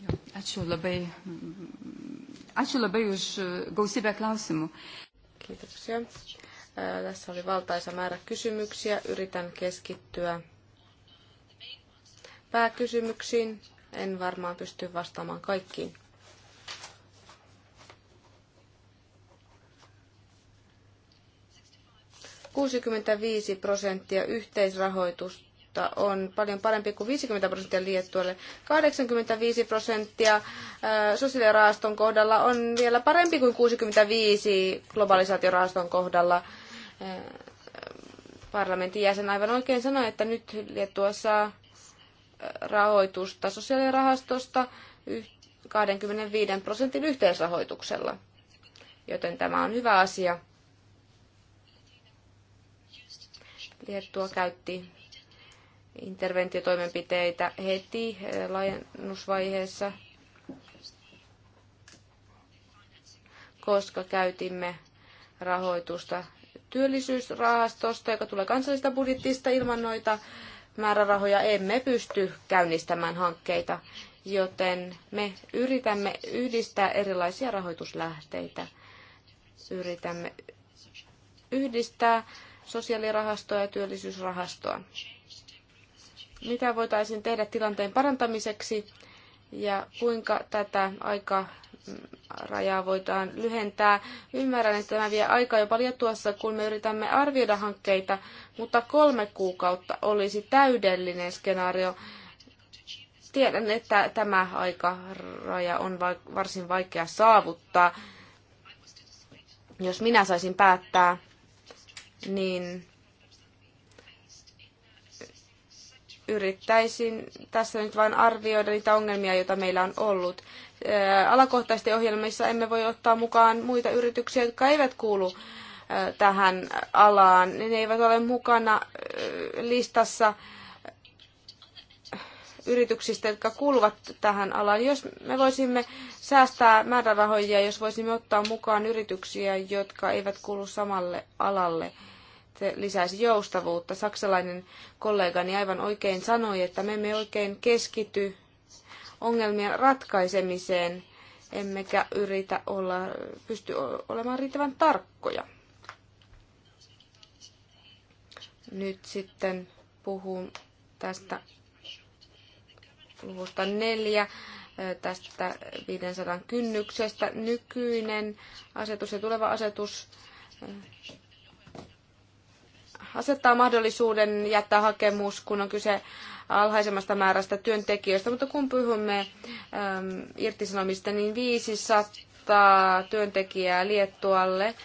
E, Kiitoksia. E, tässä oli valtaisa määrä kysymyksiä. Yritän keskittyä pääkysymyksiin. En varmaan pysty vastaamaan kaikkiin. 65 prosenttia yhteisrahoitusta on paljon parempi kuin 50 prosenttia Liettualle. 85 prosenttia äh, sosiaalirahaston kohdalla on vielä parempi kuin 65 globalisaatiorahaston kohdalla. Äh, parlamentin jäsen aivan oikein sanoi, että nyt Liettua saa äh, rahoitusta sosiaalirahastosta 25 prosentin yhteisrahoituksella. Joten tämä on hyvä asia Liettua käytti interventiotoimenpiteitä heti eh, laajennusvaiheessa, koska käytimme rahoitusta työllisyysrahastosta, joka tulee kansallisesta budjettista ilman noita määrärahoja emme pysty käynnistämään hankkeita, joten me yritämme yhdistää erilaisia rahoituslähteitä. Yritämme yhdistää sosiaalirahastoa ja työllisyysrahastoa. Mitä voitaisiin tehdä tilanteen parantamiseksi ja kuinka tätä aikaa rajaa voidaan lyhentää. Ymmärrän, että tämä vie aikaa jo paljon tuossa, kun me yritämme arvioida hankkeita, mutta kolme kuukautta olisi täydellinen skenaario. Tiedän, että tämä aikaraja on varsin vaikea saavuttaa. Jos minä saisin päättää, niin yrittäisin tässä nyt vain arvioida niitä ongelmia, joita meillä on ollut. Alakohtaisten ohjelmissa emme voi ottaa mukaan muita yrityksiä, jotka eivät kuulu tähän alaan. Ne eivät ole mukana listassa yrityksistä, jotka kuuluvat tähän alaan. Jos me voisimme säästää määrärahoja, jos voisimme ottaa mukaan yrityksiä, jotka eivät kuulu samalle alalle, se lisäisi joustavuutta. Saksalainen kollegani aivan oikein sanoi, että me emme oikein keskity ongelmien ratkaisemiseen, emmekä yritä olla, pysty olemaan riittävän tarkkoja. Nyt sitten puhun tästä luvusta neljä tästä 500 kynnyksestä. Nykyinen asetus ja tuleva asetus asettaa mahdollisuuden jättää hakemus, kun on kyse alhaisemmasta määrästä työntekijöistä, mutta kun puhumme äm, irtisanomista, niin 500 työntekijää Liettualle.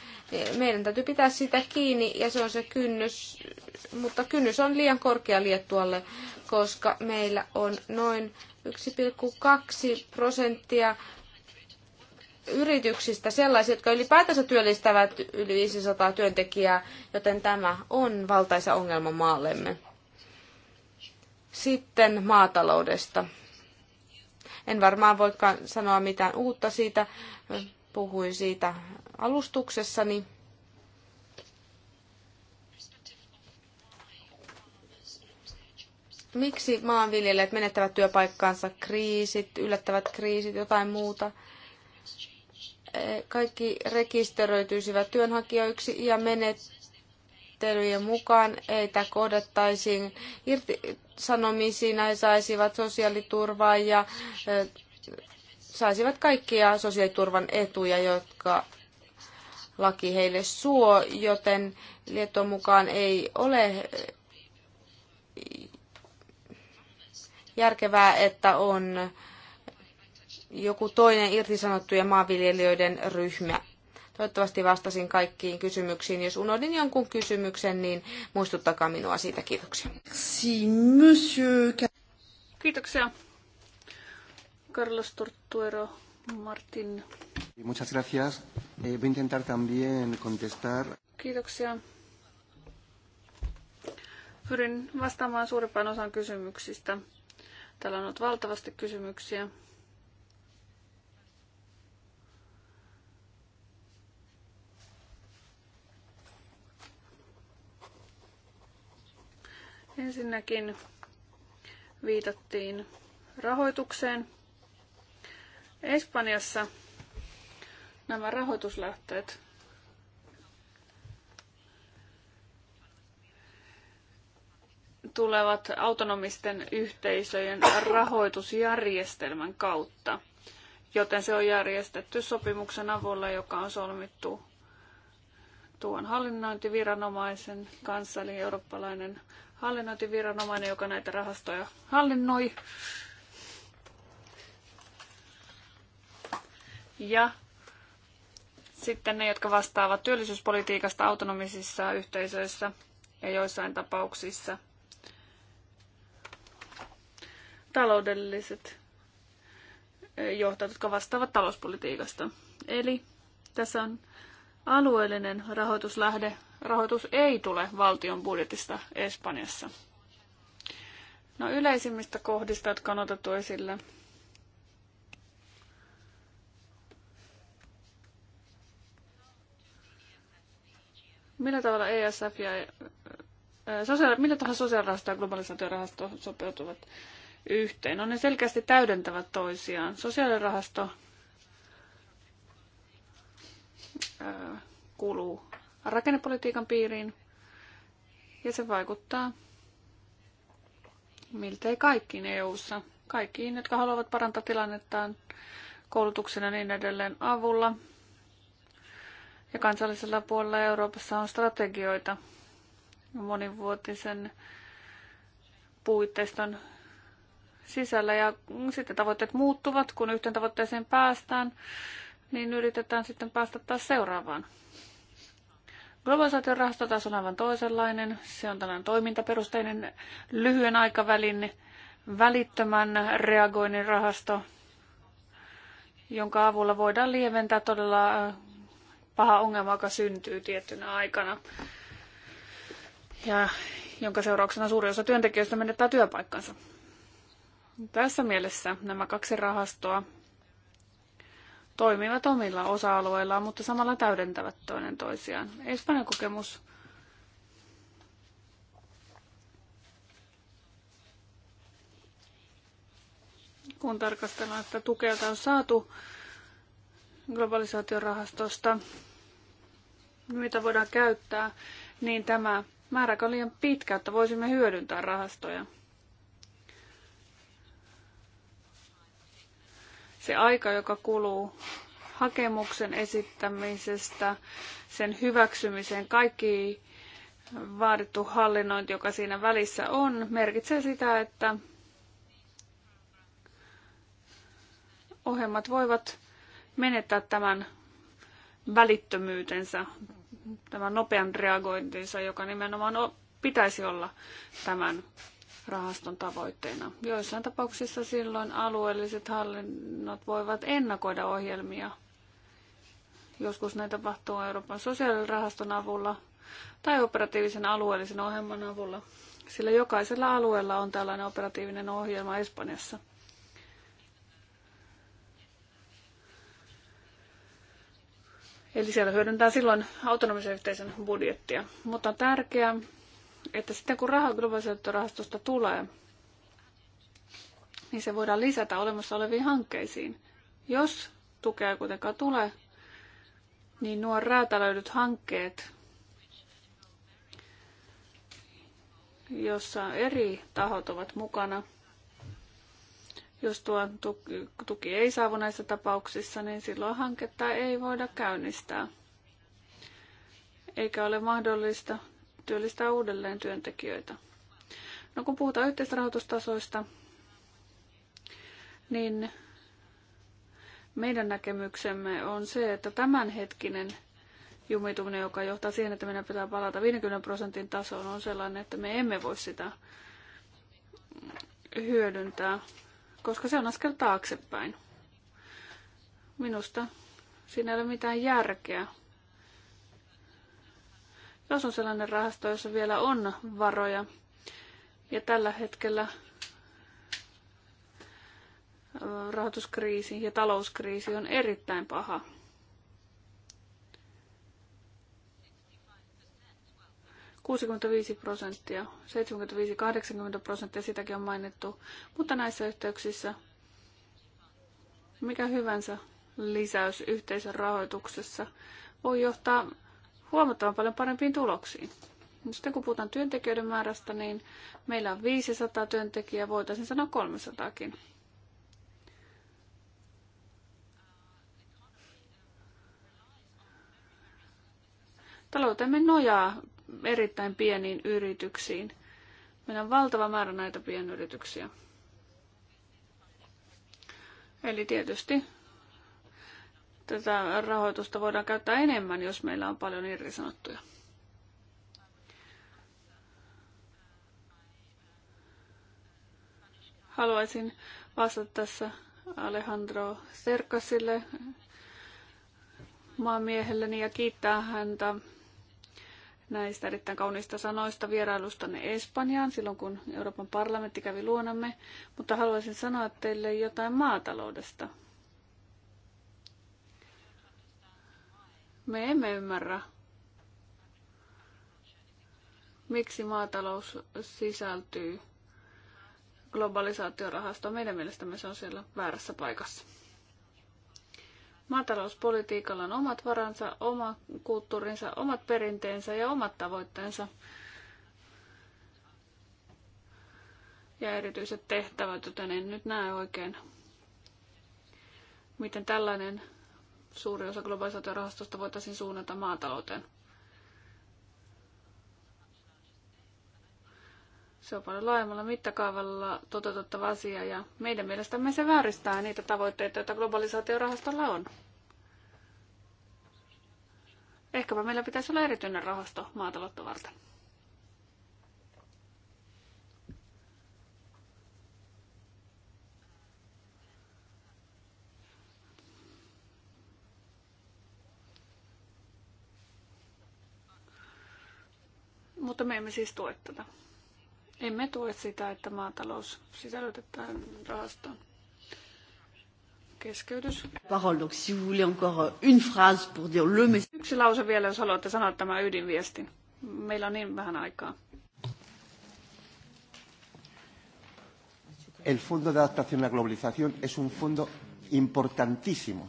Meidän täytyy pitää sitä kiinni ja se on se kynnys, mutta kynnys on liian korkea Liettualle, koska meillä on noin 1,2 prosenttia yrityksistä sellaisia, jotka ylipäätänsä työllistävät yli 500 työntekijää, joten tämä on valtaisa ongelma maallemme. Sitten maataloudesta. En varmaan voikaan sanoa mitään uutta siitä. Puhuin siitä alustuksessani. miksi maanviljelijät menettävät työpaikkaansa, kriisit, yllättävät kriisit, jotain muuta. Eh, kaikki rekisteröityisivät työnhakijoiksi ja menettelyjen mukaan heitä kohdattaisiin irtisanomisiin, he saisivat sosiaaliturvaa ja eh, saisivat kaikkia sosiaaliturvan etuja, jotka laki heille suo, joten Lieton mukaan ei ole järkevää, että on joku toinen irtisanottujen maanviljelijöiden ryhmä. Toivottavasti vastasin kaikkiin kysymyksiin. Jos unohdin jonkun kysymyksen, niin muistuttakaa minua siitä. Kiitoksia. Kiitoksia. Carlos Tortuero, Martin. Muchas gracias. Eh, voy a intentar también contestar. Kiitoksia. Pyrin vastaamaan suurimpaan osan kysymyksistä. Täällä on ollut valtavasti kysymyksiä. Ensinnäkin viitattiin rahoitukseen. Espanjassa nämä rahoituslähteet tulevat autonomisten yhteisöjen rahoitusjärjestelmän kautta, joten se on järjestetty sopimuksen avulla, joka on solmittu tuon hallinnointiviranomaisen kanssa, eli eurooppalainen hallinnointiviranomainen, joka näitä rahastoja hallinnoi. Ja sitten ne, jotka vastaavat työllisyyspolitiikasta autonomisissa yhteisöissä ja joissain tapauksissa – taloudelliset johtajat, jotka vastaavat talouspolitiikasta. Eli tässä on alueellinen rahoituslähde. Rahoitus ei tule valtion budjetista Espanjassa. No yleisimmistä kohdista, jotka on otettu esille, millä tavalla ESF ja sosiaali, millä tahansa sosiaalirahasto ja globalisaatiorahasto sopeutuvat yhteen. No ne selkeästi täydentävät toisiaan. Sosiaalirahasto kuuluu rakennepolitiikan piiriin ja se vaikuttaa miltei kaikkiin EU-ssa. Kaikkiin, jotka haluavat parantaa tilannettaan koulutuksena niin edelleen avulla. Ja kansallisella puolella Euroopassa on strategioita monivuotisen puitteiston sisällä ja sitten tavoitteet muuttuvat, kun yhteen tavoitteeseen päästään, niin yritetään sitten päästä taas seuraavaan. Globalisaation rahasto taas on aivan toisenlainen. Se on tällainen toimintaperusteinen lyhyen aikavälin välittömän reagoinnin rahasto, jonka avulla voidaan lieventää todella äh, paha ongelma, joka syntyy tiettynä aikana. Ja jonka seurauksena suuri osa työntekijöistä menettää työpaikkansa. Tässä mielessä nämä kaksi rahastoa toimivat omilla osa-alueillaan, mutta samalla täydentävät toinen toisiaan. Espanjan kokemus kun tarkastellaan että tukea, on saatu globalisaatiorahastosta, mitä voidaan käyttää, niin tämä määrä on liian pitkä, että voisimme hyödyntää rahastoja. se aika, joka kuluu hakemuksen esittämisestä, sen hyväksymiseen, kaikki vaadittu hallinnointi, joka siinä välissä on, merkitsee sitä, että ohjelmat voivat menettää tämän välittömyytensä, tämän nopean reagointinsa, joka nimenomaan pitäisi olla tämän rahaston tavoitteena. Joissain tapauksissa silloin alueelliset hallinnot voivat ennakoida ohjelmia. Joskus näitä tapahtuu Euroopan sosiaalirahaston avulla tai operatiivisen alueellisen ohjelman avulla, sillä jokaisella alueella on tällainen operatiivinen ohjelma Espanjassa. Eli siellä hyödyntää silloin autonomisen yhteisön budjettia. Mutta on tärkeää, että sitten kun raha globalisaatiorahastosta tulee, niin se voidaan lisätä olemassa oleviin hankkeisiin. Jos tukea kuitenkaan tulee, niin nuo räätälöidyt hankkeet, jossa eri tahot ovat mukana, jos tuo tuki ei saavu näissä tapauksissa, niin silloin hanketta ei voida käynnistää. Eikä ole mahdollista työllistää uudelleen työntekijöitä. No kun puhutaan yhteisrahoitustasoista, niin meidän näkemyksemme on se, että tämänhetkinen jumituminen, joka johtaa siihen, että meidän pitää palata 50 prosentin tasoon, on sellainen, että me emme voi sitä hyödyntää, koska se on askel taaksepäin. Minusta siinä ei ole mitään järkeä jos on sellainen rahasto, jossa vielä on varoja. Ja tällä hetkellä rahoituskriisi ja talouskriisi on erittäin paha. viisi prosenttia, 75-80 prosenttia, sitäkin on mainittu, mutta näissä yhteyksissä mikä hyvänsä lisäys yhteisön rahoituksessa voi johtaa huomattavan paljon parempiin tuloksiin. Sitten kun puhutaan työntekijöiden määrästä, niin meillä on 500 työntekijää, voitaisiin sanoa 300kin. Taloutemme nojaa erittäin pieniin yrityksiin. Meillä on valtava määrä näitä pienyrityksiä. Eli tietysti tätä rahoitusta voidaan käyttää enemmän, jos meillä on paljon irrisanottuja. Haluaisin vastata tässä Alejandro Serkasille, maamiehelleni, ja kiittää häntä näistä erittäin kauniista sanoista vierailustanne Espanjaan silloin, kun Euroopan parlamentti kävi luonamme, mutta haluaisin sanoa teille jotain maataloudesta – Me emme ymmärrä, miksi maatalous sisältyy globalisaatiorahastoon. Meidän mielestämme se on siellä väärässä paikassa. Maatalouspolitiikalla on omat varansa, oma kulttuurinsa, omat perinteensä ja omat tavoitteensa. Ja erityiset tehtävät, joten en nyt näe oikein, miten tällainen suuri osa globalisaatiorahastosta voitaisiin suunnata maatalouteen. Se on paljon laajemmalla mittakaavalla toteutettava asia ja meidän mielestämme se vääristää niitä tavoitteita, joita globalisaatiorahastolla on. Ehkäpä meillä pitäisi olla erityinen rahasto maataloutta varten. Mutta me emme siis tue tätä. Emme tue sitä, että maatalous sisällytetään rahastoon. Keskeytys. Parole, donc si vous voulez encore euh, une phrase pour dire le message. Yksi lause vielä, jos haluatte sanoa tämän ydinviestin. Meillä on niin vähän aikaa. El Fondo de Adaptación a la Globalización es un fondo importantísimo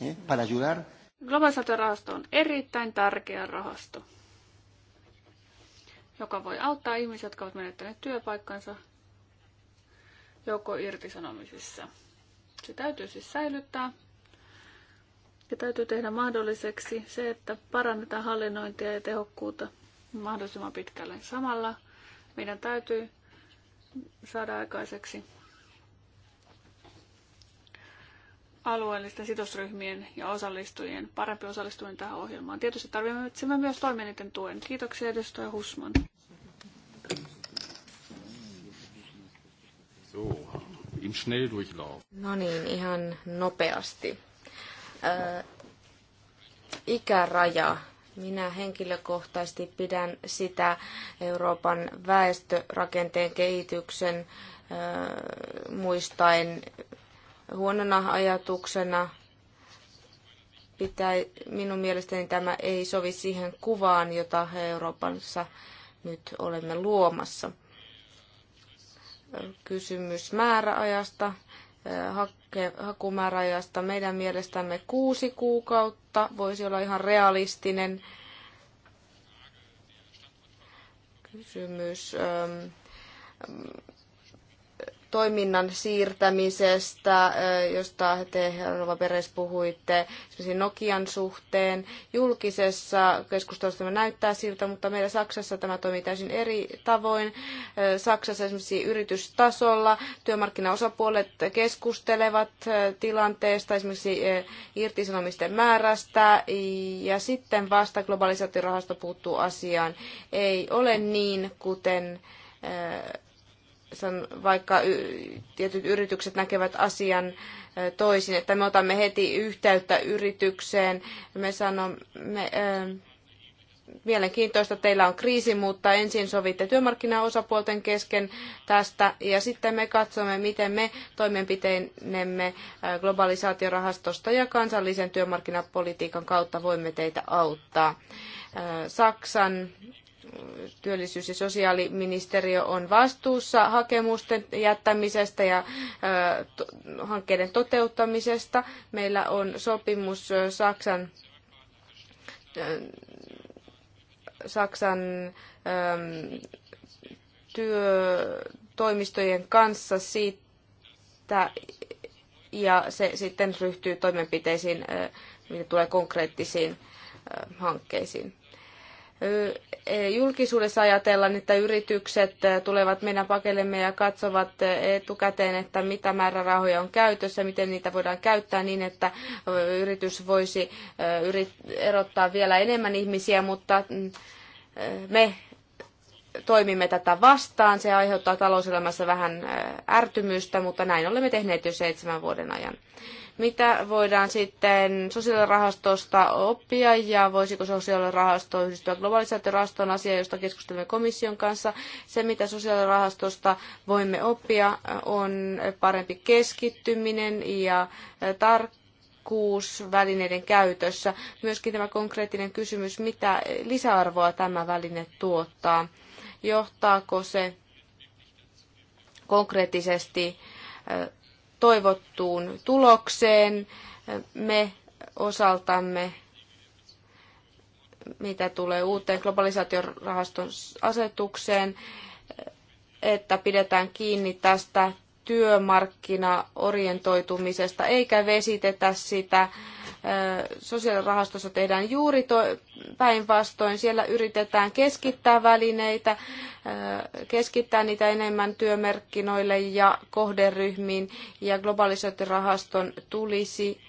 ¿eh? para ayudar. Globalización Globalisaatiorahasto on erittäin tärkeä rahasto joka voi auttaa ihmisiä, jotka ovat menettäneet työpaikkansa joko irtisanomisissa. Se täytyy siis säilyttää. Ja täytyy tehdä mahdolliseksi se, että parannetaan hallinnointia ja tehokkuutta mahdollisimman pitkälle. Samalla meidän täytyy saada aikaiseksi alueellisten sidosryhmien ja osallistujien parempi osallistuminen tähän ohjelmaan. Tietysti tarvitsemme myös toimielinten tuen. Kiitoksia edustaja Husman. im Schnelldurchlauf. No niin, ihan nopeasti. Äh, ikäraja. Minä henkilökohtaisesti pidän sitä Euroopan väestörakenteen kehityksen äh, muistaen huonona ajatuksena. Pitää, minun mielestäni tämä ei sovi siihen kuvaan, jota Euroopassa nyt olemme luomassa kysymys määräajasta, eh, hakumääräajasta. Meidän mielestämme kuusi kuukautta voisi olla ihan realistinen kysymys toiminnan siirtämisestä, josta te, Rova Peres, puhuitte esimerkiksi Nokian suhteen. Julkisessa keskustelussa tämä näyttää siltä, mutta meillä Saksassa tämä toimii täysin eri tavoin. Saksassa esimerkiksi yritystasolla työmarkkinaosapuolet keskustelevat tilanteesta, esimerkiksi irtisanomisten määrästä, ja sitten vasta globalisaatiorahasto puuttuu asiaan. Ei ole niin, kuten vaikka tietyt yritykset näkevät asian toisin, että me otamme heti yhteyttä yritykseen, me sanomme, mielenkiintoista, teillä on kriisi, mutta ensin sovitte työmarkkinaosapuolten kesken tästä ja sitten me katsomme, miten me toimenpiteinemme globalisaatiorahastosta ja kansallisen työmarkkinapolitiikan kautta voimme teitä auttaa. Saksan työllisyys- ja sosiaaliministeriö on vastuussa hakemusten jättämisestä ja hankkeiden toteuttamisesta. Meillä on sopimus Saksan, Saksan työtoimistojen kanssa siitä, ja se sitten ryhtyy toimenpiteisiin, mitä tulee konkreettisiin hankkeisiin. E, julkisuudessa ajatellaan, että yritykset tulevat meidän pakelemme ja katsovat etukäteen, että mitä määrärahoja on käytössä, miten niitä voidaan käyttää niin, että yritys voisi erottaa vielä enemmän ihmisiä, mutta mm, me toimimme tätä vastaan. Se aiheuttaa talouselämässä vähän ärtymystä, mutta näin olemme tehneet jo seitsemän vuoden ajan. Mitä voidaan sitten sosiaalirahastosta oppia ja voisiko sosiaalirahasto yhdistyä globalisaatiorahastoon asia, josta keskustelemme komission kanssa. Se, mitä sosiaalirahastosta voimme oppia, on parempi keskittyminen ja tarkkuus välineiden käytössä. Myöskin tämä konkreettinen kysymys, mitä lisäarvoa tämä väline tuottaa. Johtaako se konkreettisesti toivottuun tulokseen. Me osaltamme, mitä tulee uuteen globalisaatiorahaston asetukseen, että pidetään kiinni tästä työmarkkinaorientoitumisesta eikä vesitetä sitä sosiaalirahastossa tehdään juuri päinvastoin. Siellä yritetään keskittää välineitä, äh, keskittää niitä enemmän työmarkkinoille ja kohderyhmiin, ja globalisaatiorahaston tulisi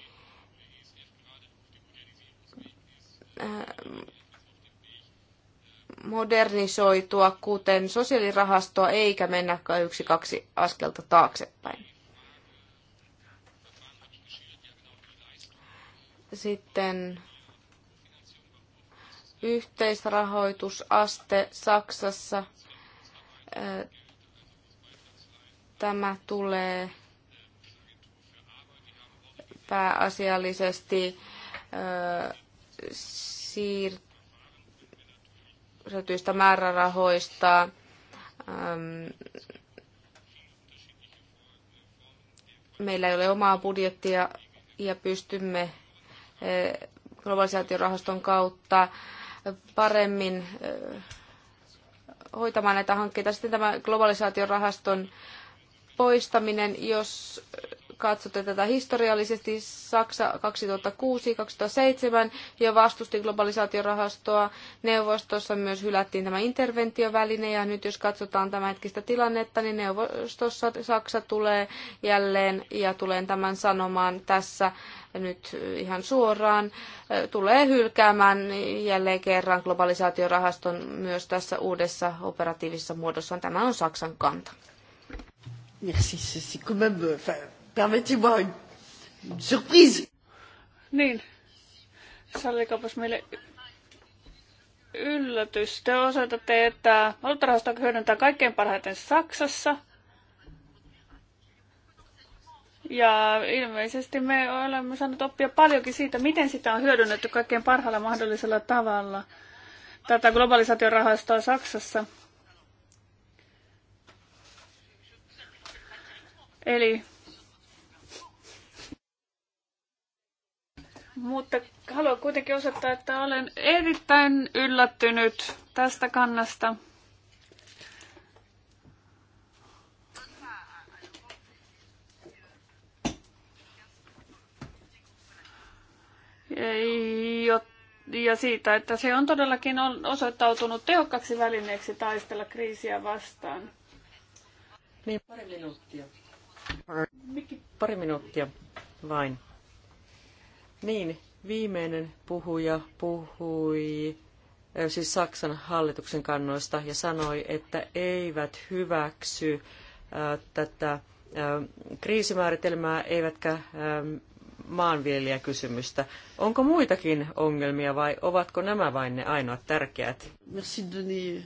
äh, modernisoitua, kuten sosiaalirahastoa, eikä mennä yksi kaksi askelta taaksepäin. Sitten yhteisrahoitusaste Saksassa. Tämä tulee pääasiallisesti siirtyistä määrärahoista meillä ei ole omaa budjettia ja pystymme globalisaatiorahaston kautta paremmin eh, hoitamaan näitä hankkeita. Sitten tämä globalisaatiorahaston poistaminen, jos katsotte tätä historiallisesti, Saksa 2006-2007 jo vastusti globalisaatiorahastoa. Neuvostossa myös hylättiin tämä interventioväline ja nyt jos katsotaan hetkistä tilannetta, niin neuvostossa Saksa tulee jälleen ja tulen tämän sanomaan tässä nyt ihan suoraan, tulee hylkäämään jälleen kerran globalisaatiorahaston myös tässä uudessa operatiivisessa muodossaan. Tämä on Saksan kanta. Merci, c'est quand même, euh, enfin, permettez-moi une surprise. Niin, Sallikapas meille yllätys. Te osoitatte, että valuuttarahasto hyödyntää kaikkein parhaiten Saksassa – ja ilmeisesti me olemme saaneet oppia paljonkin siitä, miten sitä on hyödynnetty kaikkein parhaalla mahdollisella tavalla. Tätä rahastoa Saksassa. Eli mutta haluan kuitenkin osoittaa, että olen erittäin yllättynyt tästä kannasta. ja siitä, että se on todellakin osoittautunut tehokkaaksi välineeksi taistella kriisiä vastaan. Niin, pari minuuttia. Pari minuuttia vain. Niin, viimeinen puhuja puhui eh, siis Saksan hallituksen kannoista ja sanoi, että eivät hyväksy eh, tätä eh, kriisimääritelmää eivätkä maanviljelijäkysymystä. Onko muitakin ongelmia vai ovatko nämä vain ne ainoat tärkeät? Merci de donner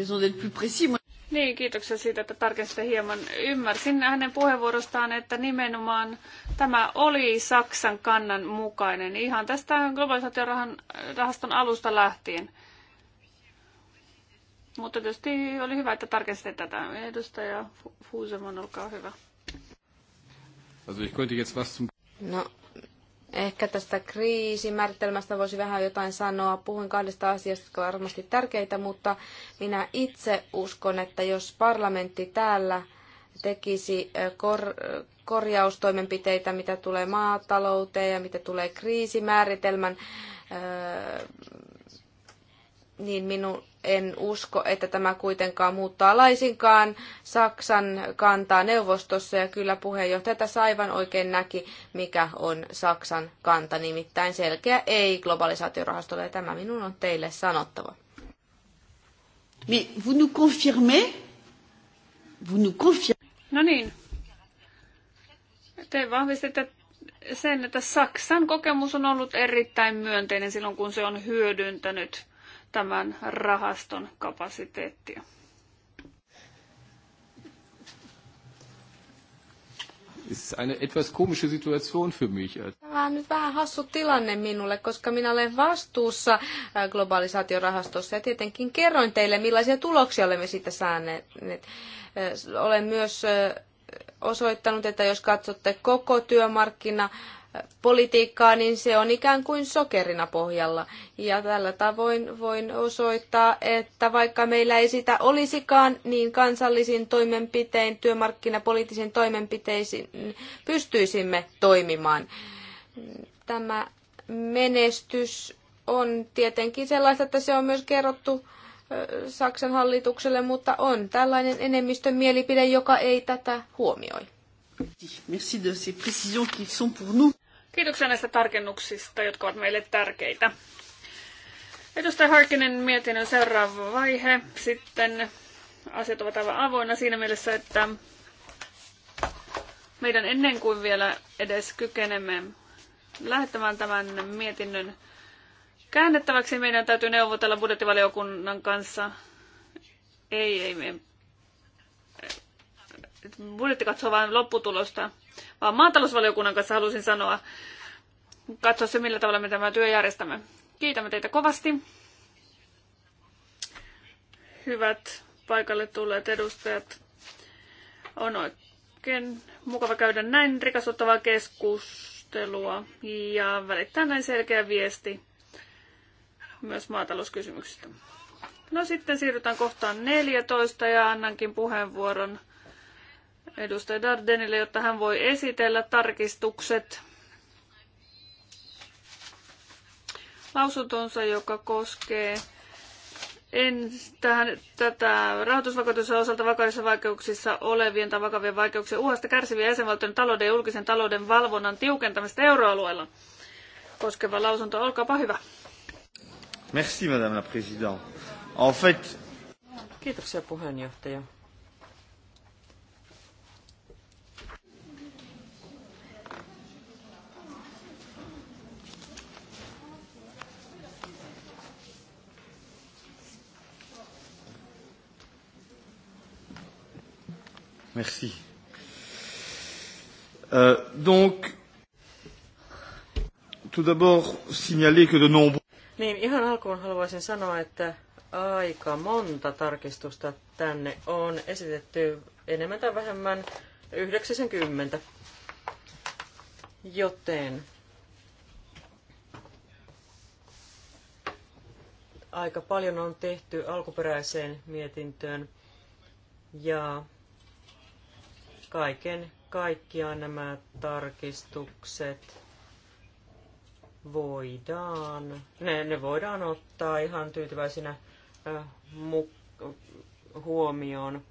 notre plus précis. Niin, kiitoksia siitä, että tarkensitte hieman. Ymmärsin hänen puheenvuorostaan, että nimenomaan tämä oli Saksan kannan mukainen ihan tästä globalisaatiorahaston alusta lähtien. Mutta tietysti oli hyvä, että tarkensitte tätä. Edustaja Fuuseman, olkaa hyvä. Also ich könnte jetzt was zum No, ehkä tästä kriisimääritelmästä voisi vähän jotain sanoa. Puhuin kahdesta asiasta, jotka ovat varmasti tärkeitä, mutta minä itse uskon, että jos parlamentti täällä tekisi kor- korjaustoimenpiteitä, mitä tulee maatalouteen ja mitä tulee kriisimääritelmän, niin minun en usko, että tämä kuitenkaan muuttaa laisinkaan Saksan kantaa neuvostossa ja kyllä puheenjohtaja tässä aivan oikein näki, mikä on Saksan kanta, nimittäin selkeä ei globalisaatiorahastolle ja tämä minun on teille sanottava. Mais vous nous confirmez? Vous nous confirmez? No niin. Te vahvistitte sen, että Saksan kokemus on ollut erittäin myönteinen silloin, kun se on hyödyntänyt tämän rahaston kapasiteettia. ist eine etwas komische Situation für mich. Tämä on nyt vähän hassu tilanne minulle, koska minä olen vastuussa äh, globalisaatiorahastossa ja tietenkin kerroin teille, millaisia tuloksia olemme siitä saaneet. Äh, olen myös äh, osoittanut, että jos katsotte koko työmarkkina politiikkaa, niin se on ikään kuin sokerina pohjalla. Ja tällä tavoin voin osoittaa, että vaikka meillä ei sitä olisikaan, niin kansallisin toimenpitein, työmarkkinapoliittisiin toimenpiteisiin pystyisimme toimimaan. Tämä menestys on tietenkin sellaista, että se on myös kerrottu Saksan hallitukselle, mutta on tällainen enemmistön mielipide, joka ei tätä huomioi. Merci de ces précisions qui sont pour nous. Kiitoksia näistä tarkennuksista, jotka ovat meille tärkeitä. Edustaja Harkinen mietinnön seuraava vaihe. Sitten asiat ovat aivan avoinna siinä mielessä, että meidän ennen kuin vielä edes kykenemme lähettämään tämän mietinnön käännettäväksi, meidän täytyy neuvotella budjettivaliokunnan kanssa. Ei, ei, me budjetti katsoo vain lopputulosta vaan maatalousvaliokunnan kanssa halusin sanoa, katsoa se, millä tavalla me tämä työ järjestämme. Kiitämme teitä kovasti. Hyvät paikalle tulleet edustajat, on oikein mukava käydä näin rikasuttavaa keskustelua ja välittää näin selkeä viesti myös maatalouskysymyksistä. No sitten siirrytään kohtaan 14 ja annankin puheenvuoron edustaja Dardenille, jotta hän voi esitellä tarkistukset lausuntonsa, joka koskee en tähän, tätä rahoitusvakuutuksen osalta vakavissa vaikeuksissa olevien tai vakavien vaikeuksien uhasta kärsivien jäsenvaltion talouden ja julkisen talouden valvonnan tiukentamista euroalueella koskeva lausunto. Olkaapa hyvä. Merci, madame la présidente. En fait... Kiitoksia puheenjohtaja. Merci. Euh, donc, tout d'abord, signaler que de nombreux... Niin, ihan alkuun haluaisin sanoa, että aika monta tarkistusta tänne on esitetty enemmän tai vähemmän 90. Joten aika paljon on tehty alkuperäiseen mietintöön ja Kaiken kaikkiaan nämä tarkistukset voidaan, ne, ne voidaan ottaa ihan tyytyväisinä äh, mu, huomioon.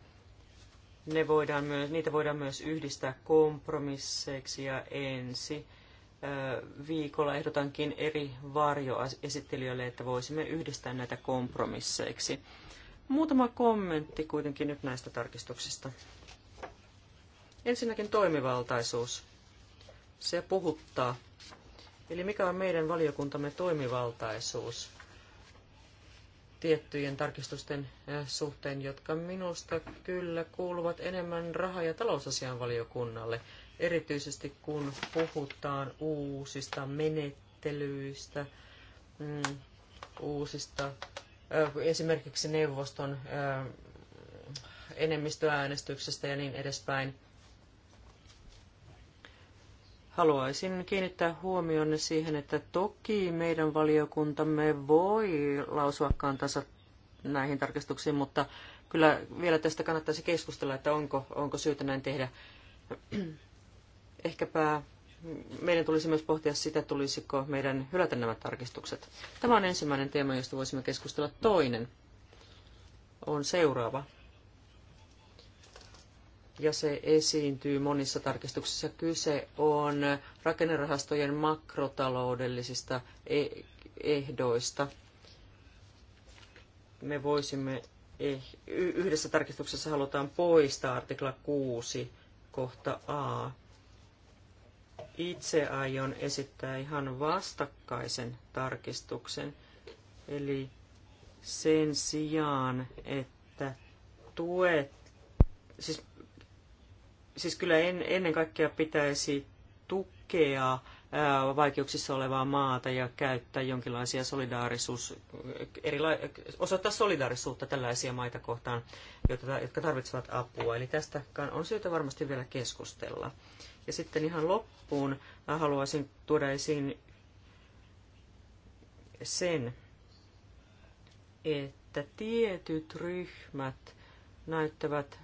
Ne voidaan myös, niitä voidaan myös yhdistää kompromisseiksi ja ensi äh, viikolla ehdotankin eri varjoesittelijöille, että voisimme yhdistää näitä kompromisseiksi. Muutama kommentti kuitenkin nyt näistä tarkistuksista. Ensinnäkin toimivaltaisuus. Se puhuttaa. Eli mikä on meidän valiokuntamme toimivaltaisuus tiettyjen tarkistusten eh, suhteen, jotka minusta kyllä kuuluvat enemmän raha- ja talousasian valiokunnalle, erityisesti kun puhutaan uusista menettelyistä, mm, uusista, eh, esimerkiksi neuvoston eh, enemmistöäänestyksestä ja niin edespäin. Haluaisin kiinnittää huomionne siihen, että toki meidän valiokuntamme voi lausua kantansa näihin tarkistuksiin, mutta kyllä vielä tästä kannattaisi keskustella, että onko, onko syytä näin tehdä. Ehkäpä meidän tulisi myös pohtia sitä, tulisiko meidän hylätä nämä tarkistukset. Tämä on ensimmäinen teema, josta voisimme keskustella. Toinen on seuraava ja se esiintyy monissa tarkistuksissa. Kyse on rakennerahastojen makrotaloudellisista e- ehdoista. Me voisimme, eh- yhdessä tarkistuksessa halutaan poistaa artikla 6 kohta A. Itse aion esittää ihan vastakkaisen tarkistuksen, eli sen sijaan, että tuet, siis siis kyllä en, ennen kaikkea pitäisi tukea vaikeuksissa olevaa maata ja käyttää jonkinlaisia solidaarisuus, erila- osoittaa solidaarisuutta tällaisia maita kohtaan, jotka, jotka tarvitsevat apua. Eli tästä on syytä varmasti vielä keskustella. Ja sitten ihan loppuun haluaisin tuoda esiin sen, että tietyt ryhmät näyttävät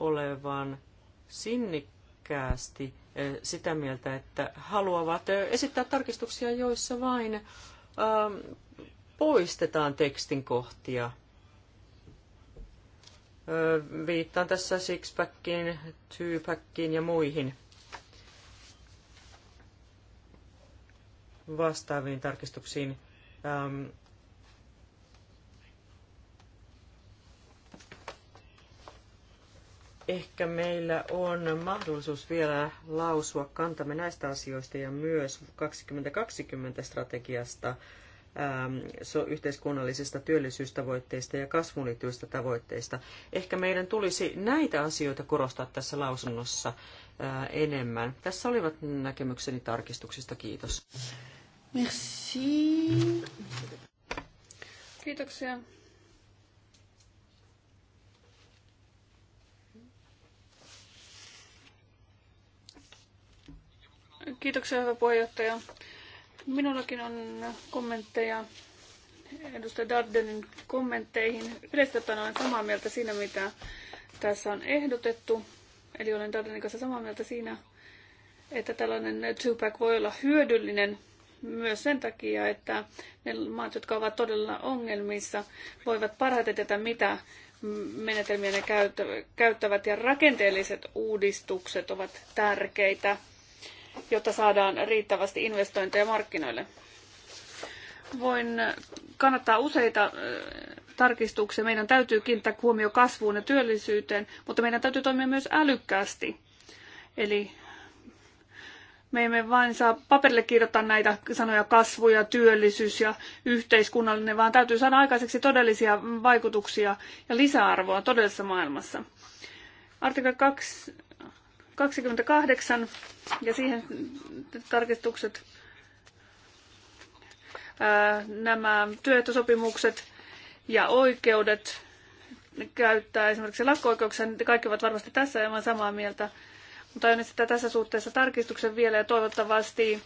olevan sinnikkäästi eh, sitä mieltä, että haluavat eh, esittää tarkistuksia, joissa vain ähm, poistetaan tekstin kohtia. Äh, viittaan tässä sixpackiin, twopackiin ja muihin vastaaviin tarkistuksiin. Ähm, ehkä meillä on mahdollisuus vielä lausua kantamme näistä asioista ja myös 2020-strategiasta, ähm, yhteiskunnallisista työllisyystavoitteista ja kasvuun liittyvistä tavoitteista. Ehkä meidän tulisi näitä asioita korostaa tässä lausunnossa äh, enemmän. Tässä olivat näkemykseni tarkistuksista. Kiitos. Merci. Kiitoksia. Kiitoksia, hyvä puheenjohtaja. Minullakin on kommentteja edustaja Dardenin kommentteihin. Yleisesti olen samaa mieltä siinä, mitä tässä on ehdotettu. Eli olen Dardenin kanssa samaa mieltä siinä, että tällainen two-pack voi olla hyödyllinen myös sen takia, että ne maat, jotka ovat todella ongelmissa, voivat parhaiten tätä, mitä menetelmiä ne käyttävät. Ja rakenteelliset uudistukset ovat tärkeitä jotta saadaan riittävästi investointeja markkinoille. Voin kannattaa useita tarkistuksia. Meidän täytyy kiinnittää huomio kasvuun ja työllisyyteen, mutta meidän täytyy toimia myös älykkäästi. Eli me emme vain saa paperille kirjoittaa näitä sanoja kasvu ja työllisyys ja yhteiskunnallinen, vaan täytyy saada aikaiseksi todellisia vaikutuksia ja lisäarvoa todellisessa maailmassa. Artikla 2, 28 ja siihen tarkistukset nämä työehtosopimukset ja oikeudet käyttää esimerkiksi lakko-oikeuksia, niin kaikki ovat varmasti tässä aivan samaa mieltä. Mutta aion sitä tässä suhteessa tarkistuksen vielä ja toivottavasti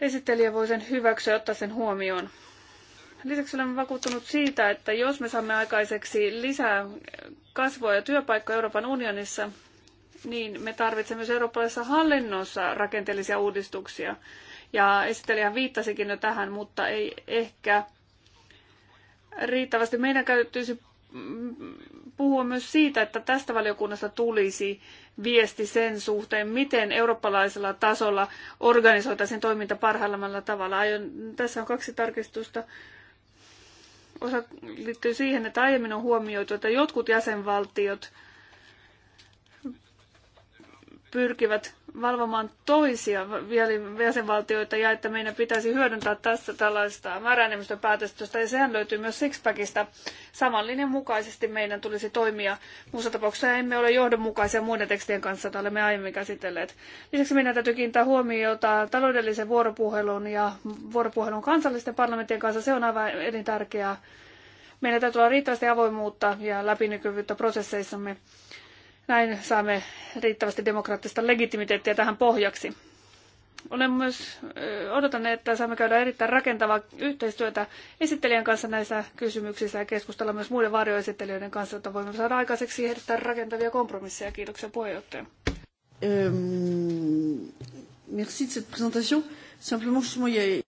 esittelijä voi sen hyväksyä ja ottaa sen huomioon. Lisäksi olen vakuuttunut siitä, että jos me saamme aikaiseksi lisää kasvua ja työpaikkoja Euroopan unionissa, niin me tarvitsemme myös eurooppalaisessa hallinnossa rakenteellisia uudistuksia. Ja esittelijä viittasikin jo tähän, mutta ei ehkä riittävästi. Meidän täytyisi puhua myös siitä, että tästä valiokunnasta tulisi viesti sen suhteen, miten eurooppalaisella tasolla organisoitaisiin toiminta parhaimmalla tavalla. Aion, tässä on kaksi tarkistusta. Osa liittyy siihen, että aiemmin on huomioitu, että jotkut jäsenvaltiot – pyrkivät valvomaan toisia jäsenvaltioita ja että meidän pitäisi hyödyntää tässä tällaista määräenemmistöpäätöstä. Ja sehän löytyy myös Sixpackista. Saman linjan mukaisesti meidän tulisi toimia. Muussa tapauksessa emme ole johdonmukaisia muiden tekstien kanssa, joita olemme aiemmin käsitelleet. Lisäksi meidän täytyy kiinnittää huomiota taloudellisen vuoropuhelun ja vuoropuhelun kansallisten parlamenttien kanssa. Se on aivan elintärkeää. Meidän täytyy olla riittävästi avoimuutta ja läpinäkyvyyttä prosesseissamme näin saamme riittävästi demokraattista legitimiteettiä tähän pohjaksi. Olen myös, odotan, että saamme käydä erittäin rakentavaa yhteistyötä esittelijän kanssa näissä kysymyksissä ja keskustella myös muiden varjoesittelijöiden kanssa, jotta voimme saada aikaiseksi erittäin rakentavia kompromisseja. Kiitoksia puheenjohtaja. Merci cette présentation. Simplement,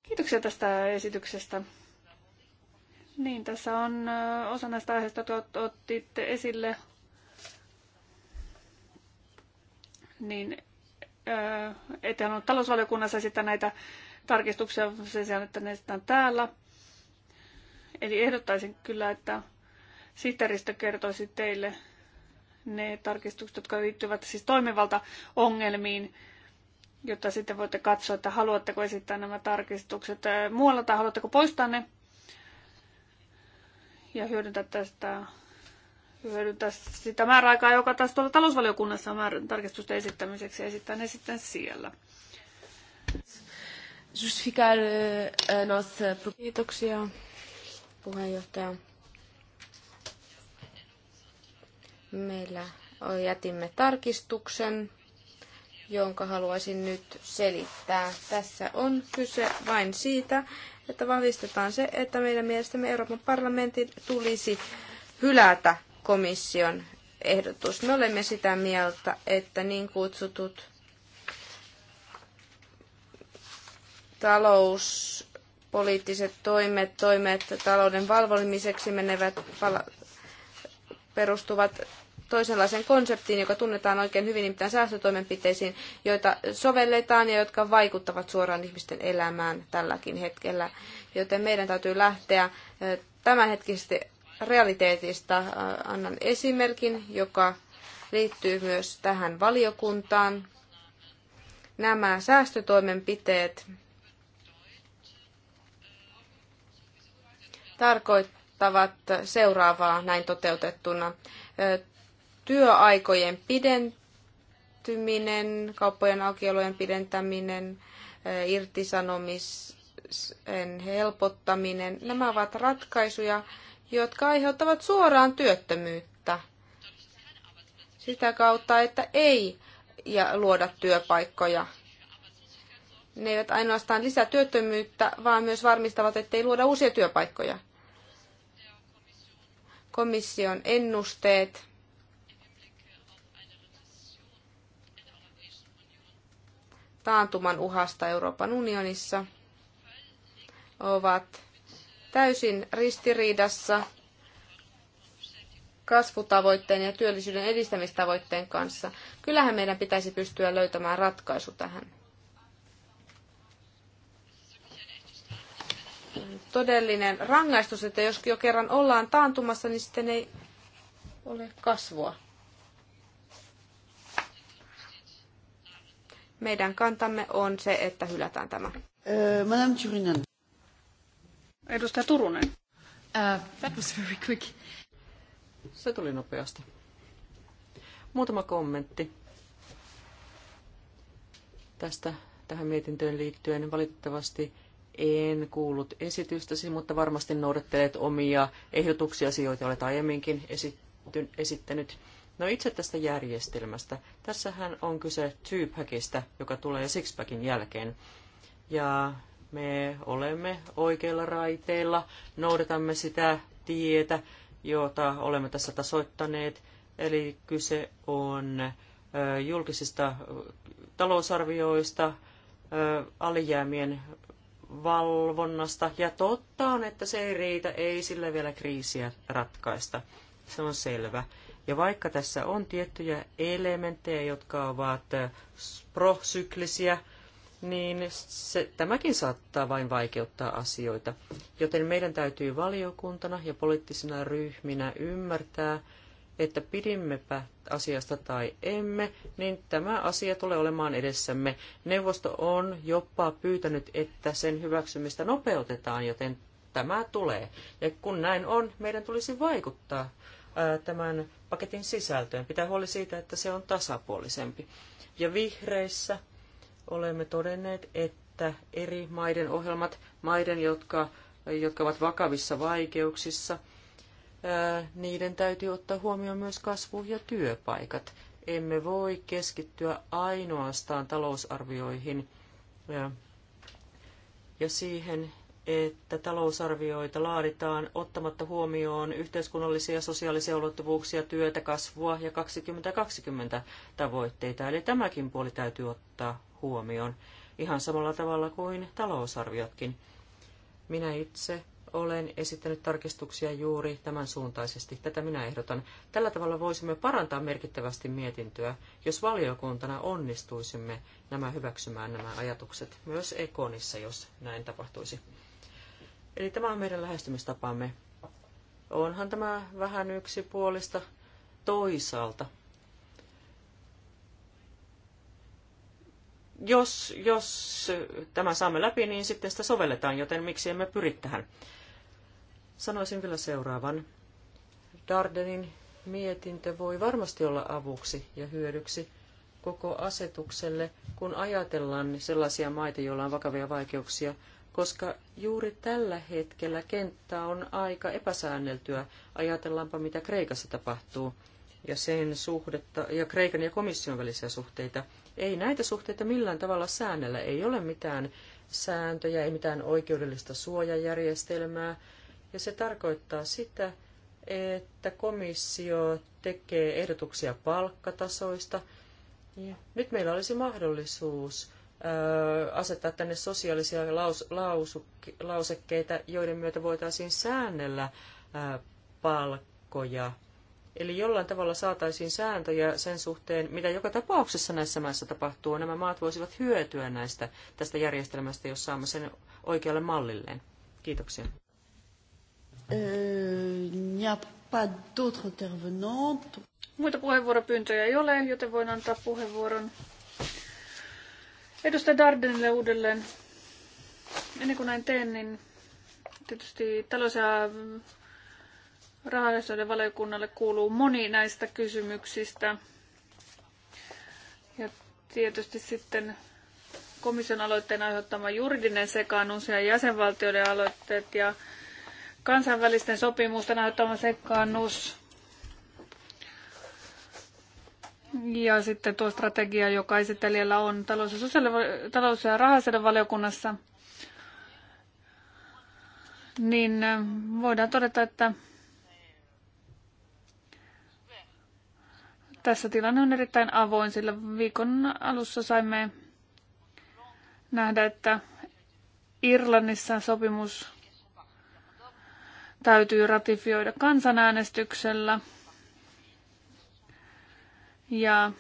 Kiitoksia tästä esityksestä. Niin, tässä on osa näistä aiheista, jotka otitte esille, niin etelän on talousvaliokunnassa sitä näitä tarkistuksia sen sijaan, että ne esitään täällä. Eli ehdottaisin kyllä, että sihteeristö kertoisi teille ne tarkistukset, jotka liittyvät siis toimivaltaongelmiin, jotta sitten voitte katsoa, että haluatteko esittää nämä tarkistukset muualla tai haluatteko poistaa ne ja hyödyntää tästä hyödyntää sitä määräaikaa, joka taas tuolla talousvaliokunnassa on tarkistusten esittämiseksi, ja esittää ne sitten siellä. Justificar eh, eh, nossa... Eh, Kiitoksia, puheenjohtaja. Meillä jätimme tarkistuksen, jonka haluaisin nyt selittää. Tässä on kyse vain siitä, että vahvistetaan se, että meidän mielestämme Euroopan parlamentin tulisi hylätä komission ehdotus. Me olemme sitä mieltä, että niin kutsutut talouspoliittiset toimet, toimet talouden valvomiseksi menevät perustuvat toisenlaiseen konseptiin, joka tunnetaan oikein hyvin, nimittäin säästötoimenpiteisiin, joita sovelletaan ja jotka vaikuttavat suoraan ihmisten elämään tälläkin hetkellä. Joten meidän täytyy lähteä tämänhetkisesti realiteetista. Äh, annan esimerkin, joka liittyy myös tähän valiokuntaan. Nämä säästötoimenpiteet tarkoittavat seuraavaa näin toteutettuna. Työaikojen pidentyminen, kauppojen aukiolojen pidentäminen, irtisanomisen helpottaminen. Nämä ovat ratkaisuja, jotka aiheuttavat suoraan työttömyyttä sitä kautta, että ei ja luoda työpaikkoja. Ne eivät ainoastaan lisää työttömyyttä, vaan myös varmistavat, ettei luoda uusia työpaikkoja. Komission ennusteet taantuman uhasta Euroopan unionissa ovat täysin ristiriidassa kasvutavoitteen ja työllisyyden edistämistavoitteen kanssa. Kyllähän meidän pitäisi pystyä löytämään ratkaisu tähän. Todellinen rangaistus, että jos jo kerran ollaan taantumassa, niin sitten ei ole kasvua. Meidän kantamme on se, että hylätään tämä. Madame Turinen. Edustaja Turunen. Uh, that was very quick. Se tuli nopeasti. Muutama kommentti tästä tähän mietintöön liittyen. Valitettavasti en kuullut esitystäsi, mutta varmasti noudattelet omia ehdotuksiasi, joita olet aiemminkin esittänyt. No itse tästä järjestelmästä. Tässähän on kyse two joka tulee Sixpackin jälkeen. Ja me olemme oikeilla raiteilla, noudatamme sitä tietä, jota olemme tässä tasoittaneet. Eli kyse on julkisista talousarvioista, alijäämien valvonnasta. Ja totta on, että se ei riitä, ei sillä vielä kriisiä ratkaista. Se on selvä. Ja vaikka tässä on tiettyjä elementtejä, jotka ovat prosyklisiä, niin se, tämäkin saattaa vain vaikeuttaa asioita. Joten meidän täytyy valiokuntana ja poliittisina ryhminä ymmärtää, että pidimmepä asiasta tai emme, niin tämä asia tulee olemaan edessämme. Neuvosto on jopa pyytänyt, että sen hyväksymistä nopeutetaan, joten tämä tulee. Ja kun näin on, meidän tulisi vaikuttaa tämän paketin sisältöön. Pitää huoli siitä, että se on tasapuolisempi. Ja vihreissä olemme todenneet, että eri maiden ohjelmat, maiden, jotka, jotka ovat vakavissa vaikeuksissa, niiden täytyy ottaa huomioon myös kasvu- ja työpaikat. Emme voi keskittyä ainoastaan talousarvioihin ja siihen, että talousarvioita laaditaan ottamatta huomioon yhteiskunnallisia ja sosiaalisia ulottuvuuksia, työtä, kasvua ja 2020 tavoitteita. Eli tämäkin puoli täytyy ottaa huomioon, ihan samalla tavalla kuin talousarviotkin. Minä itse olen esittänyt tarkistuksia juuri tämän suuntaisesti. Tätä minä ehdotan. Tällä tavalla voisimme parantaa merkittävästi mietintöä, jos valiokuntana onnistuisimme nämä hyväksymään nämä ajatukset myös Ekonissa, jos näin tapahtuisi. Eli tämä on meidän lähestymistapamme. Onhan tämä vähän yksipuolista toisaalta, jos, jos tämä saamme läpi, niin sitten sitä sovelletaan, joten miksi emme pyri tähän. Sanoisin vielä seuraavan. Dardenin mietintö voi varmasti olla avuksi ja hyödyksi koko asetukselle, kun ajatellaan sellaisia maita, joilla on vakavia vaikeuksia, koska juuri tällä hetkellä kenttä on aika epäsäänneltyä. Ajatellaanpa, mitä Kreikassa tapahtuu ja sen suhdetta ja Kreikan ja komission välisiä suhteita. Ei näitä suhteita millään tavalla säännellä. Ei ole mitään sääntöjä, ei mitään oikeudellista suojajärjestelmää. Ja se tarkoittaa sitä, että komissio tekee ehdotuksia palkkatasoista. Nyt meillä olisi mahdollisuus asettaa tänne sosiaalisia laus, lausu, lausekkeita, joiden myötä voitaisiin säännellä palkkoja Eli jollain tavalla saataisiin sääntöjä sen suhteen, mitä joka tapauksessa näissä maissa tapahtuu. Nämä maat voisivat hyötyä näistä tästä järjestelmästä, jos saamme sen oikealle mallilleen. Kiitoksia. Äh, Muita puheenvuoropyyntöjä ei ole, joten voin antaa puheenvuoron edustaja Dardenille uudelleen. Ennen kuin näin teen, niin tietysti talous- ja Rahaisuuden valiokunnalle kuuluu moni näistä kysymyksistä. Ja tietysti sitten komission aloitteen aiheuttama juridinen sekaannus ja jäsenvaltioiden aloitteet ja kansainvälisten sopimusten aiheuttama sekaannus. Ja sitten tuo strategia, joka esittelijällä on talous- ja, sosiaali- talous- ja rahaseiden valiokunnassa, niin äh, voidaan todeta, että Tässä tilanne on erittäin avoin, sillä viikon alussa saimme nähdä, että Irlannissa sopimus täytyy ratifioida kansanäänestyksellä. Ja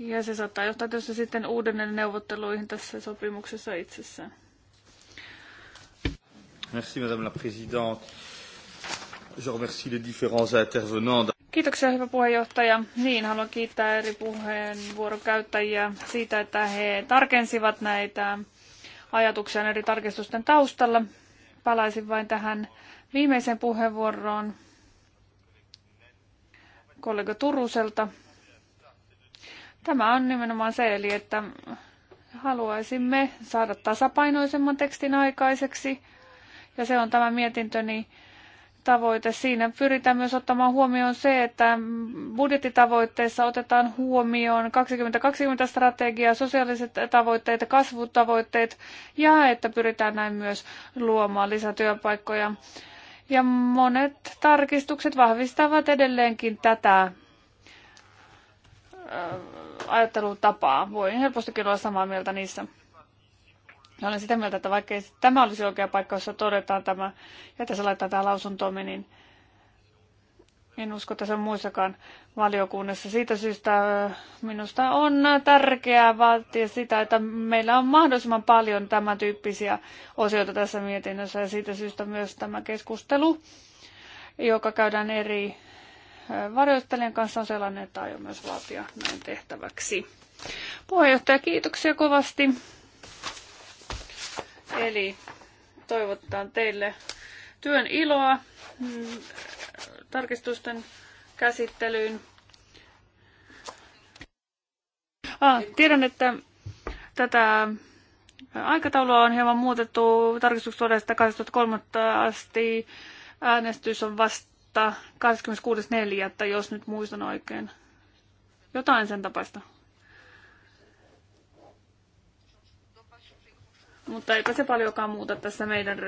ja se saattaa johtaa tässä sitten uudelleen neuvotteluihin tässä sopimuksessa itsessään. Merci, Madame la Présidente. Kiitoksia hyvä puheenjohtaja. Niin, haluan kiittää eri käyttäjiä siitä, että he tarkensivat näitä ajatuksia eri tarkistusten taustalla. Palaisin vain tähän viimeiseen puheenvuoroon kollega Turuselta. Tämä on nimenomaan se, eli että haluaisimme saada tasapainoisemman tekstin aikaiseksi, ja se on tämä mietintöni tavoite. Siinä pyritään myös ottamaan huomioon se, että budjettitavoitteissa otetaan huomioon 2020-strategia, sosiaaliset tavoitteet ja kasvutavoitteet ja että pyritään näin myös luomaan lisätyöpaikkoja. Ja monet tarkistukset vahvistavat edelleenkin tätä ajattelutapaa. Voin helpostikin olla samaa mieltä niissä. Olen sitä mieltä, että vaikka tämä olisi oikea paikka, jossa todetaan tämä ja tässä laitetaan tämä lausuntoomme, niin en usko tässä muissakaan valiokunnassa. Siitä syystä minusta on tärkeää vaatia sitä, että meillä on mahdollisimman paljon tämän tyyppisiä osioita tässä mietinnössä ja siitä syystä myös tämä keskustelu, joka käydään eri varjoistelijan kanssa on sellainen, että aion myös vaatia näin tehtäväksi. Puheenjohtaja, kiitoksia kovasti. Eli toivotetaan teille työn iloa mm, tarkistusten käsittelyyn. Ah, tiedän, että tätä aikataulua on hieman muutettu. tarkistuksesta 2003 asti äänestys on vasta 26.4., jos nyt muistan oikein. Jotain sen tapaista. Mutta eipä se paljonkaan muuta tässä meidän,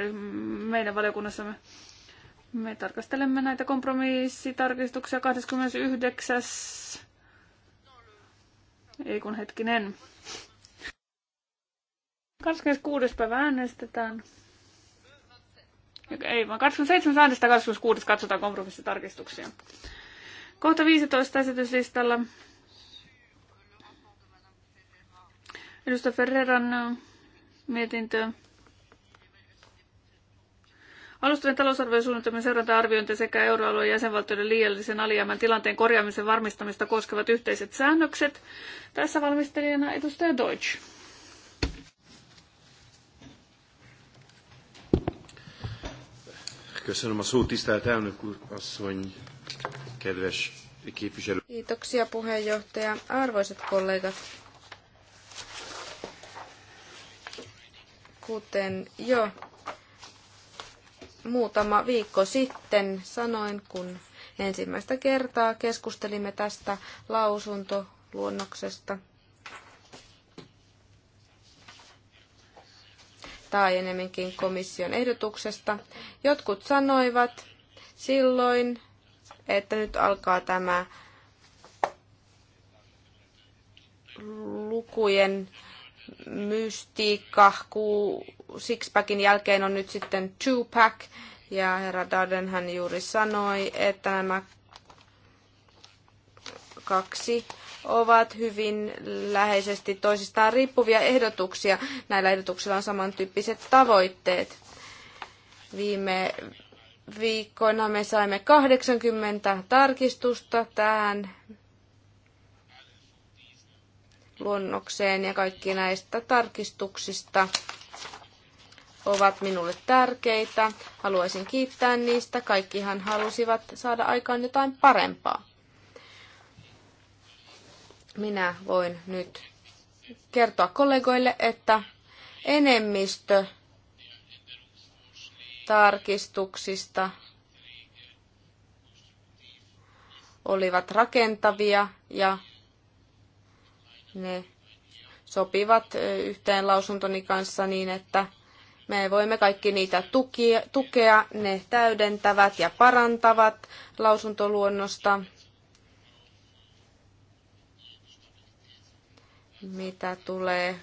meidän valiokunnassamme. Me tarkastelemme näitä kompromissitarkistuksia 29. Ei kun hetkinen. 26. päivä äänestetään. Ei vaan 27. äänestä 26. katsotaan kompromissitarkistuksia. Kohta 15 esityslistalla. Edustaja Ferreran mietintöä. Alustavien talousarvion suunnitelmien seuranta-arviointi sekä euroalueen jäsenvaltioiden liiallisen alijäämän tilanteen korjaamisen varmistamista koskevat yhteiset säännökset. Tässä valmistelijana edustaja Deutsch. Köszönöm a szót, tisztelt elnök úr, asszony, kedves képviselő. Kiitoksia puheenjohtaja. Arvoisat kollegat, Kuten jo muutama viikko sitten sanoin, kun ensimmäistä kertaa keskustelimme tästä lausuntoluonnoksesta, tai enemminkin komission ehdotuksesta. Jotkut sanoivat silloin, että nyt alkaa tämä lukujen mystiikka, ku Sixpackin jälkeen on nyt sitten two pack ja herra Darden hän juuri sanoi, että nämä kaksi ovat hyvin läheisesti toisistaan riippuvia ehdotuksia. Näillä ehdotuksilla on samantyyppiset tavoitteet. Viime viikkoina me saimme 80 tarkistusta tähän luonnokseen ja kaikki näistä tarkistuksista ovat minulle tärkeitä. Haluaisin kiittää niistä. Kaikkihan halusivat saada aikaan jotain parempaa. Minä voin nyt kertoa kollegoille, että enemmistö tarkistuksista olivat rakentavia ja ne sopivat yhteen lausuntoni kanssa niin, että me voimme kaikki niitä tukia, tukea, ne täydentävät ja parantavat lausuntoluonnosta. Mitä tulee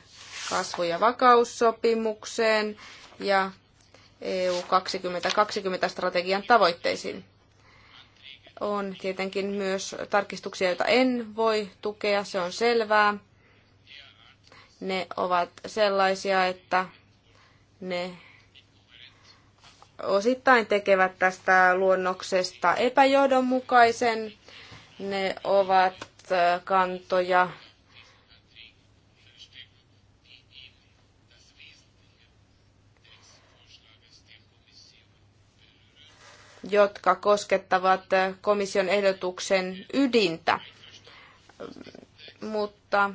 kasvu- ja vakaussopimukseen ja EU 2020 strategian tavoitteisiin. On tietenkin myös tarkistuksia, joita en voi tukea, se on selvää. Ne ovat sellaisia, että ne osittain tekevät tästä luonnoksesta epäjohdonmukaisen. Ne ovat kantoja, jotka koskettavat komission ehdotuksen ydintä. Mutta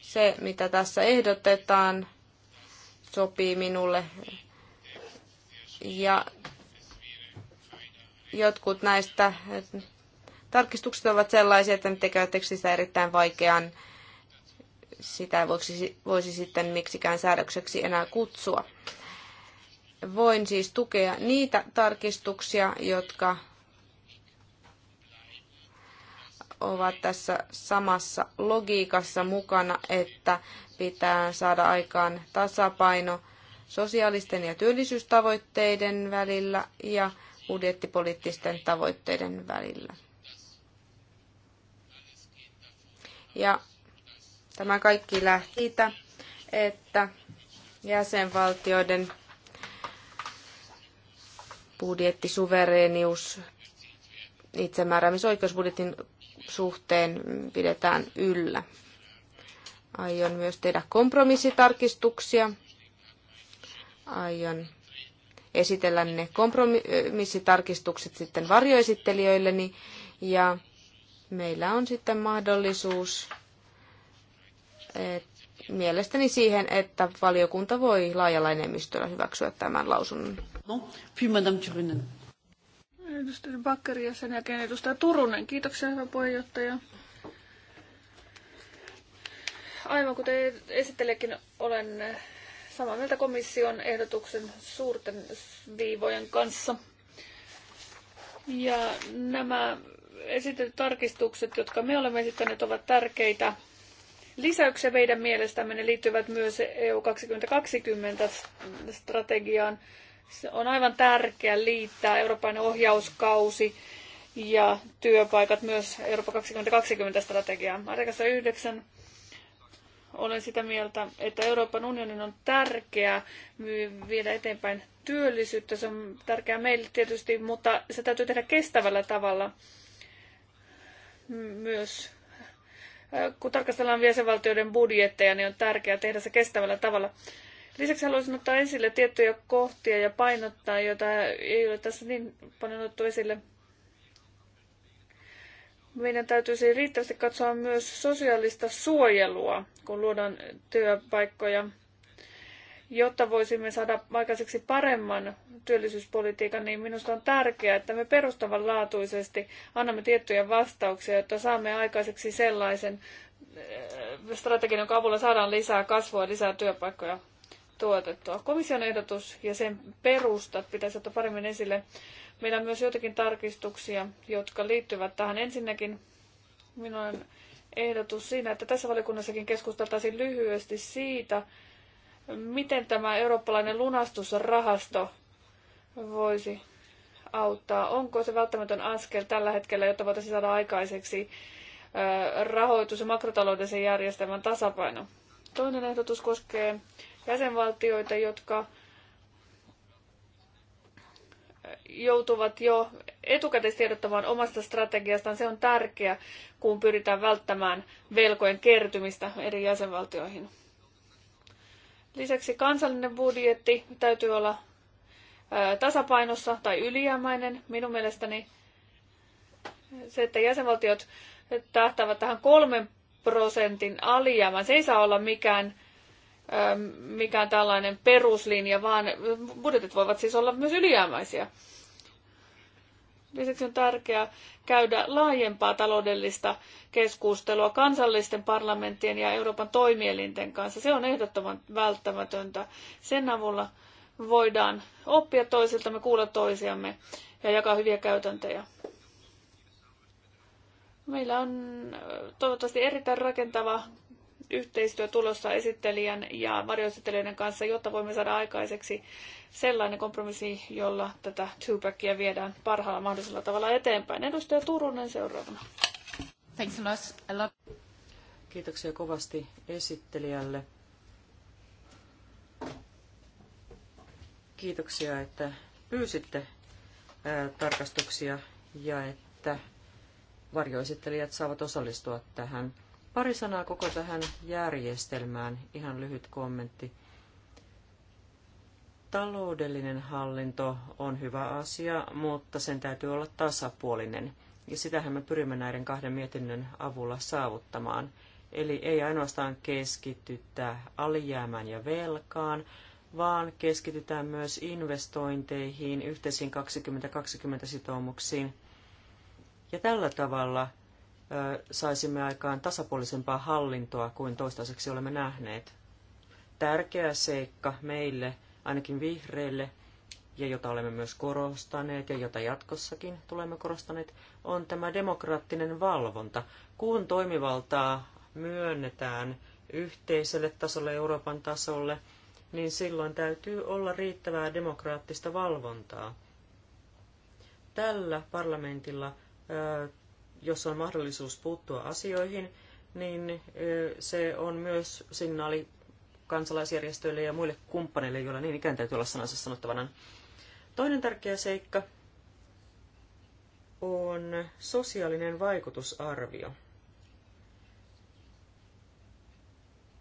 se, mitä tässä ehdotetaan, sopii minulle. Ja jotkut näistä tarkistukset ovat sellaisia, että ne tekevät tekstistä erittäin vaikean. Sitä voisi, voisi sitten miksikään säädökseksi enää kutsua. Voin siis tukea niitä tarkistuksia, jotka ovat tässä samassa logiikassa mukana, että pitää saada aikaan tasapaino sosiaalisten ja työllisyystavoitteiden välillä ja budjettipoliittisten tavoitteiden välillä. Ja tämä kaikki lähti siitä, että jäsenvaltioiden budjetti, suvereenius, itsemääräämisoikeusbudjetin suhteen pidetään yllä. Aion myös tehdä kompromissitarkistuksia. Aion esitellä ne kompromissitarkistukset sitten varjoesittelijöilleni ja meillä on sitten mahdollisuus et, mielestäni siihen, että valiokunta voi laajalla enemmistöllä hyväksyä tämän lausunnon pardon, puis Madame Turunen. Edustaja Bakkeri ja sen jälkeen edustaja Turunen. Kiitoksia, hyvä puheenjohtaja. Aivan kuten esittelekin, olen samaa mieltä komission ehdotuksen suurten viivojen kanssa. Ja nämä esitetyt tarkistukset, jotka me olemme esittäneet, ovat tärkeitä. Lisäyksiä meidän mielestämme ne liittyvät myös EU 2020 strategiaan se on aivan tärkeää liittää Euroopan ohjauskausi ja työpaikat myös Eurooppa 2020 strategiaan. Artikassa 9 olen sitä mieltä, että Euroopan unionin on tärkeää viedä eteenpäin työllisyyttä. Se on tärkeää meille tietysti, mutta se täytyy tehdä kestävällä tavalla myös. Äh, kun tarkastellaan jäsenvaltioiden budjetteja, niin on tärkeää tehdä se kestävällä tavalla. Lisäksi haluaisin ottaa esille tiettyjä kohtia ja painottaa, joita ei ole tässä niin paljon otettu esille. Meidän täytyisi riittävästi katsoa myös sosiaalista suojelua, kun luodaan työpaikkoja, jotta voisimme saada aikaiseksi paremman työllisyyspolitiikan, niin minusta on tärkeää, että me perustavanlaatuisesti annamme tiettyjä vastauksia, jotta saamme aikaiseksi sellaisen äh, strategian, jonka avulla saadaan lisää kasvua, lisää työpaikkoja tuotettua. Komission ehdotus ja sen perustat pitäisi ottaa paremmin esille. Meillä on myös joitakin tarkistuksia, jotka liittyvät tähän. Ensinnäkin minulla on ehdotus siinä, että tässä valiokunnassakin keskusteltaisiin lyhyesti siitä, miten tämä eurooppalainen lunastusrahasto voisi auttaa. Onko se välttämätön askel tällä hetkellä, jotta voitaisiin saada aikaiseksi rahoitus- ja makrotaloudellisen järjestelmän tasapaino? Toinen ehdotus koskee jäsenvaltioita, jotka joutuvat jo etukäteen tiedottamaan omasta strategiastaan. Se on tärkeää, kun pyritään välttämään velkojen kertymistä eri jäsenvaltioihin. Lisäksi kansallinen budjetti täytyy olla tasapainossa tai ylijäämäinen. Minun mielestäni se, että jäsenvaltiot tähtävät tähän kolmen prosentin alijäämään, se ei saa olla mikään Ähm, mikään tällainen peruslinja, vaan budjetit voivat siis olla myös ylijäämäisiä. Lisäksi on tärkeää käydä laajempaa taloudellista keskustelua kansallisten parlamenttien ja Euroopan toimielinten kanssa. Se on ehdottoman välttämätöntä. Sen avulla voidaan oppia toisiltamme, kuulla toisiamme ja jakaa hyviä käytäntöjä. Meillä on äh, toivottavasti erittäin rakentava yhteistyö tulossa esittelijän ja varjoesittelijöiden kanssa, jotta voimme saada aikaiseksi sellainen kompromissi, jolla tätä two-packia viedään parhaalla mahdollisella tavalla eteenpäin. Edustaja Turunen seuraavana. Thanks a lot. Kiitoksia kovasti esittelijälle. Kiitoksia, että pyysitte ää, tarkastuksia ja että varjoesittelijät saavat osallistua tähän Pari sanaa koko tähän järjestelmään, ihan lyhyt kommentti. Taloudellinen hallinto on hyvä asia, mutta sen täytyy olla tasapuolinen. Ja sitähän me pyrimme näiden kahden mietinnön avulla saavuttamaan. Eli ei ainoastaan keskityttää alijäämään ja velkaan, vaan keskitytään myös investointeihin, yhteisiin 2020 sitoumuksiin. Ja tällä tavalla saisimme aikaan tasapuolisempaa hallintoa kuin toistaiseksi olemme nähneet. Tärkeä seikka meille, ainakin vihreille, ja jota olemme myös korostaneet ja jota jatkossakin tulemme korostaneet, on tämä demokraattinen valvonta. Kun toimivaltaa myönnetään yhteiselle tasolle, Euroopan tasolle, niin silloin täytyy olla riittävää demokraattista valvontaa. Tällä parlamentilla jos on mahdollisuus puuttua asioihin, niin se on myös signaali kansalaisjärjestöille ja muille kumppaneille, joilla niin ikään täytyy olla sanansa sanottavana. Toinen tärkeä seikka on sosiaalinen vaikutusarvio.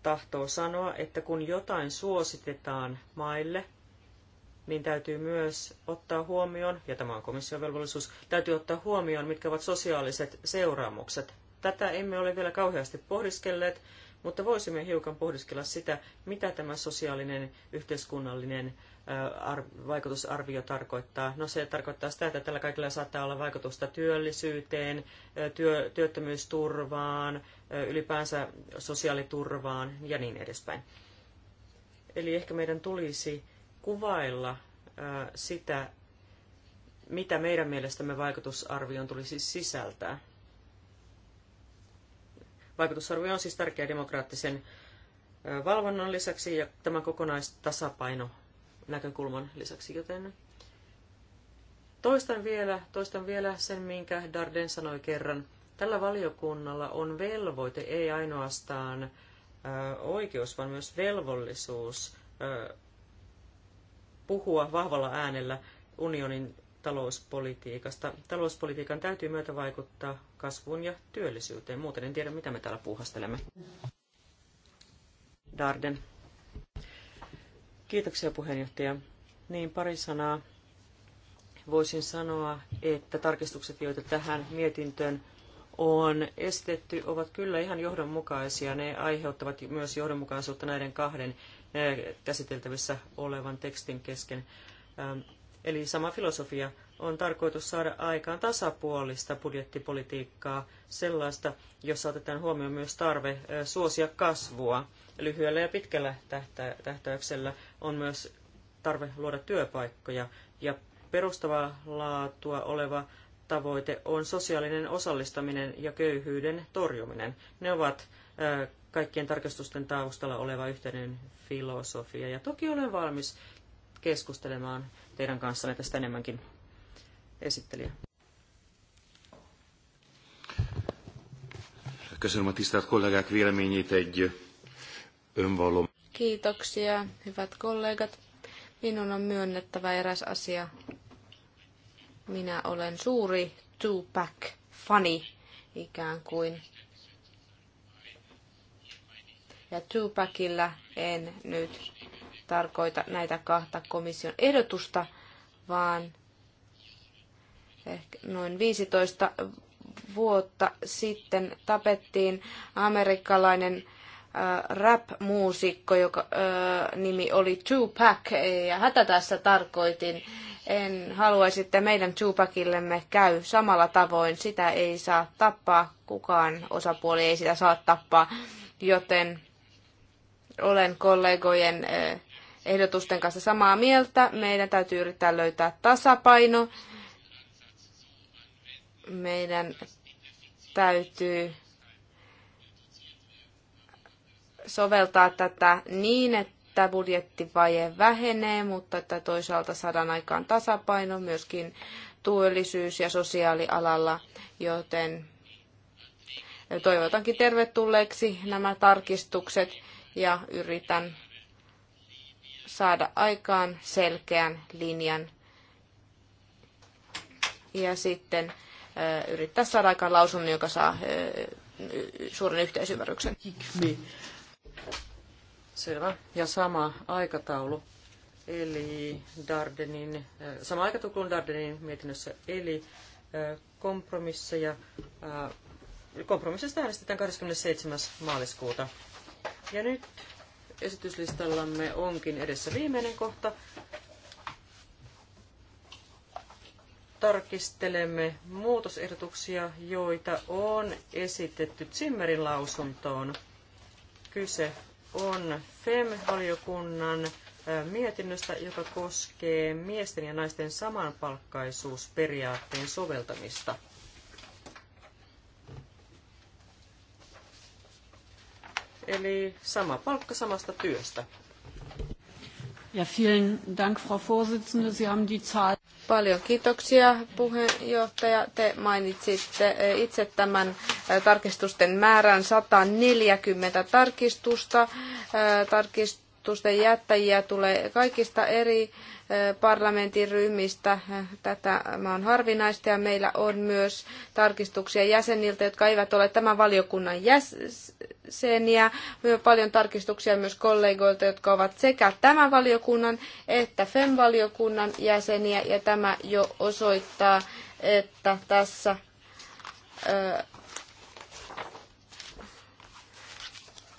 Tahtoo sanoa, että kun jotain suositetaan maille – niin täytyy myös ottaa huomioon, ja tämä on komission velvollisuus, täytyy ottaa huomioon, mitkä ovat sosiaaliset seuraamukset. Tätä emme ole vielä kauheasti pohdiskelleet, mutta voisimme hiukan pohdiskella sitä, mitä tämä sosiaalinen, yhteiskunnallinen äh, vaikutusarvio tarkoittaa. No se tarkoittaa sitä, että tällä kaikilla saattaa olla vaikutusta työllisyyteen, äh, työ, työttömyysturvaan, äh, ylipäänsä sosiaaliturvaan ja niin edespäin. Eli ehkä meidän tulisi kuvailla sitä, mitä meidän mielestämme vaikutusarvion tulisi sisältää. Vaikutusarvio on siis tärkeä demokraattisen valvonnan lisäksi ja tämän kokonaistasapaino näkökulman lisäksi, joten toistan vielä, toistan vielä sen, minkä Darden sanoi kerran. Tällä valiokunnalla on velvoite, ei ainoastaan oikeus, vaan myös velvollisuus puhua vahvalla äänellä unionin talouspolitiikasta. Talouspolitiikan täytyy myötä vaikuttaa kasvuun ja työllisyyteen. Muuten en tiedä, mitä me täällä puuhastelemme. Darden. Kiitoksia puheenjohtaja. Niin pari sanaa. Voisin sanoa, että tarkistukset, joita tähän mietintöön on esitetty, ovat kyllä ihan johdonmukaisia. Ne aiheuttavat myös johdonmukaisuutta näiden kahden käsiteltävissä olevan tekstin kesken. Eli sama filosofia on tarkoitus saada aikaan tasapuolista budjettipolitiikkaa, sellaista, jossa otetaan huomioon myös tarve suosia kasvua. Lyhyellä ja pitkällä tähtäyksellä on myös tarve luoda työpaikkoja ja perustavaa laatua oleva tavoite on sosiaalinen osallistaminen ja köyhyyden torjuminen. Ne ovat kaikkien tarkastusten taustalla oleva yhteinen filosofia. Ja toki olen valmis keskustelemaan teidän kanssanne tästä enemmänkin esittelijä. Köszönöm a tisztelt kollégák véleményét egy Kiitoksia, hyvät kollegat. Minun on myönnettävä eräs asia. Minä olen suuri Tupac-fani ikään kuin ja Tupacilla. En nyt tarkoita näitä kahta komission ehdotusta, vaan ehkä noin 15 vuotta sitten tapettiin amerikkalainen rap-muusikko, joka äh, nimi oli Tupac, ja hätä tässä tarkoitin. En haluaisi, että meidän Tupacillemme käy samalla tavoin. Sitä ei saa tappaa, kukaan osapuoli ei sitä saa tappaa, joten olen kollegojen ehdotusten kanssa samaa mieltä. Meidän täytyy yrittää löytää tasapaino. Meidän täytyy soveltaa tätä niin, että budjettivaje vähenee, mutta että toisaalta saadaan aikaan tasapaino myöskin työllisyys- ja sosiaalialalla, joten toivotankin tervetulleeksi nämä tarkistukset ja yritän saada aikaan selkeän linjan ja sitten yrittää saada aikaan lausunnon, joka saa suuren yhteisymmärryksen. Selvä. Ja sama aikataulu. Eli Dardenin, sama aikataulu kuin Dardenin mietinnössä, eli kompromisseja. Kompromissista äänestetään 27. maaliskuuta. Ja nyt esityslistallamme onkin edessä viimeinen kohta. Tarkistelemme muutosehdotuksia, joita on esitetty Zimmerin lausuntoon. Kyse on FEM-valiokunnan mietinnöstä, joka koskee miesten ja naisten samanpalkkaisuusperiaatteen soveltamista. Eli sama palkka samasta työstä. Ja vielen Dank, Frau Vorsitzende. Sie haben die Zahl. Paljon kiitoksia puheenjohtaja. Te mainitsitte eh, itse tämän eh, tarkistusten määrän 140 tarkistusta. Eh, tarkistusten jättäjiä tulee kaikista eri parlamentin ryhmistä. Tätä on harvinaista ja meillä on myös tarkistuksia jäseniltä, jotka eivät ole tämän valiokunnan jäseniä. Meillä on paljon tarkistuksia myös kollegoilta, jotka ovat sekä tämän valiokunnan että FEM-valiokunnan jäseniä ja tämä jo osoittaa, että tässä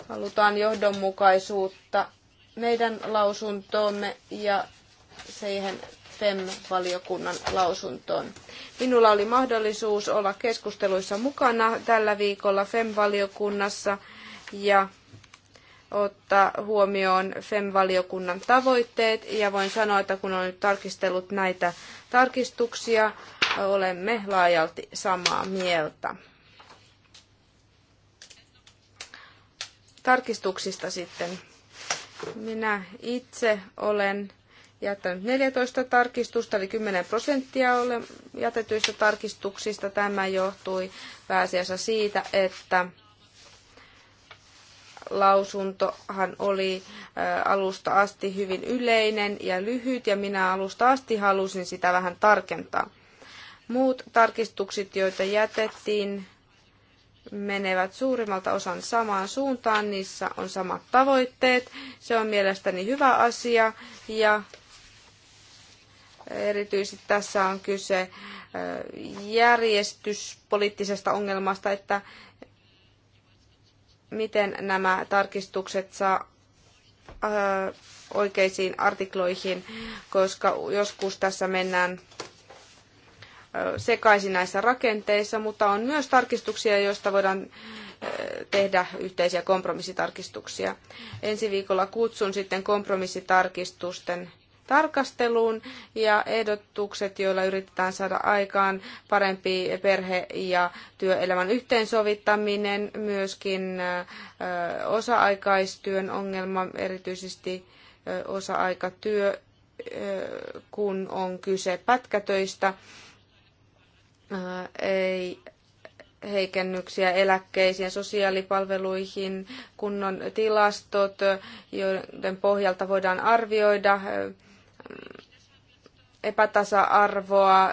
halutaan johdonmukaisuutta meidän lausuntoomme ja siihen FEM-valiokunnan lausuntoon. Minulla oli mahdollisuus olla keskusteluissa mukana tällä viikolla FEM-valiokunnassa ja ottaa huomioon FEM-valiokunnan tavoitteet. Ja voin sanoa, että kun olen nyt tarkistellut näitä tarkistuksia, olemme laajalti samaa mieltä. Tarkistuksista sitten. Minä itse olen jättänyt 14 tarkistusta, eli 10 prosenttia jätetyistä tarkistuksista. Tämä johtui pääasiassa siitä, että lausuntohan oli alusta asti hyvin yleinen ja lyhyt, ja minä alusta asti halusin sitä vähän tarkentaa. Muut tarkistukset, joita jätettiin, menevät suurimmalta osan samaan suuntaan, niissä on samat tavoitteet. Se on mielestäni hyvä asia ja Erityisesti tässä on kyse järjestyspoliittisesta ongelmasta, että miten nämä tarkistukset saa oikeisiin artikloihin, koska joskus tässä mennään sekaisin näissä rakenteissa, mutta on myös tarkistuksia, joista voidaan tehdä yhteisiä kompromissitarkistuksia. Ensi viikolla kutsun sitten kompromissitarkistusten tarkasteluun ja ehdotukset, joilla yritetään saada aikaan parempi perhe- ja työelämän yhteensovittaminen, myöskin osa-aikaistyön ongelma, erityisesti osa-aikatyö, kun on kyse pätkätöistä, ei heikennyksiä eläkkeisiin, sosiaalipalveluihin, kunnon tilastot, joiden pohjalta voidaan arvioida epätasa-arvoa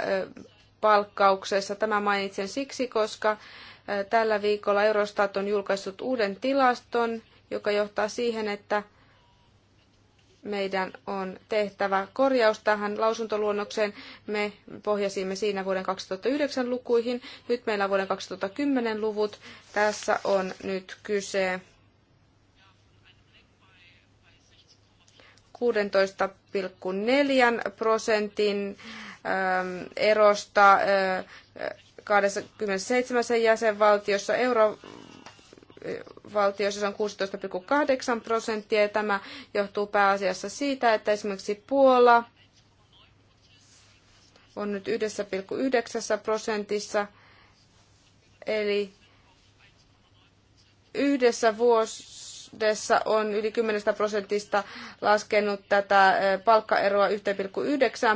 palkkauksessa. Tämä mainitsen siksi, koska tällä viikolla Eurostat on julkaissut uuden tilaston, joka johtaa siihen, että meidän on tehtävä korjaus tähän lausuntoluonnokseen. Me pohjasimme siinä vuoden 2009 lukuihin, nyt meillä on vuoden 2010 luvut. Tässä on nyt kyse 16,4 prosentin ähm, erosta 27 äh, jäsenvaltiossa euro äh, se on 16,8 prosenttia ja tämä johtuu pääasiassa siitä, että esimerkiksi Puola on nyt 1,9 prosentissa, eli yhdessä vuosi taloudessa on yli 10 prosentista laskenut tätä eh, palkkaeroa 1,9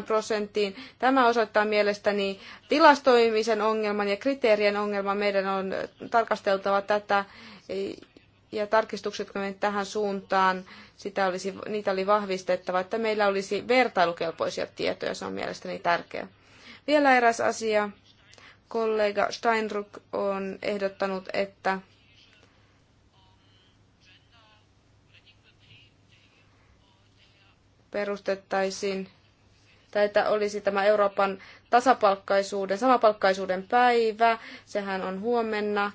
prosenttiin. Tämä osoittaa mielestäni tilastoimisen ongelman ja kriteerien ongelman. Meidän on eh, tarkasteltava tätä eh, ja tarkistukset menet tähän suuntaan, sitä olisi, niitä oli vahvistettava, että meillä olisi vertailukelpoisia tietoja. Se on mielestäni tärkeää. Vielä eräs asia. Kollega Steinruck on ehdottanut, että perustettaisiin tai että olisi tämä Euroopan tasapalkkaisuuden, samapalkkaisuuden päivä, sehän on huomenna,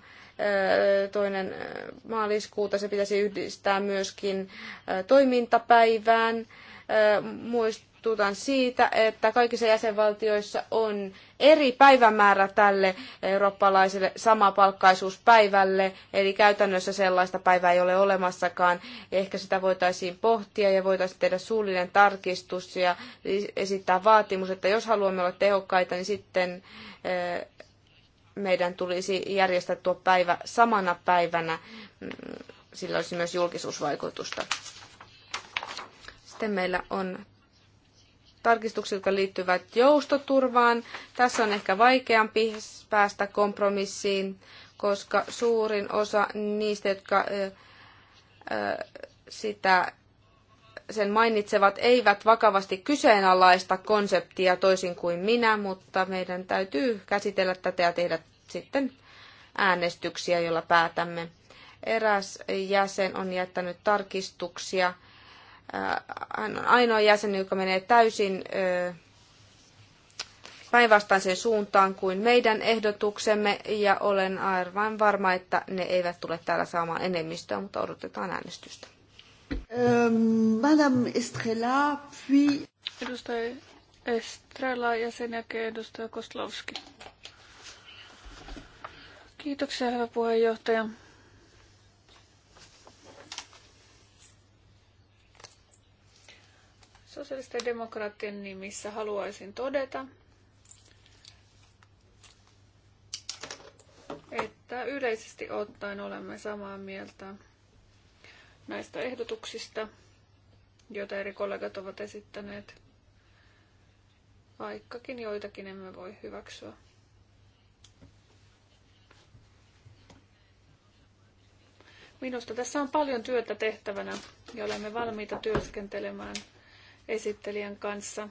toinen maaliskuuta, se pitäisi yhdistää myöskin toimintapäivään, muist vakuuttuutan siitä, että kaikissa jäsenvaltioissa on eri päivämäärä tälle eurooppalaiselle samapalkkaisuuspäivälle, eli käytännössä sellaista päivää ei ole olemassakaan. Ehkä sitä voitaisiin pohtia ja voitaisiin tehdä suullinen tarkistus ja esittää vaatimus, että jos haluamme olla tehokkaita, niin sitten eh, meidän tulisi järjestää tuo päivä samana päivänä. Mm, sillä olisi myös julkisuusvaikutusta. Sitten meillä on tarkistukset, jotka liittyvät joustoturvaan. Tässä on ehkä vaikeampi päästä kompromissiin, koska suurin osa niistä, jotka sitä sen mainitsevat, eivät vakavasti kyseenalaista konseptia toisin kuin minä, mutta meidän täytyy käsitellä tätä ja tehdä sitten äänestyksiä, joilla päätämme. Eräs jäsen on jättänyt tarkistuksia, hän on ainoa jäsen, joka menee täysin päinvastaiseen suuntaan kuin meidän ehdotuksemme, ja olen aivan varma, että ne eivät tule täällä saamaan enemmistöä, mutta odotetaan äänestystä. Ähm, Madame Estrella, puis... Edustaja Estrella ja sen jälkeen edustaja Koslovski. Kiitoksia, hyvä puheenjohtaja. sosiaalisten demokraattien nimissä haluaisin todeta, että yleisesti ottaen olemme samaa mieltä näistä ehdotuksista, joita eri kollegat ovat esittäneet, vaikkakin joitakin emme voi hyväksyä. Minusta tässä on paljon työtä tehtävänä ja olemme valmiita työskentelemään – esittelijän kanssa,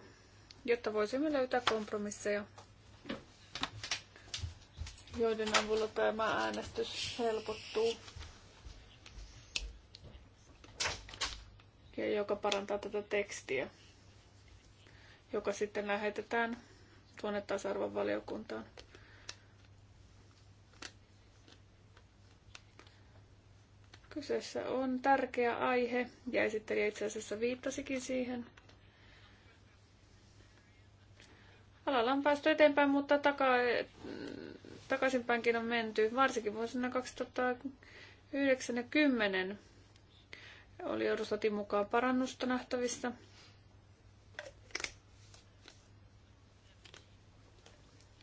jotta voisimme löytää kompromisseja, joiden avulla tämä äänestys helpottuu ja joka parantaa tätä tekstiä, joka sitten lähetetään tuonne tasa-arvon valiokuntaan. Kyseessä on tärkeä aihe ja esittelijä itse asiassa viittasikin siihen. Alalla on päästy eteenpäin, mutta taka, takaisinpäinkin on menty. Varsinkin vuosina 2009 ja 2010 oli Eurostatin mukaan parannusta nähtävissä.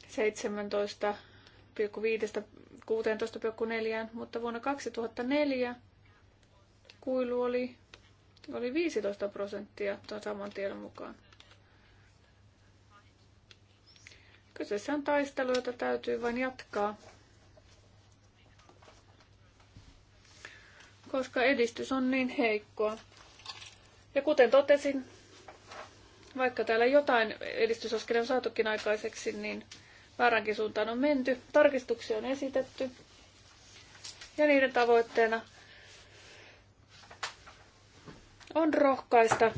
Seitsemäntoista mutta vuonna 2004 kuilu oli, oli 15 prosenttia tuon saman tiedon mukaan. Kyseessä on taistelu, jota täytyy vain jatkaa, koska edistys on niin heikkoa. Ja kuten totesin, vaikka täällä jotain edistysaskelia on saatukin aikaiseksi, niin vääränkin suuntaan on menty. Tarkistuksia on esitetty ja niiden tavoitteena on rohkaista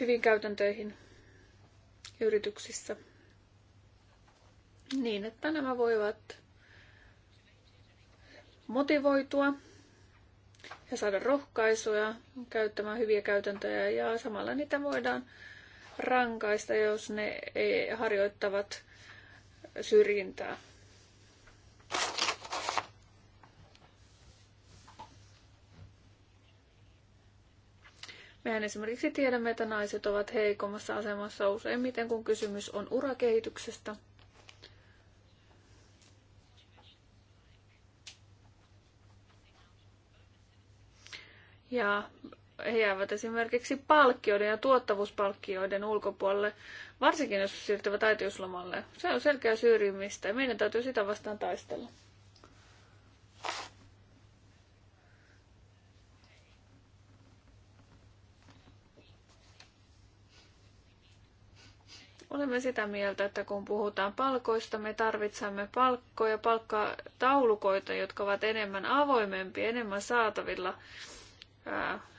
hyvin käytäntöihin yrityksissä niin, että nämä voivat motivoitua ja saada rohkaisuja käyttämään hyviä käytäntöjä ja samalla niitä voidaan rankaista, jos ne harjoittavat syrjintää. Mehän esimerkiksi tiedämme, että naiset ovat heikommassa asemassa useimmiten, kun kysymys on urakehityksestä – ja he jäävät esimerkiksi palkkioiden ja tuottavuuspalkkioiden ulkopuolelle, varsinkin jos siirtyvät äitiyslomalle. Se on selkeä syrjimistä ja meidän täytyy sitä vastaan taistella. Olemme sitä mieltä, että kun puhutaan palkoista, me tarvitsemme palkkoja, palkkataulukoita, jotka ovat enemmän avoimempia, enemmän saatavilla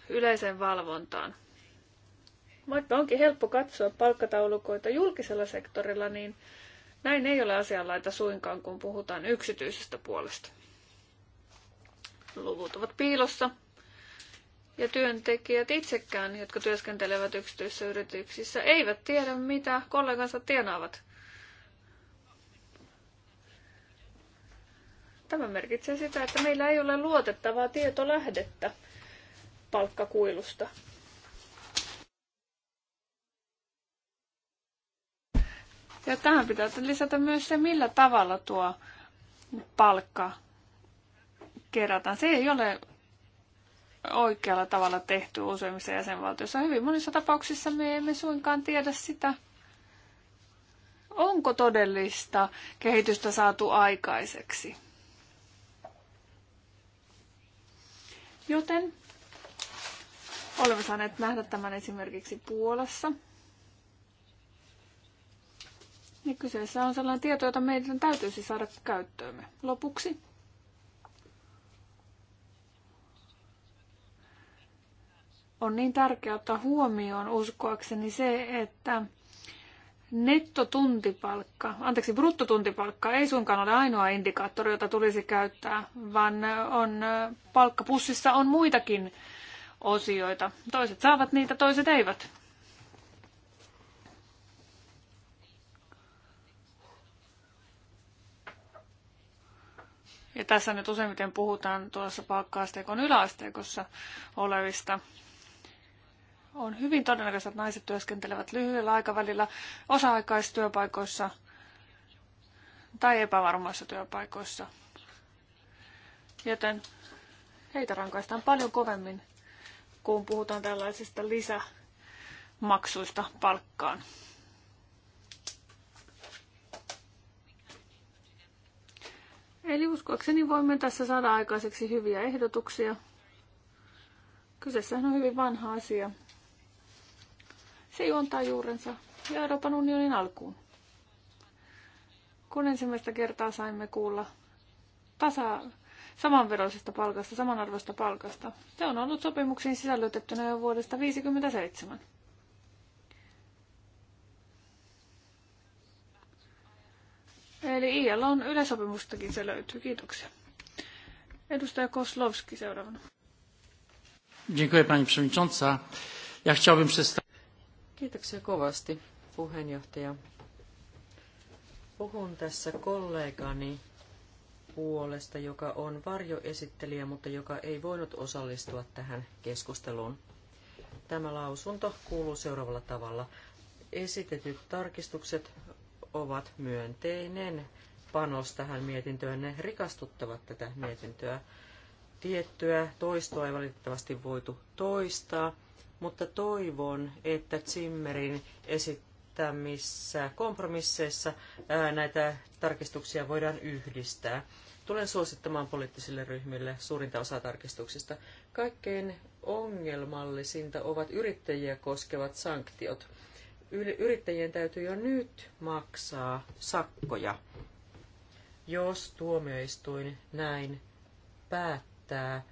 yleiseen valvontaan. Vaikka onkin helppo katsoa palkkataulukoita julkisella sektorilla, niin näin ei ole asianlaita suinkaan, kun puhutaan yksityisestä puolesta. Luvut ovat piilossa, ja työntekijät itsekään, jotka työskentelevät yksityisissä yrityksissä, eivät tiedä, mitä kollegansa tienaavat. Tämä merkitsee sitä, että meillä ei ole luotettavaa tietolähdettä palkkakuilusta. Ja tähän pitää lisätä myös se, millä tavalla tuo palkka kerätään. Se ei ole oikealla tavalla tehty useimmissa jäsenvaltioissa. Hyvin monissa tapauksissa me emme suinkaan tiedä sitä, onko todellista kehitystä saatu aikaiseksi. Joten Olemme saaneet nähdä tämän esimerkiksi Puolassa. Ja kyseessä on sellainen tieto, jota meidän täytyisi saada käyttöömme. Lopuksi on niin tärkeää ottaa huomioon uskoakseni se, että nettotuntipalkka, anteeksi bruttotuntipalkka ei suinkaan ole ainoa indikaattori, jota tulisi käyttää, vaan on, palkkapussissa on muitakin osioita. Toiset saavat niitä, toiset eivät. Ja tässä nyt useimmiten puhutaan tuossa palkka-asteikon yläasteikossa olevista. On hyvin todennäköistä, että naiset työskentelevät lyhyellä aikavälillä osa-aikaistyöpaikoissa tai epävarmoissa työpaikoissa. Joten heitä rankaistaan paljon kovemmin kun puhutaan tällaisista lisämaksuista palkkaan. Eli uskoakseni voimme tässä saada aikaiseksi hyviä ehdotuksia. Kyseessähän on hyvin vanha asia. Se juontaa juurensa ja Euroopan unionin alkuun. Kun ensimmäistä kertaa saimme kuulla tasa samanveroisesta palkasta, samanarvoista palkasta. Se on ollut sopimuksiin sisällytettynä jo vuodesta 1957. Eli ILOn yleisopimustakin se löytyy. Kiitoksia. Edustaja Koslowski seuraavana. Dziękuję pani przewodnicząca. Ja chciałbym przedstawić... Kiitoksia kovasti, puheenjohtaja. Puhun tässä kollegani puolesta, joka on varjoesittelijä, mutta joka ei voinut osallistua tähän keskusteluun. Tämä lausunto kuuluu seuraavalla tavalla. Esitetyt tarkistukset ovat myönteinen panos tähän mietintöön. Ne rikastuttavat tätä mietintöä. Tiettyä toistoa ei valitettavasti voitu toistaa, mutta toivon, että Zimmerin esittämissä kompromisseissa näitä tarkistuksia voidaan yhdistää. Tulen suosittamaan poliittisille ryhmille suurinta osaa tarkistuksista. Kaikkein ongelmallisinta ovat yrittäjiä koskevat sanktiot. Yrittäjien täytyy jo nyt maksaa sakkoja, jos tuomioistuin näin päättää äh,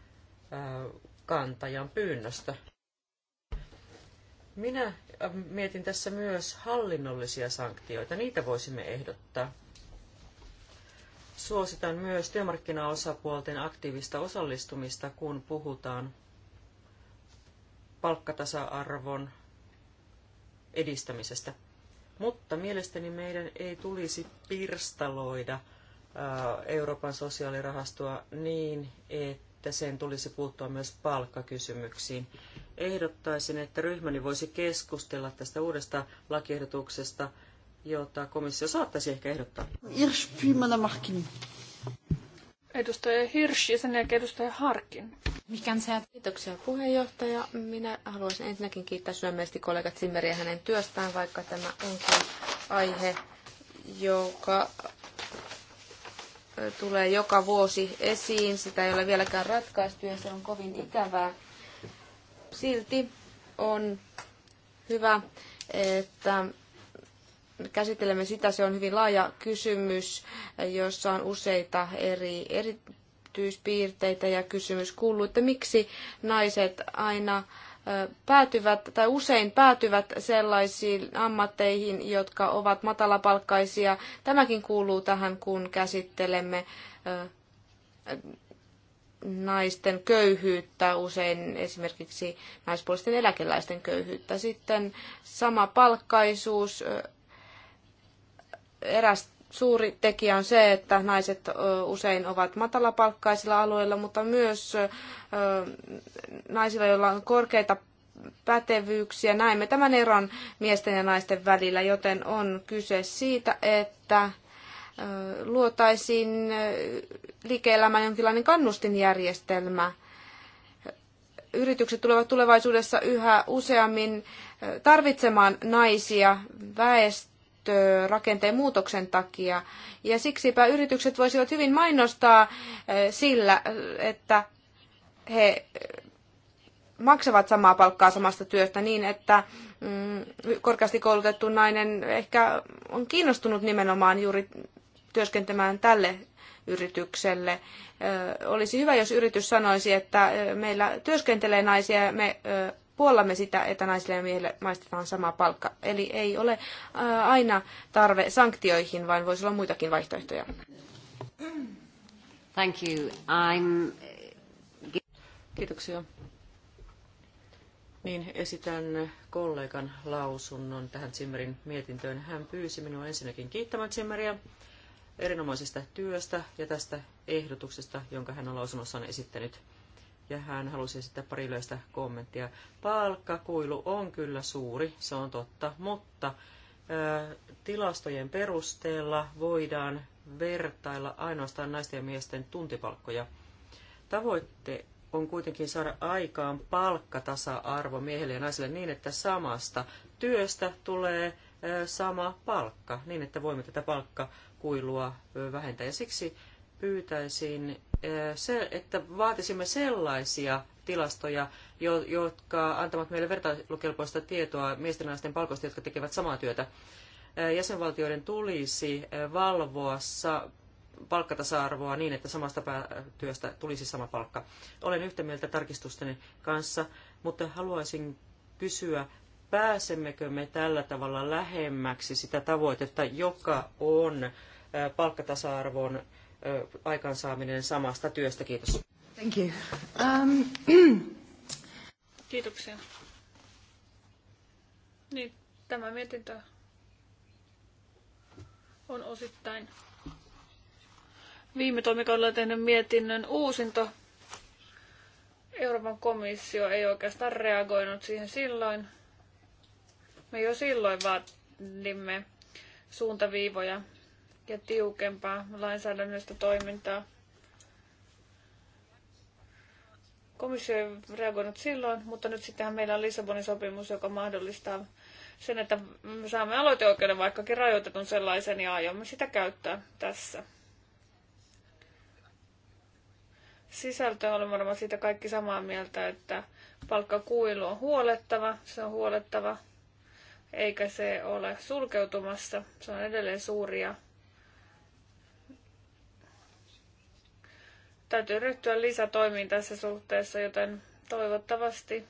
kantajan pyynnöstä. Minä äh, mietin tässä myös hallinnollisia sanktioita. Niitä voisimme ehdottaa. Suositan myös työmarkkinaosapuolten aktiivista osallistumista, kun puhutaan palkkatasa-arvon edistämisestä. Mutta mielestäni meidän ei tulisi pirstaloida Euroopan sosiaalirahastoa niin, että sen tulisi puuttua myös palkkakysymyksiin. Ehdottaisin, että ryhmäni voisi keskustella tästä uudesta lakiehdotuksesta jota komissio saattaisi ehkä ehdottaa. Hirsch, Pymänä Markkin. Edustaja Hirsch ja sen jälkeen edustaja Harkin. Mikään se kiitoksia puheenjohtaja. Minä haluaisin ensinnäkin kiittää syömeesti kollega Zimmeriä hänen työstään, vaikka tämä onkin aihe, joka tulee joka vuosi esiin. Sitä ei ole vieläkään ratkaistu ja se on kovin ikävää. Silti on hyvä, että käsittelemme sitä. Se on hyvin laaja kysymys, jossa on useita eri erityispiirteitä ja kysymys kuuluu, että miksi naiset aina päätyvät tai usein päätyvät sellaisiin ammatteihin, jotka ovat matalapalkkaisia. Tämäkin kuuluu tähän, kun käsittelemme naisten köyhyyttä, usein esimerkiksi naispuolisten eläkeläisten köyhyyttä. Sitten sama palkkaisuus, eräs suuri tekijä on se, että naiset usein ovat matalapalkkaisilla alueilla, mutta myös naisilla, joilla on korkeita pätevyyksiä. Näemme tämän eron miesten ja naisten välillä, joten on kyse siitä, että luotaisiin liike-elämään jonkinlainen kannustinjärjestelmä. Yritykset tulevat tulevaisuudessa yhä useammin tarvitsemaan naisia väestöä rakenteen muutoksen takia. Ja siksipä yritykset voisivat hyvin mainostaa eh, sillä, eh, että he eh, maksavat samaa palkkaa samasta työstä niin, että mm, korkeasti koulutettu nainen ehkä on kiinnostunut nimenomaan juuri työskentelemään tälle yritykselle. olisi hyvä, jos yritys sanoisi, että meillä työskentelee naisia ja me puollamme sitä, että naisille ja miehille maistetaan sama palkka. Eli ei ole aina tarve sanktioihin, vaan voisi olla muitakin vaihtoehtoja. Thank you. I'm... Kiitoksia. Niin, esitän kollegan lausunnon tähän Zimmerin mietintöön. Hän pyysi minua ensinnäkin kiittämään Zimmeriä erinomaisesta työstä ja tästä ehdotuksesta, jonka hän on lausunnossaan esittänyt ja hän halusi sitten pari löystä kommenttia. Palkkakuilu on kyllä suuri, se on totta, mutta tilastojen perusteella voidaan vertailla ainoastaan naisten ja miesten tuntipalkkoja. Tavoitte on kuitenkin saada aikaan palkkatasa-arvo miehelle ja naiselle niin, että samasta työstä tulee sama palkka, niin että voimme tätä palkkakuilua vähentää. Ja siksi pyytäisin se, että vaatisimme sellaisia tilastoja, jotka antavat meille vertailukelpoista tietoa miesten ja naisten palkoista, jotka tekevät samaa työtä. Jäsenvaltioiden tulisi valvoa palkkatasa-arvoa niin, että samasta työstä tulisi sama palkka. Olen yhtä mieltä tarkistusteni kanssa, mutta haluaisin kysyä, pääsemmekö me tällä tavalla lähemmäksi sitä tavoitetta, joka on palkkatasa-arvon aikaansaaminen samasta työstä. Kiitos. Thank you. Um, Kiitoksia. Niin, tämä mietintö on osittain viime toimikaudella tehnyt mietinnön uusinto. Euroopan komissio ei oikeastaan reagoinut siihen silloin. Me jo silloin vaadimme suuntaviivoja ja tiukempaa lainsäädännöllistä toimintaa. Komissio ei reagoinut silloin, mutta nyt sittenhän meillä on Lissabonin sopimus, joka mahdollistaa sen, että saamme aloiteoikeuden vaikkakin rajoitetun sellaisen ja aiomme sitä käyttää tässä. Sisältö on varmaan siitä kaikki samaa mieltä, että palkkakuilu on huolettava, se on huolettava, eikä se ole sulkeutumassa. Se on edelleen suuria ja täytyy ryhtyä lisätoimiin tässä suhteessa, joten toivottavasti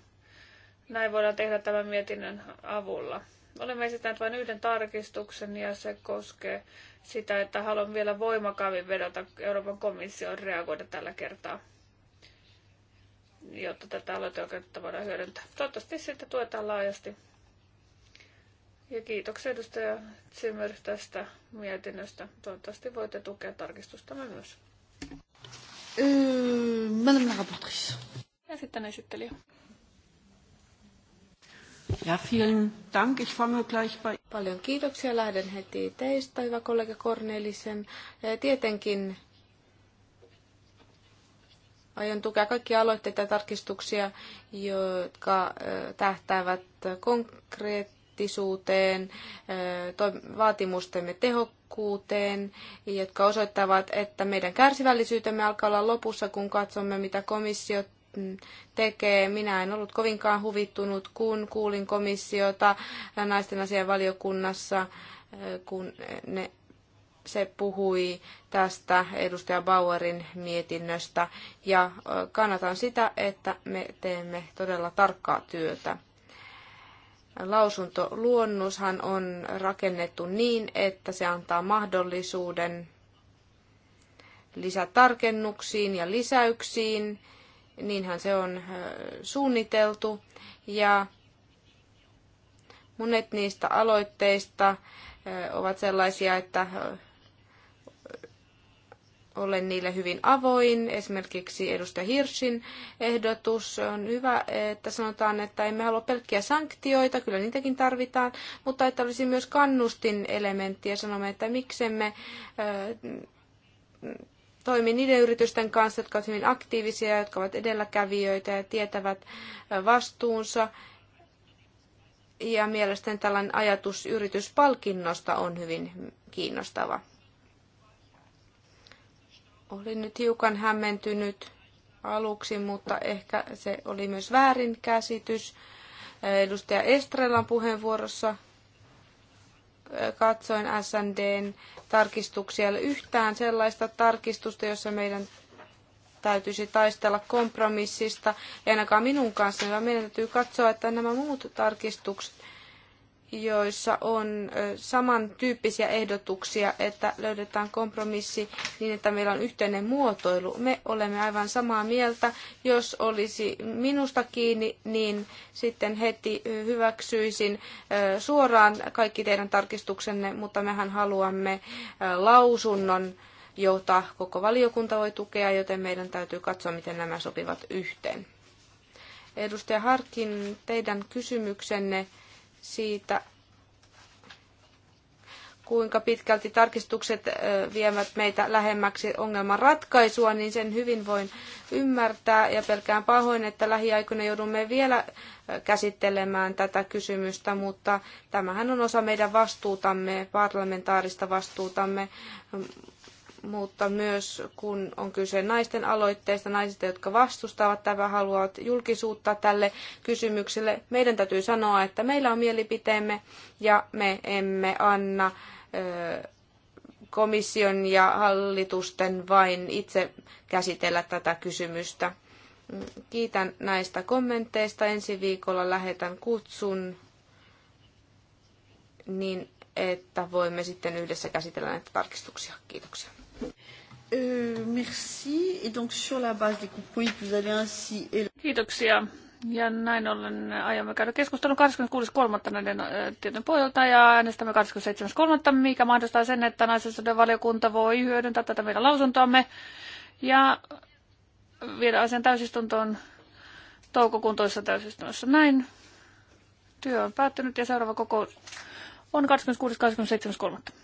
näin voidaan tehdä tämän mietinnön avulla. Olemme esittäneet vain yhden tarkistuksen ja se koskee sitä, että haluan vielä voimakkaammin vedota Euroopan komission reagoida tällä kertaa, jotta tätä aloiteoikeutta voidaan hyödyntää. Toivottavasti sitä tuetaan laajasti. Ja kiitoksia edustaja Zimmer tästä mietinnöstä. Toivottavasti voitte tukea tarkistusta myös. Öö, Madame la rapportrice. sitten esittelijä. Ja, vielen Dank. Ich fange gleich bei... Paljon kiitoksia. Lähden heti teistä, hyvä kollega Kornelisen. Tietenkin aion tukea kaikkia aloitteita ja tarkistuksia, jotka tähtäävät konkreettisesti kriittisuuteen, vaatimustemme tehokkuuteen, jotka osoittavat, että meidän kärsivällisyytemme alkaa olla lopussa, kun katsomme, mitä komissio mm, tekee. Minä en ollut kovinkaan huvittunut, kun kuulin komissiota naisten asian valiokunnassa, kun ne, se puhui tästä edustaja Bauerin mietinnöstä. Ja kannatan sitä, että me teemme todella tarkkaa työtä. Lausuntoluonnushan on rakennettu niin, että se antaa mahdollisuuden lisätarkennuksiin ja lisäyksiin. Niinhän se on suunniteltu. Ja monet niistä aloitteista ovat sellaisia, että olen niille hyvin avoin. Esimerkiksi edustaja Hirschin ehdotus on hyvä, että sanotaan, että emme halua pelkkiä sanktioita, kyllä niitäkin tarvitaan, mutta että olisi myös ja Sanomme, että miksemme toimi niiden yritysten kanssa, jotka ovat hyvin aktiivisia, jotka ovat edelläkävijöitä ja tietävät vastuunsa. Ja mielestäni tällainen ajatus yrityspalkinnosta on hyvin kiinnostava. Olin nyt hiukan hämmentynyt aluksi, mutta ehkä se oli myös väärin käsitys. Edustaja Estrellan puheenvuorossa katsoin SNDn tarkistuksia yhtään sellaista tarkistusta, jossa meidän täytyisi taistella kompromissista, ei ainakaan minun kanssa, vaan meidän täytyy katsoa, että nämä muut tarkistukset, joissa on samantyyppisiä ehdotuksia, että löydetään kompromissi niin, että meillä on yhteinen muotoilu. Me olemme aivan samaa mieltä. Jos olisi minusta kiinni, niin sitten heti hyväksyisin suoraan kaikki teidän tarkistuksenne, mutta mehän haluamme lausunnon jota koko valiokunta voi tukea, joten meidän täytyy katsoa, miten nämä sopivat yhteen. Edustaja Harkin, teidän kysymyksenne siitä, kuinka pitkälti tarkistukset viemät meitä lähemmäksi ongelman ratkaisua, niin sen hyvin voin ymmärtää ja pelkään pahoin, että lähiaikoina joudumme vielä käsittelemään tätä kysymystä, mutta tämähän on osa meidän vastuutamme, parlamentaarista vastuutamme, mutta myös kun on kyse naisten aloitteista, naisista, jotka vastustavat tämä, haluavat julkisuutta tälle kysymykselle. Meidän täytyy sanoa, että meillä on mielipiteemme ja me emme anna komission ja hallitusten vain itse käsitellä tätä kysymystä. Kiitän näistä kommenteista. Ensi viikolla lähetän kutsun niin, että voimme sitten yhdessä käsitellä näitä tarkistuksia. Kiitoksia. Euh, merci. Et donc sur la base des compromis, vous allez ainsi... Kiitoksia. Ja näin ollen aiomme käydä keskustelun 26.3. näiden tietojen pohjalta ja äänestämme 27.3. mikä mahdollistaa sen, että naisensuuden valiokunta voi hyödyntää tätä meidän lausuntoamme ja viedä asian täysistuntoon toukokuun toisessa täysistunnossa. Näin. Työ on päättynyt ja seuraava koko on 26.27.3.